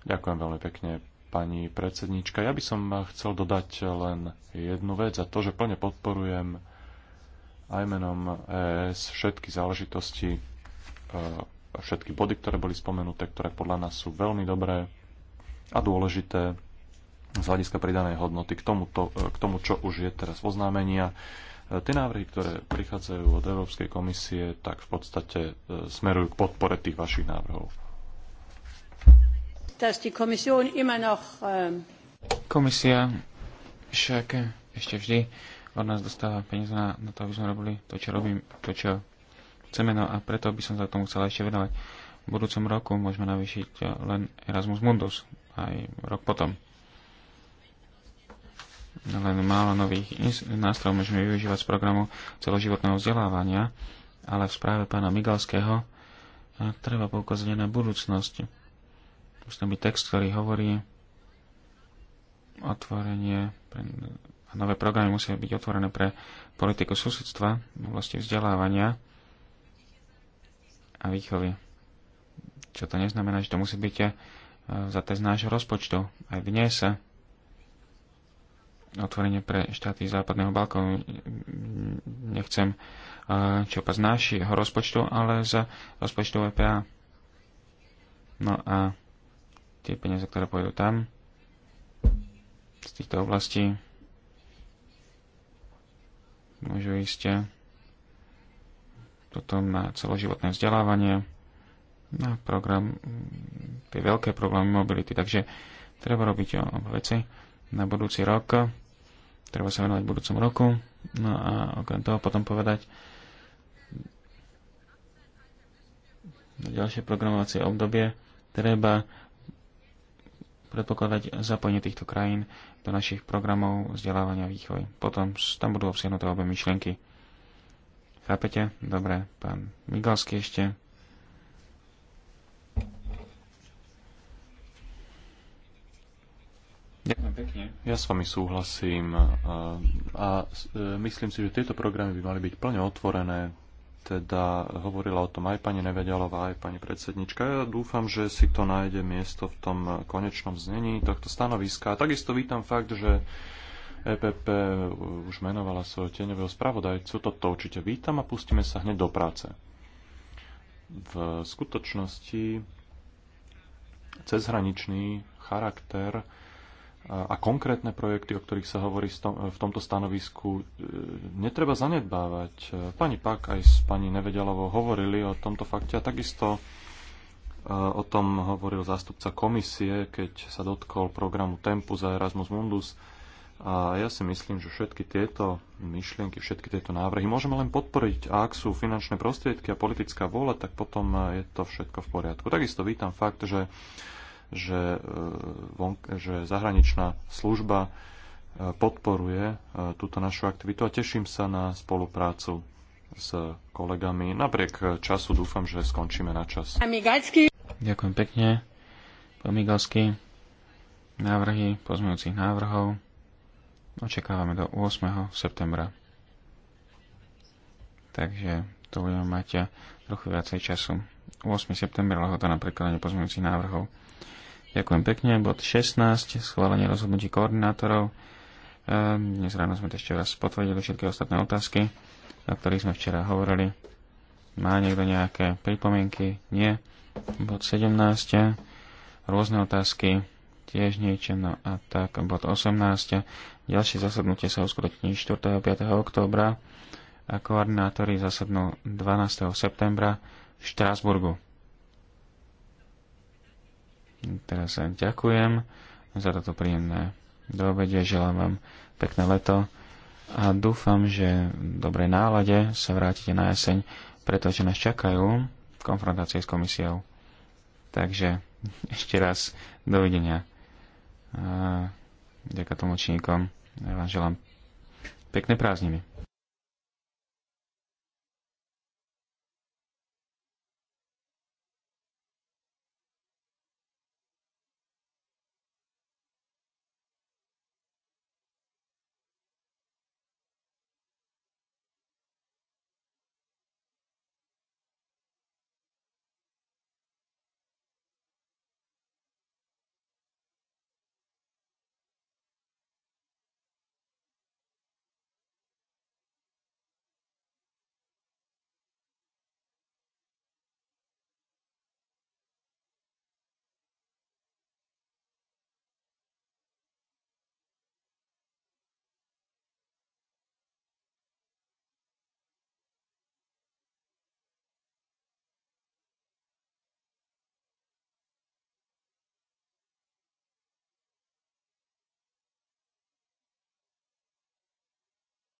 Ďakujem veľmi pekne, pani predsednička. Ja by som chcel dodať len jednu vec a to, že plne podporujem aj menom ES všetky záležitosti, e, všetky body, ktoré boli spomenuté, ktoré podľa nás sú veľmi dobré a dôležité z hľadiska pridanej hodnoty k, tomuto, e, k tomu, čo už je teraz oznámenia. E, tie návrhy, ktoré prichádzajú od Európskej komisie, tak v podstate smerujú k podpore tých vašich návrhov. Ähm, Komisia však ešte vždy od nás dostáva peniaze na, na to, aby sme robili to, čo robím, to, čo chceme, no a preto by som sa tomu chcela ešte venovať. V budúcom roku môžeme navýšiť len Erasmus Mundus, aj rok potom. Len málo nových nástrojov môžeme využívať z programu celoživotného vzdelávania, ale v správe pána Migalského treba poukázať na budúcnosť byť text, ktorý hovorí otvorenie pre, nové programy musia byť otvorené pre politiku susedstva v oblasti vzdelávania a výchovy. Čo to neznamená, že to musí byť eh, za z nášho rozpočtu. Aj dnes eh, otvorenie pre štáty Západného Balkónu nechcem eh, čo z nášho rozpočtu, ale z rozpočtu EPA. No a tie peniaze, ktoré pôjdu tam, z týchto oblastí, môžu ísť potom na celoživotné vzdelávanie, na program, tie veľké programy mobility. Takže treba robiť o, o veci na budúci rok, treba sa venovať v budúcom roku, no a okrem toho potom povedať na ďalšie programovacie obdobie treba predpokladať zapojenie týchto krajín do našich programov vzdelávania a výchovy. Potom tam budú obsiahnuté obe myšlienky. Chápete? Dobre, pán Migalský ešte. Ďakujem pekne. Ja s vami súhlasím a, a e, myslím si, že tieto programy by mali byť plne otvorené teda hovorila o tom aj pani Nevedialová, aj pani predsednička. Ja dúfam, že si to nájde miesto v tom konečnom znení tohto stanoviska. A takisto vítam fakt, že EPP už menovala svojho tieňového spravodajcu. Toto určite vítam a pustíme sa hneď do práce. V skutočnosti cezhraničný charakter a konkrétne projekty, o ktorých sa hovorí v tomto stanovisku, e, netreba zanedbávať. E, pani Pak aj s pani Nevedelovou hovorili o tomto fakte a takisto e, o tom hovoril zástupca komisie, keď sa dotkol programu Tempu za Erasmus Mundus. A ja si myslím, že všetky tieto myšlienky, všetky tieto návrhy môžeme len podporiť a ak sú finančné prostriedky a politická vôľa, tak potom je to všetko v poriadku. Takisto vítam fakt, že že, e, že zahraničná služba e, podporuje e, túto našu aktivitu a teším sa na spoluprácu s kolegami. Napriek času dúfam, že skončíme na čas. Amigalsky. Ďakujem pekne. pomigalsky návrhy pozmeňujúcich návrhov očakávame do 8. septembra. Takže to budeme mať trochu viacej času. 8. september lehota na prekladanie pozmeňujúcich návrhov. Ďakujem pekne. Bod 16. Schválenie rozhodnutí koordinátorov. Ehm, dnes ráno sme to ešte raz potvrdili všetky ostatné otázky, o ktorých sme včera hovorili. Má niekto nejaké pripomienky? Nie. Bod 17. Rôzne otázky. Tiež niečo. No a tak bod 18. Ďalšie zasadnutie sa uskutoční 4. a 5. októbra a koordinátori zasadnú 12. septembra v Štrásburgu. Teraz sa ďakujem za toto príjemné doobede, želám vám pekné leto a dúfam, že v dobrej nálade sa vrátite na jeseň, pretože nás čakajú konfrontácie s komisiou. Takže ešte raz dovidenia. A ďakujem tlmočníkom. Ja vám želám pekné prázdniny.